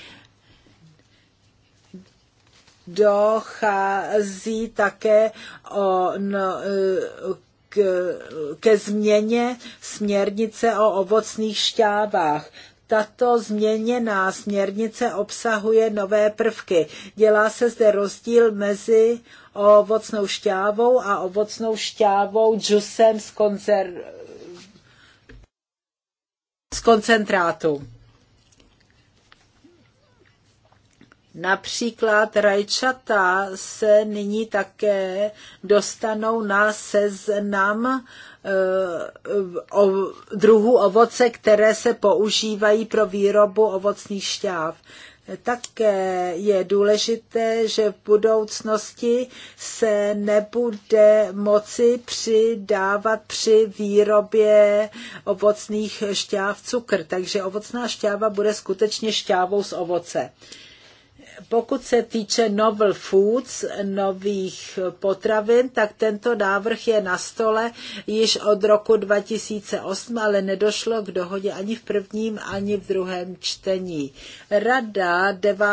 Dochází také o, no, k, ke změně směrnice o ovocných šťávách. Tato změněná směrnice obsahuje nové prvky. Dělá se zde rozdíl mezi ovocnou šťávou a ovocnou šťávou džusem z, koncer... z koncentrátu. Například rajčata se nyní také dostanou na seznam e, druhů ovoce, které se používají pro výrobu ovocných šťáv. Také je důležité, že v budoucnosti se nebude moci přidávat při výrobě ovocných šťáv cukr, takže ovocná šťáva bude skutečně šťávou z ovoce pokud se týče novel foods, nových potravin, tak tento návrh je na stole již od roku 2008, ale nedošlo k dohodě ani v prvním, ani v druhém čtení. Rada 9.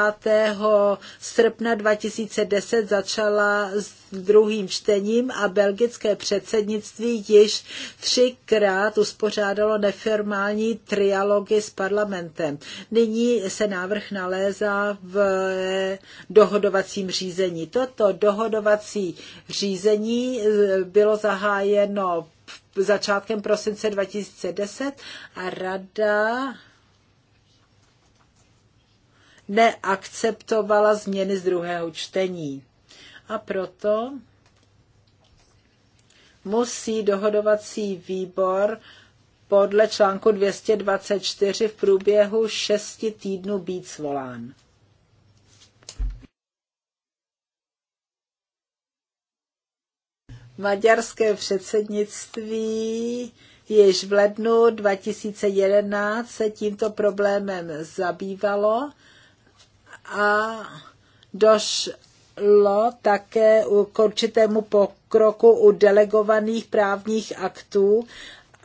srpna 2010 začala s druhým čtením a belgické předsednictví již třikrát uspořádalo neformální trialogy s parlamentem. Nyní se návrh nalézá v dohodovacím řízení. Toto dohodovací řízení eh, bylo zahájeno začátkem prosince 2010 a rada neakceptovala změny z druhého čtení a proto musí dohodovací výbor podle článku 224 v průběhu šesti týdnů být svolán. Maďarské předsednictví již v lednu 2011 se tímto problémem zabývalo a doš, vedlo také k určitému pokroku u delegovaných právních aktů,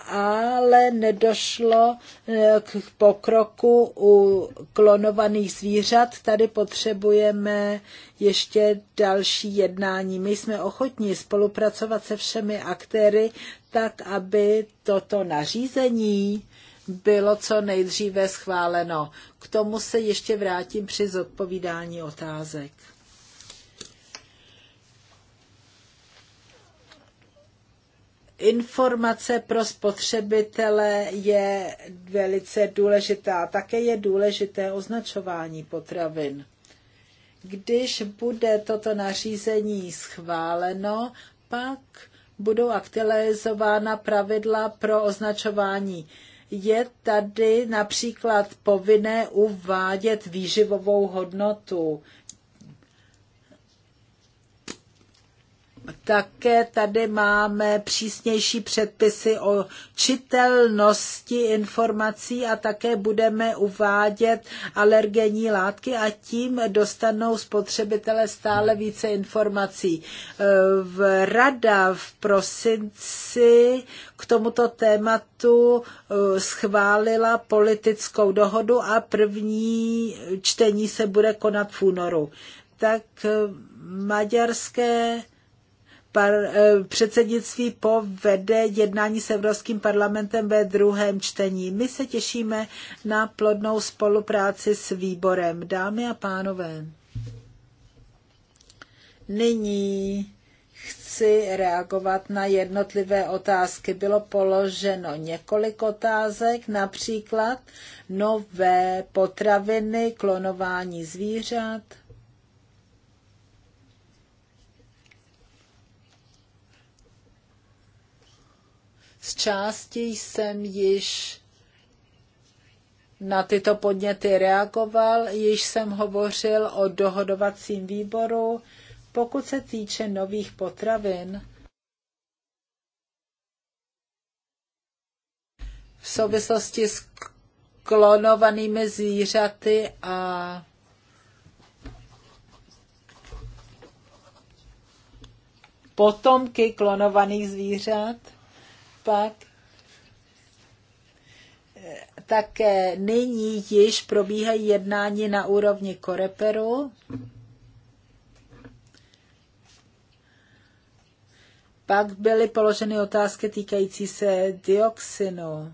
ale nedošlo e, k pokroku u klonovaných zvířat. Tady potřebujeme ještě další jednání. My jsme ochotní spolupracovat se všemi aktéry, tak aby toto nařízení bylo co nejdříve schváleno. K tomu se ještě vrátím při zodpovídání otázek. informace pro spotřebitele je velice důležitá. Také je důležité označování potravin. Když bude toto nařízení schváleno, pak budou aktualizována pravidla pro označování. Je tady například povinné uvádět výživovou hodnotu Také tady máme přísnější předpisy o čitelnosti informací a také budeme uvádět alergenní látky a tím dostanou spotřebitele stále více informací. V Rada v prosinci k tomuto tématu eh, schválila politickou dohodu a první čtení se bude konat v únoru. Tak eh, maďarské par, eh, předsednictví povede jednání s Evropským parlamentem ve druhém čtení. My se těšíme na plodnou spolupráci s výborem. Dámy a pánové, nyní chci reagovat na jednotlivé otázky. Bylo položeno několik otázek, například nové potraviny, klonování zvířat, Z části jsem již na tyto podněty reagoval, již jsem hovořil o dohodovacím výboru. Pokud se týče nových potravin, v souvislosti s klonovanými zvířaty a potomky klonovaných zvířat, pak eh, také nyní již probíhají jednání na úrovni Koreperu. Pak byly položeny otázky týkající se dioxinu.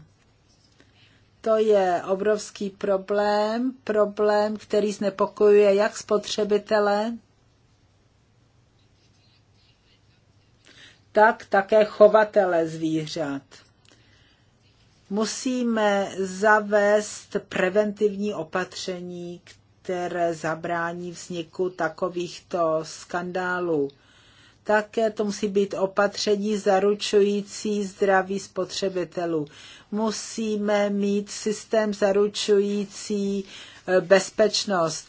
To je obrovský problém, problém, který znepokojuje jak spotřebitele, tak také chovatele zvířat. Musíme zavést preventivní opatření, které zabrání vzniku takovýchto skandálů. Také to musí být opatření zaručující zdraví spotřebitelů. Musíme mít systém zaručující eh, bezpečnost.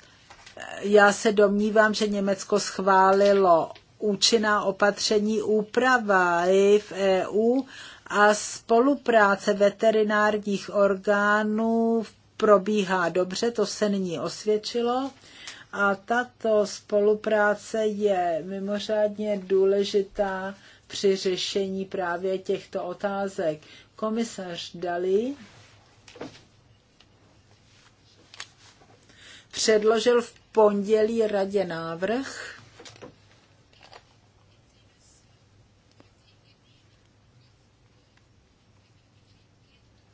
Já se domnívám, že Německo schválilo účinná opatření úprava v EU a spolupráce veterinárních orgánů probíhá dobře, to se nyní osvědčilo. A tato spolupráce je mimořádně důležitá při řešení právě těchto otázek. Komisař Dali předložil v pondělí radě návrh,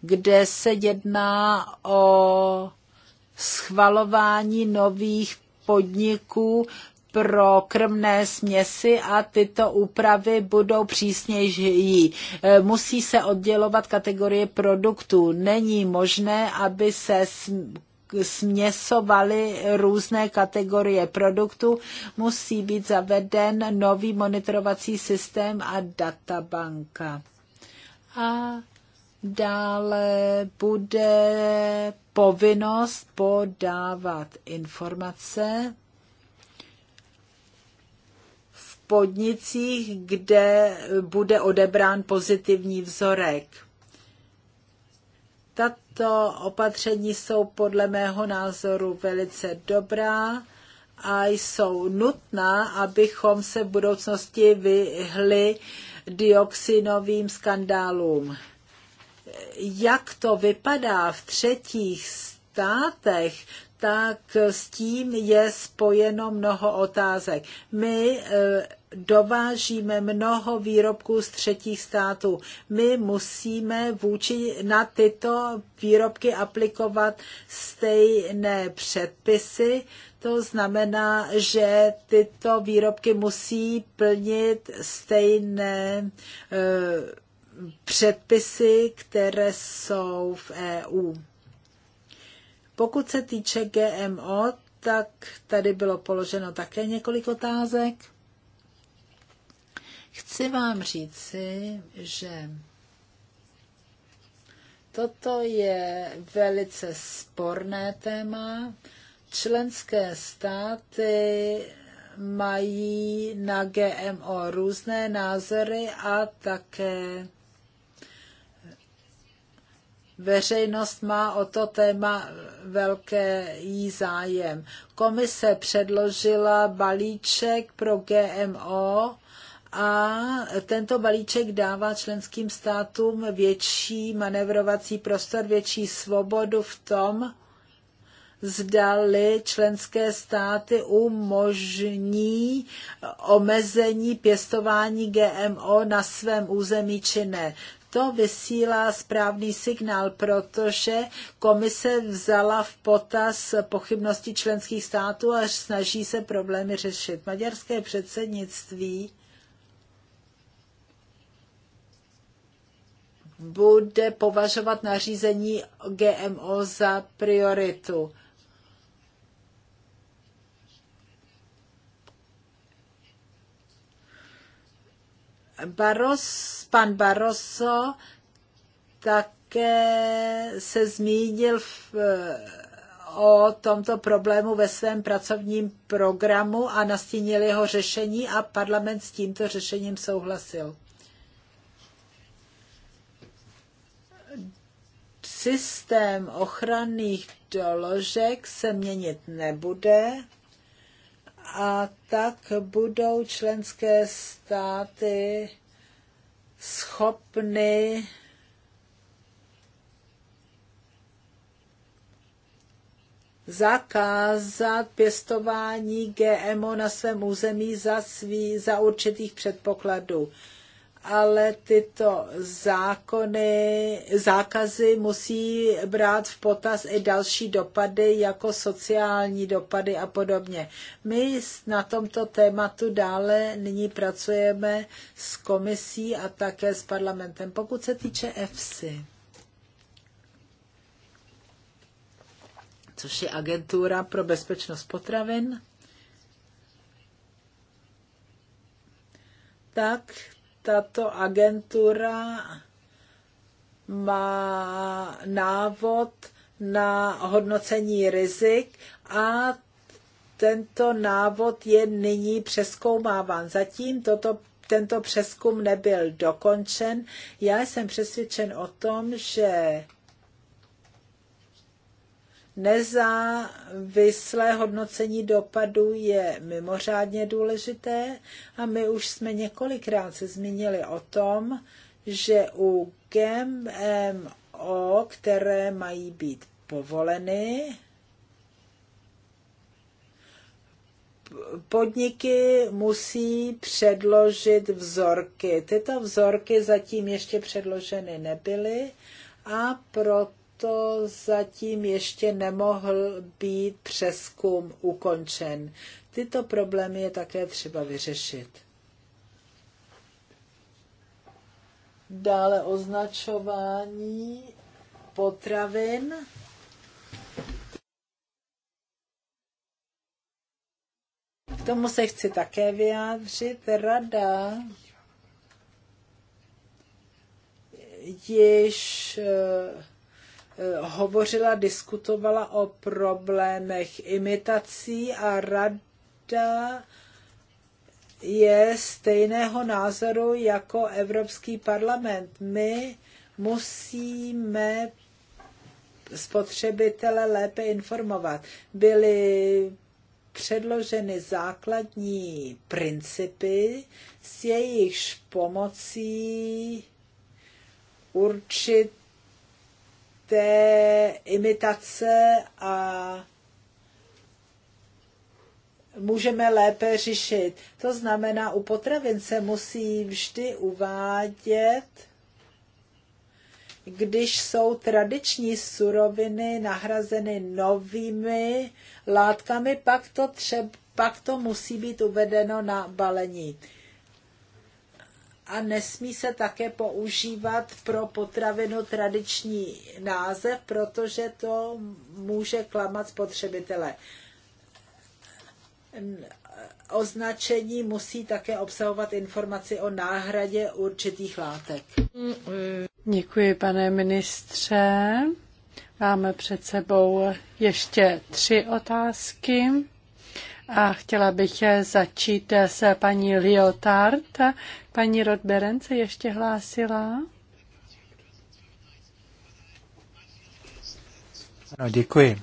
kde se jedná o schvalování nových podniků pro krmné směsi a tyto úpravy budou přísnější. E, musí se oddělovat kategorie produktů. Není možné, aby se směsovaly různé kategorie produktů. Musí být zaveden nový monitorovací systém a databanka. A Dále bude povinnost podávat informace v podnicích, kde bude odebrán pozitivní vzorek. Tato opatření jsou podle mého názoru velice dobrá a jsou nutná, abychom se v budoucnosti vyhli dioxinovým skandálům jak to vypadá v třetích státech, tak s tím je spojeno mnoho otázek. My eh, dovážíme mnoho výrobků z třetích států. My musíme vůči na tyto výrobky aplikovat stejné předpisy. To znamená, že tyto výrobky musí plnit stejné Uh, předpisy, které jsou v EU. Pokud se týče GMO, tak tady bylo položeno také několik otázek. Chci vám říci, že toto je velice sporné téma. Členské státy mají na GMO různé názory a také Veřejnost má o to téma velký zájem. Komise předložila balíček pro GMO a tento balíček dává členským státům větší manevrovací prostor, větší svobodu v tom, zdali členské státy umožní omezení pěstování GMO na svém území či ne. To vysílá správný signál, protože komise vzala v potaz pochybnosti členských států a snaží se problémy řešit. Maďarské předsednictví bude považovat nařízení GMO za prioritu. Baros, pan Barroso také se zmínil v, o tomto problému ve svém pracovním programu a nastínil jeho řešení a parlament s tímto řešením souhlasil. Systém ochranných doložek se měnit nebude, a tak budou členské státy schopny zakázat pěstování GMO na svém území za, svý, za určitých předpokladů ale tyto zákony, zákazy musí brát v potaz i další dopady, jako sociální dopady a podobně. My na tomto tématu dále nyní pracujeme s komisí a také s parlamentem. Pokud se týče EFSI, což je agentura pro bezpečnost potravin, tak tato agentura má návod na hodnocení rizik a tento návod je nyní přeskoumáván. Zatím toto, tento přeskum nebyl dokončen. Já jsem přesvědčen o tom, že Nezávislé hodnocení dopadu je mimořádně důležité a my už jsme několikrát se zmínili o tom, že u GMO, e které mají být povoleny, podniky musí předložit vzorky. Tyto vzorky zatím ještě předloženy nebyly a proto to zatím ještě nemohl být přeskum ukončen. Tyto problémy je také třeba vyřešit. Dále označování potravin. K tomu se chci také vyjádřit. Rada již eh, Eh, hovořila, diskutovala o problémech imitací a rada je stejného názoru jako Evropský parlament. My musíme spotřebitele lépe informovat. Byly předloženy základní principy, s jejichž pomocí určit té imitace a můžeme lépe řešit. To znamená, u potravin se musí vždy uvádět, když jsou tradiční suroviny nahrazeny novými látkami, pak to, třeba, pak to musí být uvedeno na balení a nesmí se také používat pro potravinu tradiční název, protože to může klamat spotřebitele. Označení musí také obsahovat informaci o náhradě určitých látek. Děkuji, pane ministře. Máme před sebou ještě tři otázky. A chtěla bych začít s paní Liotard. Paní Rodberen se ještě hlásila. Ano, děkuji.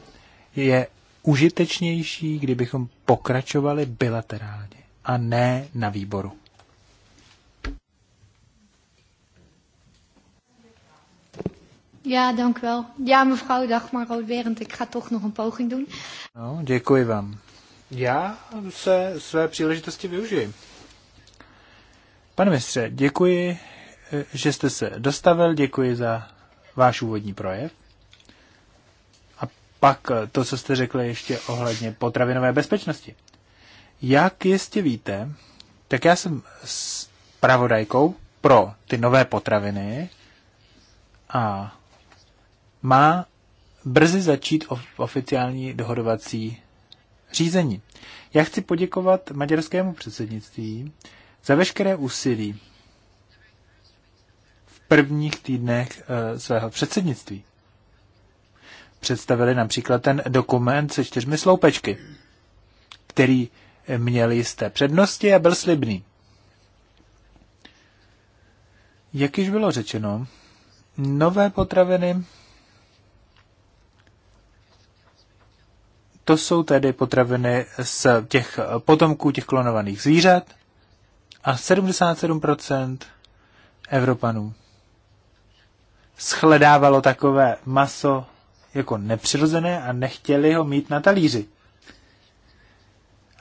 Je užitečnější, kdybychom pokračovali bilaterálně a ne na výboru. Ja, dank wel. Ja, mevrouw Dagmar Rood-Berend, ik ga toch nog een poging doen. No, děkuji vám já se své příležitosti využiji. Pane mistře, děkuji, eh, že jste se dostavil, děkuji za váš úvodní projev. A pak eh, to, co jste řekli ještě ohledně potravinové bezpečnosti. Jak jistě víte, tak já jsem s pravodajkou pro ty nové potraviny a má brzy začít oficiální dohodovací řízení. Já chci poděkovat maďarskému předsednictví za veškeré úsilí v prvních týdnech eh, svého předsednictví. Představili například ten dokument se čtyřmi sloupečky, který měl jisté přednosti a byl slibný. Jak již bylo řečeno, nové potraviny To jsou tedy potraviny z těch potomků těch klonovaných zvířat a 77% Evropanů shledávalo takové maso jako nepřirozené a nechtěli ho mít na talíři.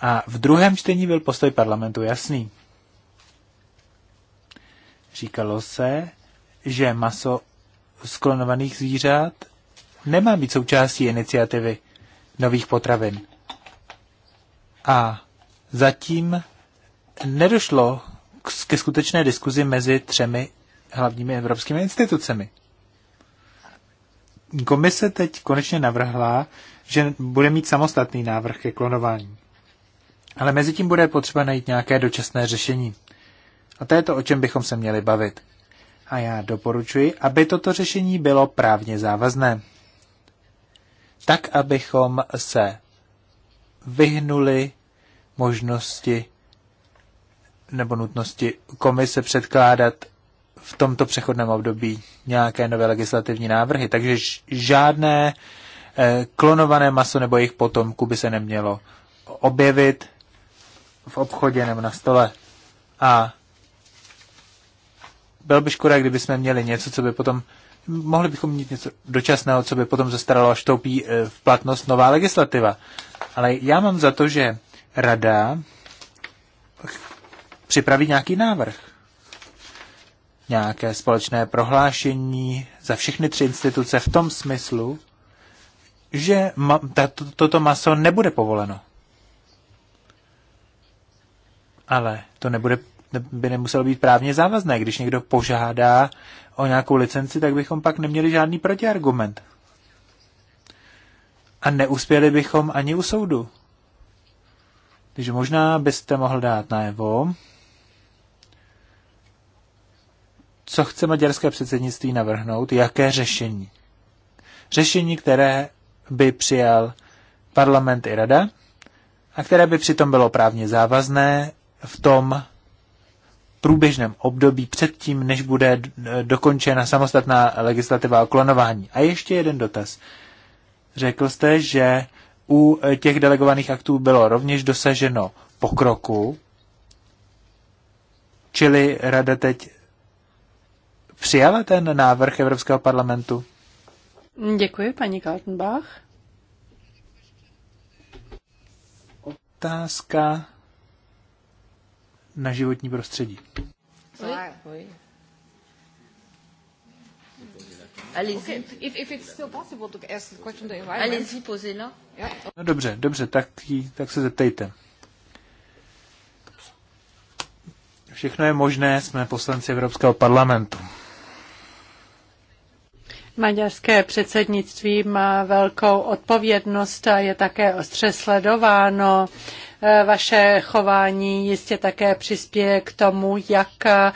A v druhém čtení byl postoj parlamentu jasný. Říkalo se, že maso sklonovaných zvířat nemá být součástí iniciativy nových potravin. A zatím nedošlo ke skutečné diskuzi mezi třemi hlavními evropskými institucemi. Komise teď konečně navrhla, že bude mít samostatný návrh ke klonování. Ale mezi tím bude potřeba najít nějaké dočasné řešení. A to je to, o čem bychom se měli bavit. A já doporučuji, aby toto řešení bylo právně závazné tak abychom se vyhnuli možnosti nebo nutnosti komise předkládat v tomto přechodném období nějaké nové legislativní návrhy. Takže žádné eh, klonované maso nebo jejich potomku by se nemělo objevit v obchodě nebo na stole. A byl by škoda, kdyby jsme měli něco, co by potom mohli bychom mít něco dočasného, co by potom zastaralo, až vstoupí e, v platnost nová legislativa. Ale já mám za to, že rada připraví nějaký návrh. Nějaké společné prohlášení za všechny tři instituce v tom smyslu, že ma, toto maso nebude povoleno. Ale to nebude, by nemuselo být právně závazné, když někdo požádá o nějakou licenci, tak bychom pak neměli žádný protiargument. A neuspěli bychom ani u soudu. Takže možná byste mohl dát najevo, co chce maďarské předsednictví navrhnout, jaké řešení. Řešení, které by přijal parlament i rada a které by přitom bylo právně závazné v tom, průběžném období předtím, než bude eh, dokončena samostatná legislativa o klonování. A ještě jeden dotaz. Řekl jste, že u eh, těch delegovaných aktů bylo rovněž dosaženo pokroku, čili rada teď přijala ten návrh Evropského parlamentu? Děkuji, paní Kaltenbach. Otázka na životní prostředí. No dobře, dobře, tak, tak se zeptejte. Všechno je možné, jsme poslanci Evropského parlamentu. Maďarské předsednictví má velkou odpovědnost a je také ostře sledováno Eh, vaše chování jistě také přispěje k tomu, jak eh,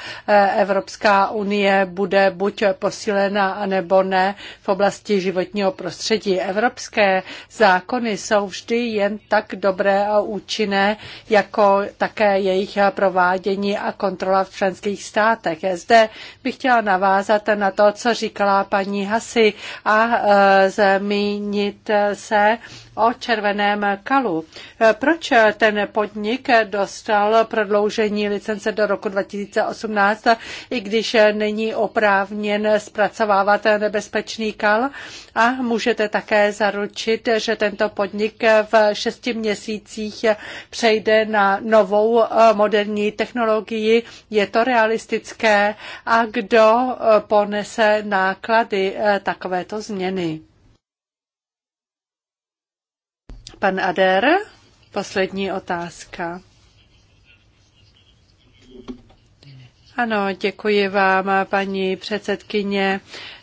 Evropská unie bude buď posílena, anebo ne v oblasti životního prostředí. Evropské zákony jsou vždy jen tak dobré a účinné, jako také jejich provádění a kontrola v členských státech. Eh, zde bych chtěla navázat na to, co říkala paní Hasi a zmínit se o červeném kalu. Proč ten podnik dostal prodloužení licence do roku 2018, i když není oprávněn zpracovávat nebezpečný kal? A můžete také zaručit, že tento podnik v šesti měsících přejde na novou eh, moderní technologii. Je to realistické? A kdo eh, ponese náklady eh, takovéto změny? Pan Ader, poslední otázka. Ano, děkuji vám, paní předsedkyně.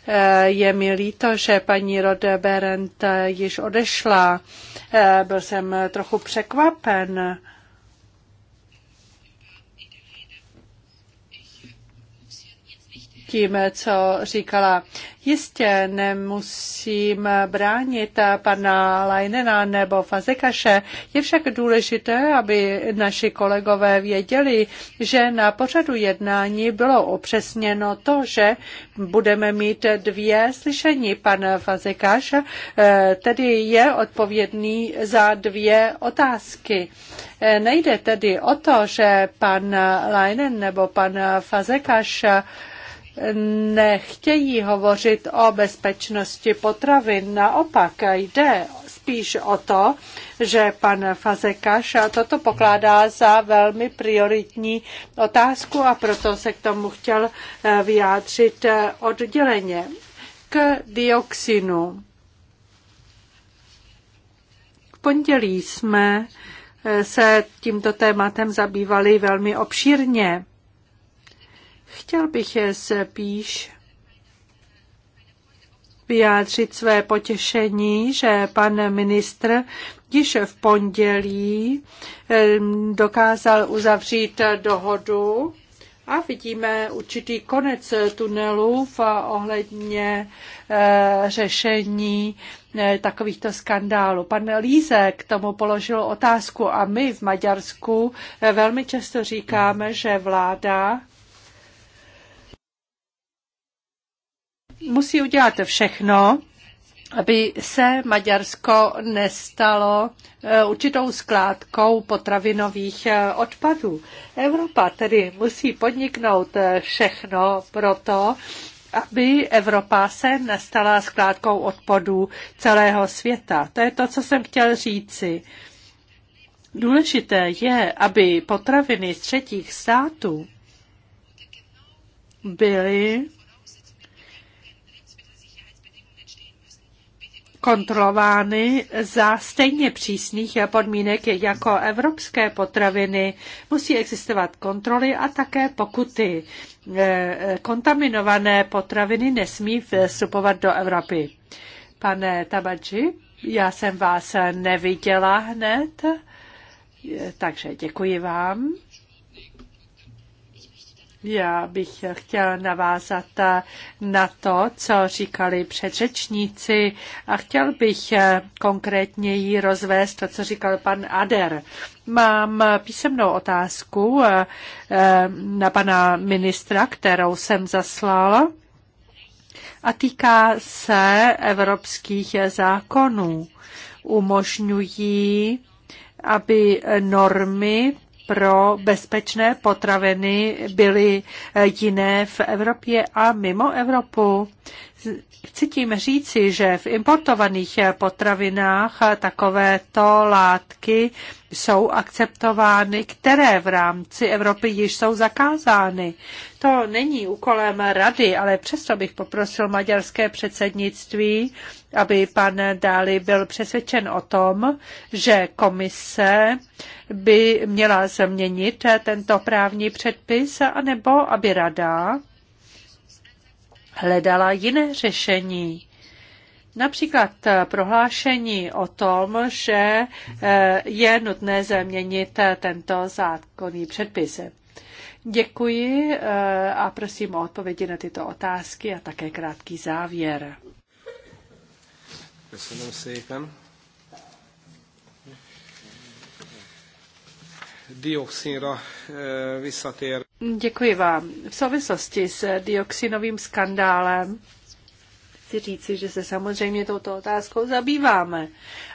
Eh, je mi líto, že paní Rode Berendt eh, již odešla. Eh, byl jsem trochu překvapen tím, co říkala. Jistě nemusím bránit pana Lajnena nebo Fazekaše. Je však důležité, aby naši kolegové věděli, že na pořadu jednání bylo opřesněno to, že budeme mít dvě slyšení. Pan Fazekaš eh, tedy je odpovědný za dvě otázky. Eh, nejde tedy o to, že pan Lajnen nebo pan Fazekaš eh, nechtějí hovořit o bezpečnosti potravin. Naopak jde spíš o to, že pan Fazekaš toto pokládá za velmi prioritní otázku a proto se k tomu chtěl eh, vyjádřit eh, odděleně. K dioxinu. V pondělí jsme eh, se tímto tématem zabývali velmi obšírně. Chtěl bych se píš vyjádřit své potěšení, že pan ministr již v pondělí dokázal uzavřít dohodu a vidíme určitý konec tunelu v ohledně eh, řešení eh, takovýchto skandálů. Pan Líze k tomu položil otázku a my v Maďarsku eh, velmi často říkáme, že vláda musí udělat všechno, aby se Maďarsko nestalo eh, určitou skládkou potravinových eh, odpadů. Evropa tedy musí podniknout eh, všechno pro to, aby Evropa se nestala skládkou odpadů celého světa. To je to, co jsem chtěl říci. Důležité je, aby potraviny z třetích států byly kontrolovány za stejně přísných podmínek jako evropské potraviny. Musí existovat kontroly a také pokuty. E, e, kontaminované potraviny nesmí vstupovat do Evropy. Pane Tabači, já jsem vás neviděla hned, e, takže děkuji vám. Já bych chtěl navázat na to, co říkali předřečníci a chtěl bych konkrétněji rozvést to, co říkal pan Ader. Mám písemnou otázku eh, eh, na pana ministra, kterou jsem zaslal a týká se evropských zákonů. Umožňují aby normy pro bezpečné potraviny byly jiné v Evropě a mimo Evropu. Chci tím říci, že v importovaných potravinách takovéto látky jsou akceptovány, které v rámci Evropy již jsou zakázány. To není úkolem rady, ale přesto bych poprosil maďarské předsednictví, aby pan Dáli byl přesvědčen o tom, že komise by měla změnit tento právní předpis, anebo aby rada hledala jiné řešení. Například eh, prohlášení o tom, že eh, je nutné změnit eh, tento zákonný předpis. Děkuji a prosím o odpovědi na tyto otázky a také krátký závěr. Köszönöm szépen. dioxinra eh, visszatér. Děkuji vám. V souvislosti s dioxinovým skandálem chci říci, že se samozřejmě touto otázkou zabýváme.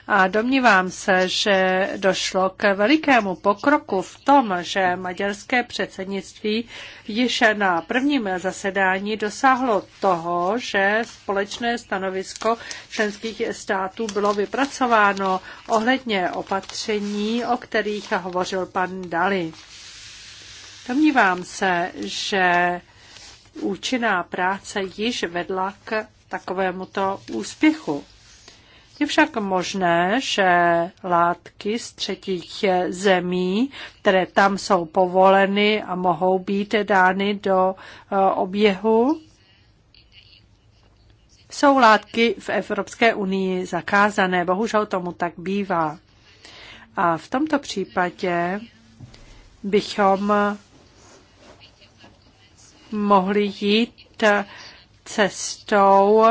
A domnívám se, že došlo k velikému pokroku v tom, že maďarské předsednictví již na prvním zasedání dosáhlo toho, že společné stanovisko členských států bylo vypracováno ohledně opatření, o kterých hovořil pan Dali. Domnívám se, že účinná práce již vedla k takovémuto úspěchu. Je však možné, že látky z třetích zemí, které tam jsou povoleny a mohou být dány do eh, oběhu, jsou látky v Evropské unii zakázané. Bohužel tomu tak bývá. A v tomto případě bychom mohli jít cestou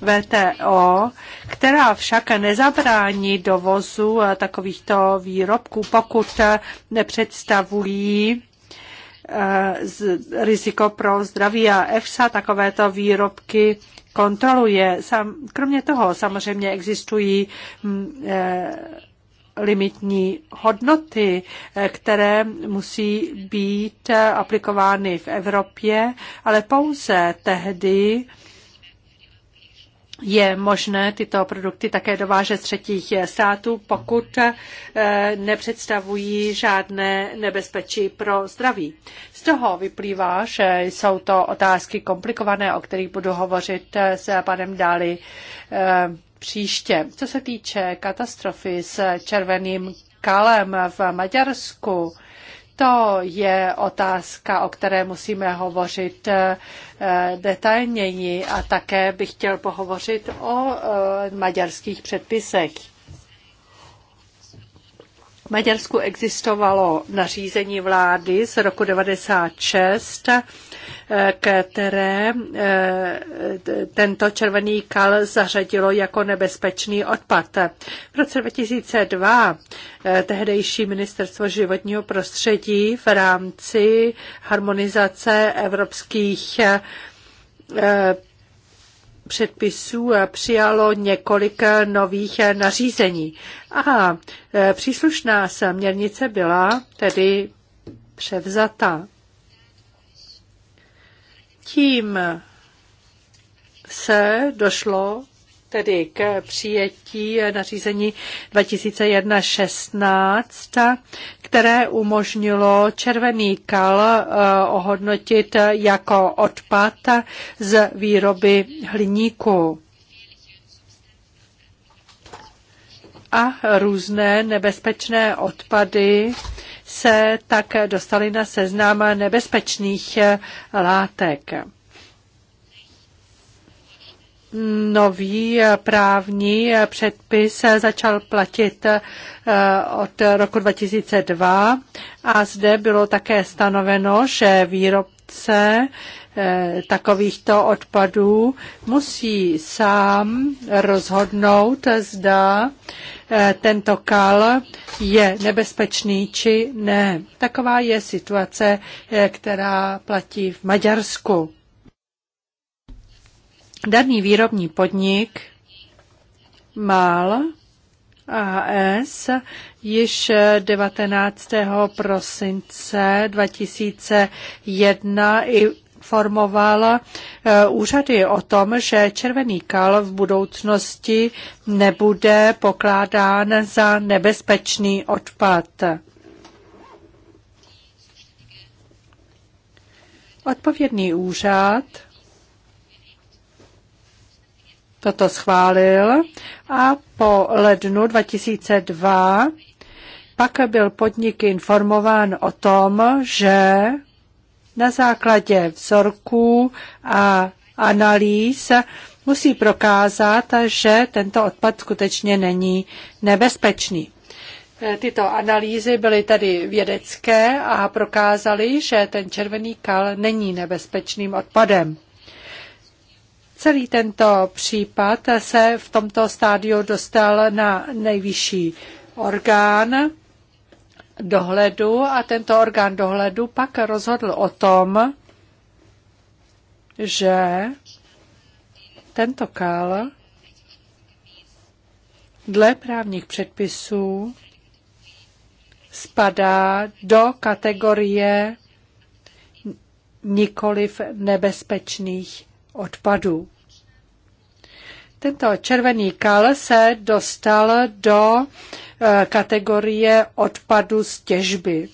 VTO, která však nezabrání dovozu eh, takovýchto výrobků, pokud eh, nepředstavují eh, riziko pro zdraví a EFSA takovéto výrobky kontroluje. Kromě toho samozřejmě existují mm, limitní hodnoty, eh, které musí být eh, aplikovány v Evropě, ale pouze tehdy, je možné tyto produkty také dovážet z třetích eh, států, pokud nepředstavují žádné nebezpečí pro zdraví. Z toho vyplývá, že jsou to otázky komplikované, o kterých budu hovořit s panem Dali příště. Co se týče katastrofy s červeným kalem v Maďarsku, to je otázka, o které musíme hovořit eh, detailněji a také bych chtěl pohovořit o eh, maďarských předpisech. V Maďarsku existovalo nařízení vlády z roku 1996, které eh, tento červený kal zařadilo jako nebezpečný odpad. V roce 2002 eh, tehdejší ministerstvo životního prostředí v rámci harmonizace evropských eh, předpisů přijalo několik nových nařízení. A příslušná směrnice byla tedy převzata. Tím se došlo tedy k přijetí nařízení 2001-16, které umožnilo červený kal eh, ohodnotit jako odpad z výroby hliníku. A různé nebezpečné odpady se tak dostali na seznam nebezpečných eh, látek nový eh, právní eh, předpis začal platit od roku 2002 a zde bylo také stanoveno, že výrobce Eh, takovýchto odpadů, musí sám rozhodnout, zda eh, tento kal je nebezpečný či ne. Taková je situace, eh, která platí v Maďarsku. Daný výrobní podnik MAL AS již 19. prosince 2001 informoval eh, úřady o tom, že červený kal v budoucnosti nebude pokládán za nebezpečný odpad. Odpovědný úřad toto schválil a po lednu 2002 pak byl podnik informován o tom, že na základě vzorků a analýz musí prokázat, že tento odpad skutečně není nebezpečný. Eh, tyto analýzy byly tedy vědecké a prokázaly, že ten červený kal není nebezpečným odpadem. Celý tento případ se v tomto stádiu dostal na nejvyšší orgán dohledu a tento orgán dohledu pak rozhodl o tom, že tento kal dle právních předpisů spadá do kategorie nikoliv nebezpečných odpadů. Tento červený kal se dostal do Eh, kategorie odpadu z těžby.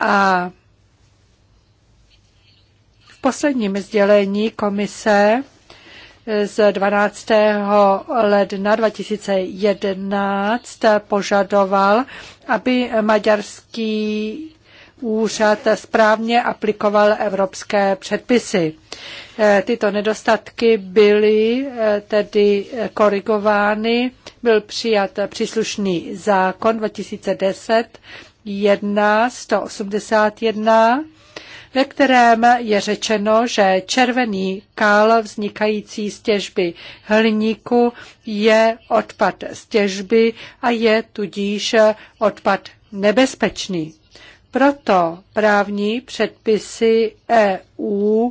A v posledním sdělení komise eh, z 12. ledna 2011 požadoval, aby maďarský úřad správně aplikoval evropské předpisy. E, tyto nedostatky byly e, tedy e, korigovány, byl přijat příslušný zákon 2010 1 181 ve kterém je řečeno, že červený kál vznikající z těžby hliníku je odpad z těžby a je tudíž odpad nebezpečný. Proto právní předpisy EU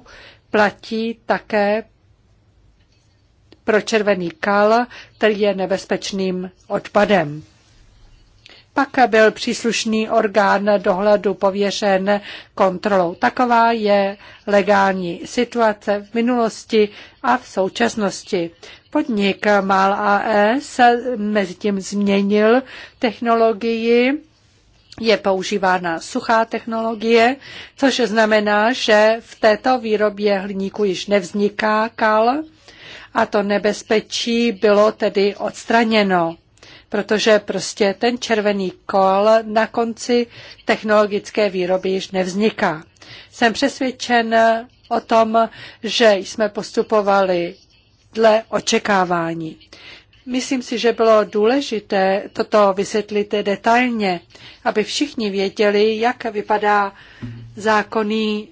platí také pro červený kal, který je nebezpečným odpadem. Pak byl příslušný orgán dohledu pověřen kontrolou. Taková je legální situace v minulosti a v současnosti. Podnik MAL AS mezi tím změnil technologii je používána suchá technologie, což znamená, že v této výrobě hliníku již nevzniká kal a to nebezpečí bylo tedy odstraněno protože prostě ten červený kol na konci technologické výroby již nevzniká. Jsem přesvědčen o tom, že jsme postupovali dle očekávání. Myslím si, že bylo důležité toto vysvětlit detailně, aby všichni věděli, jak vypadá zákonný,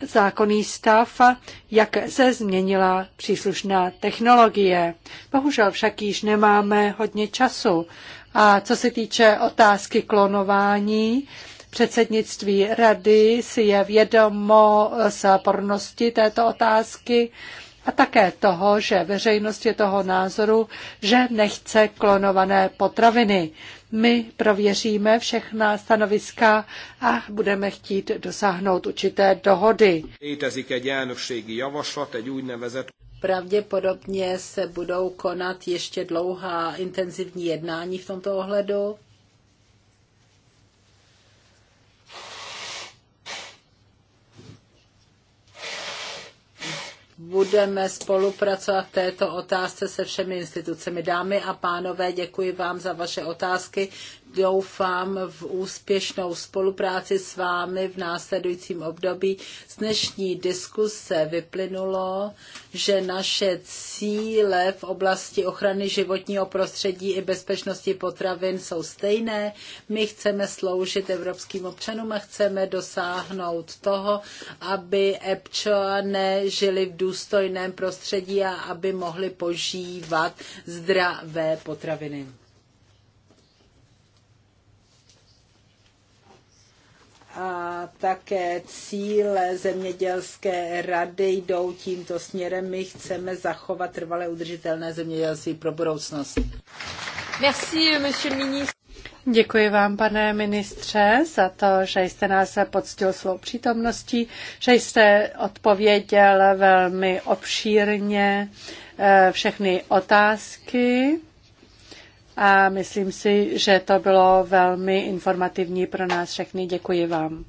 zákonný stav, jak se změnila příslušná technologie. Bohužel však již nemáme hodně času. A co se týče otázky klonování, předsednictví rady si je vědomo z pornosti této otázky a také toho, že veřejnost je toho názoru, že nechce klonované potraviny. My prověříme všechna stanoviska a budeme chtít dosáhnout určité dohody. Pravděpodobně se budou konat ještě dlouhá intenzivní jednání v tomto ohledu budeme spolupracovat v této otázce se všemi institucemi. Dámy a pánové, děkuji vám za vaše otázky doufám v úspěšnou spolupráci s vámi v následujícím období. Z dnešní diskuse vyplynulo, že naše cíle v oblasti ochrany životního prostředí i bezpečnosti potravin jsou stejné. My chceme sloužit evropským občanům a chceme dosáhnout toho, aby občané žili v důstojném prostředí a aby mohli požívat zdravé potraviny. a také cíle zemědělské rady jdou tímto směrem. My chceme zachovat trvale udržitelné zemědělství pro budoucnost. Merci, monsieur ministre. Děkuji vám, pane ministře, za to, že jste nás poctil svou přítomností, že jste odpověděl velmi obšírně eh, všechny otázky a myslím si, že to bylo velmi informativní pro nás všechny. Děkuji vám.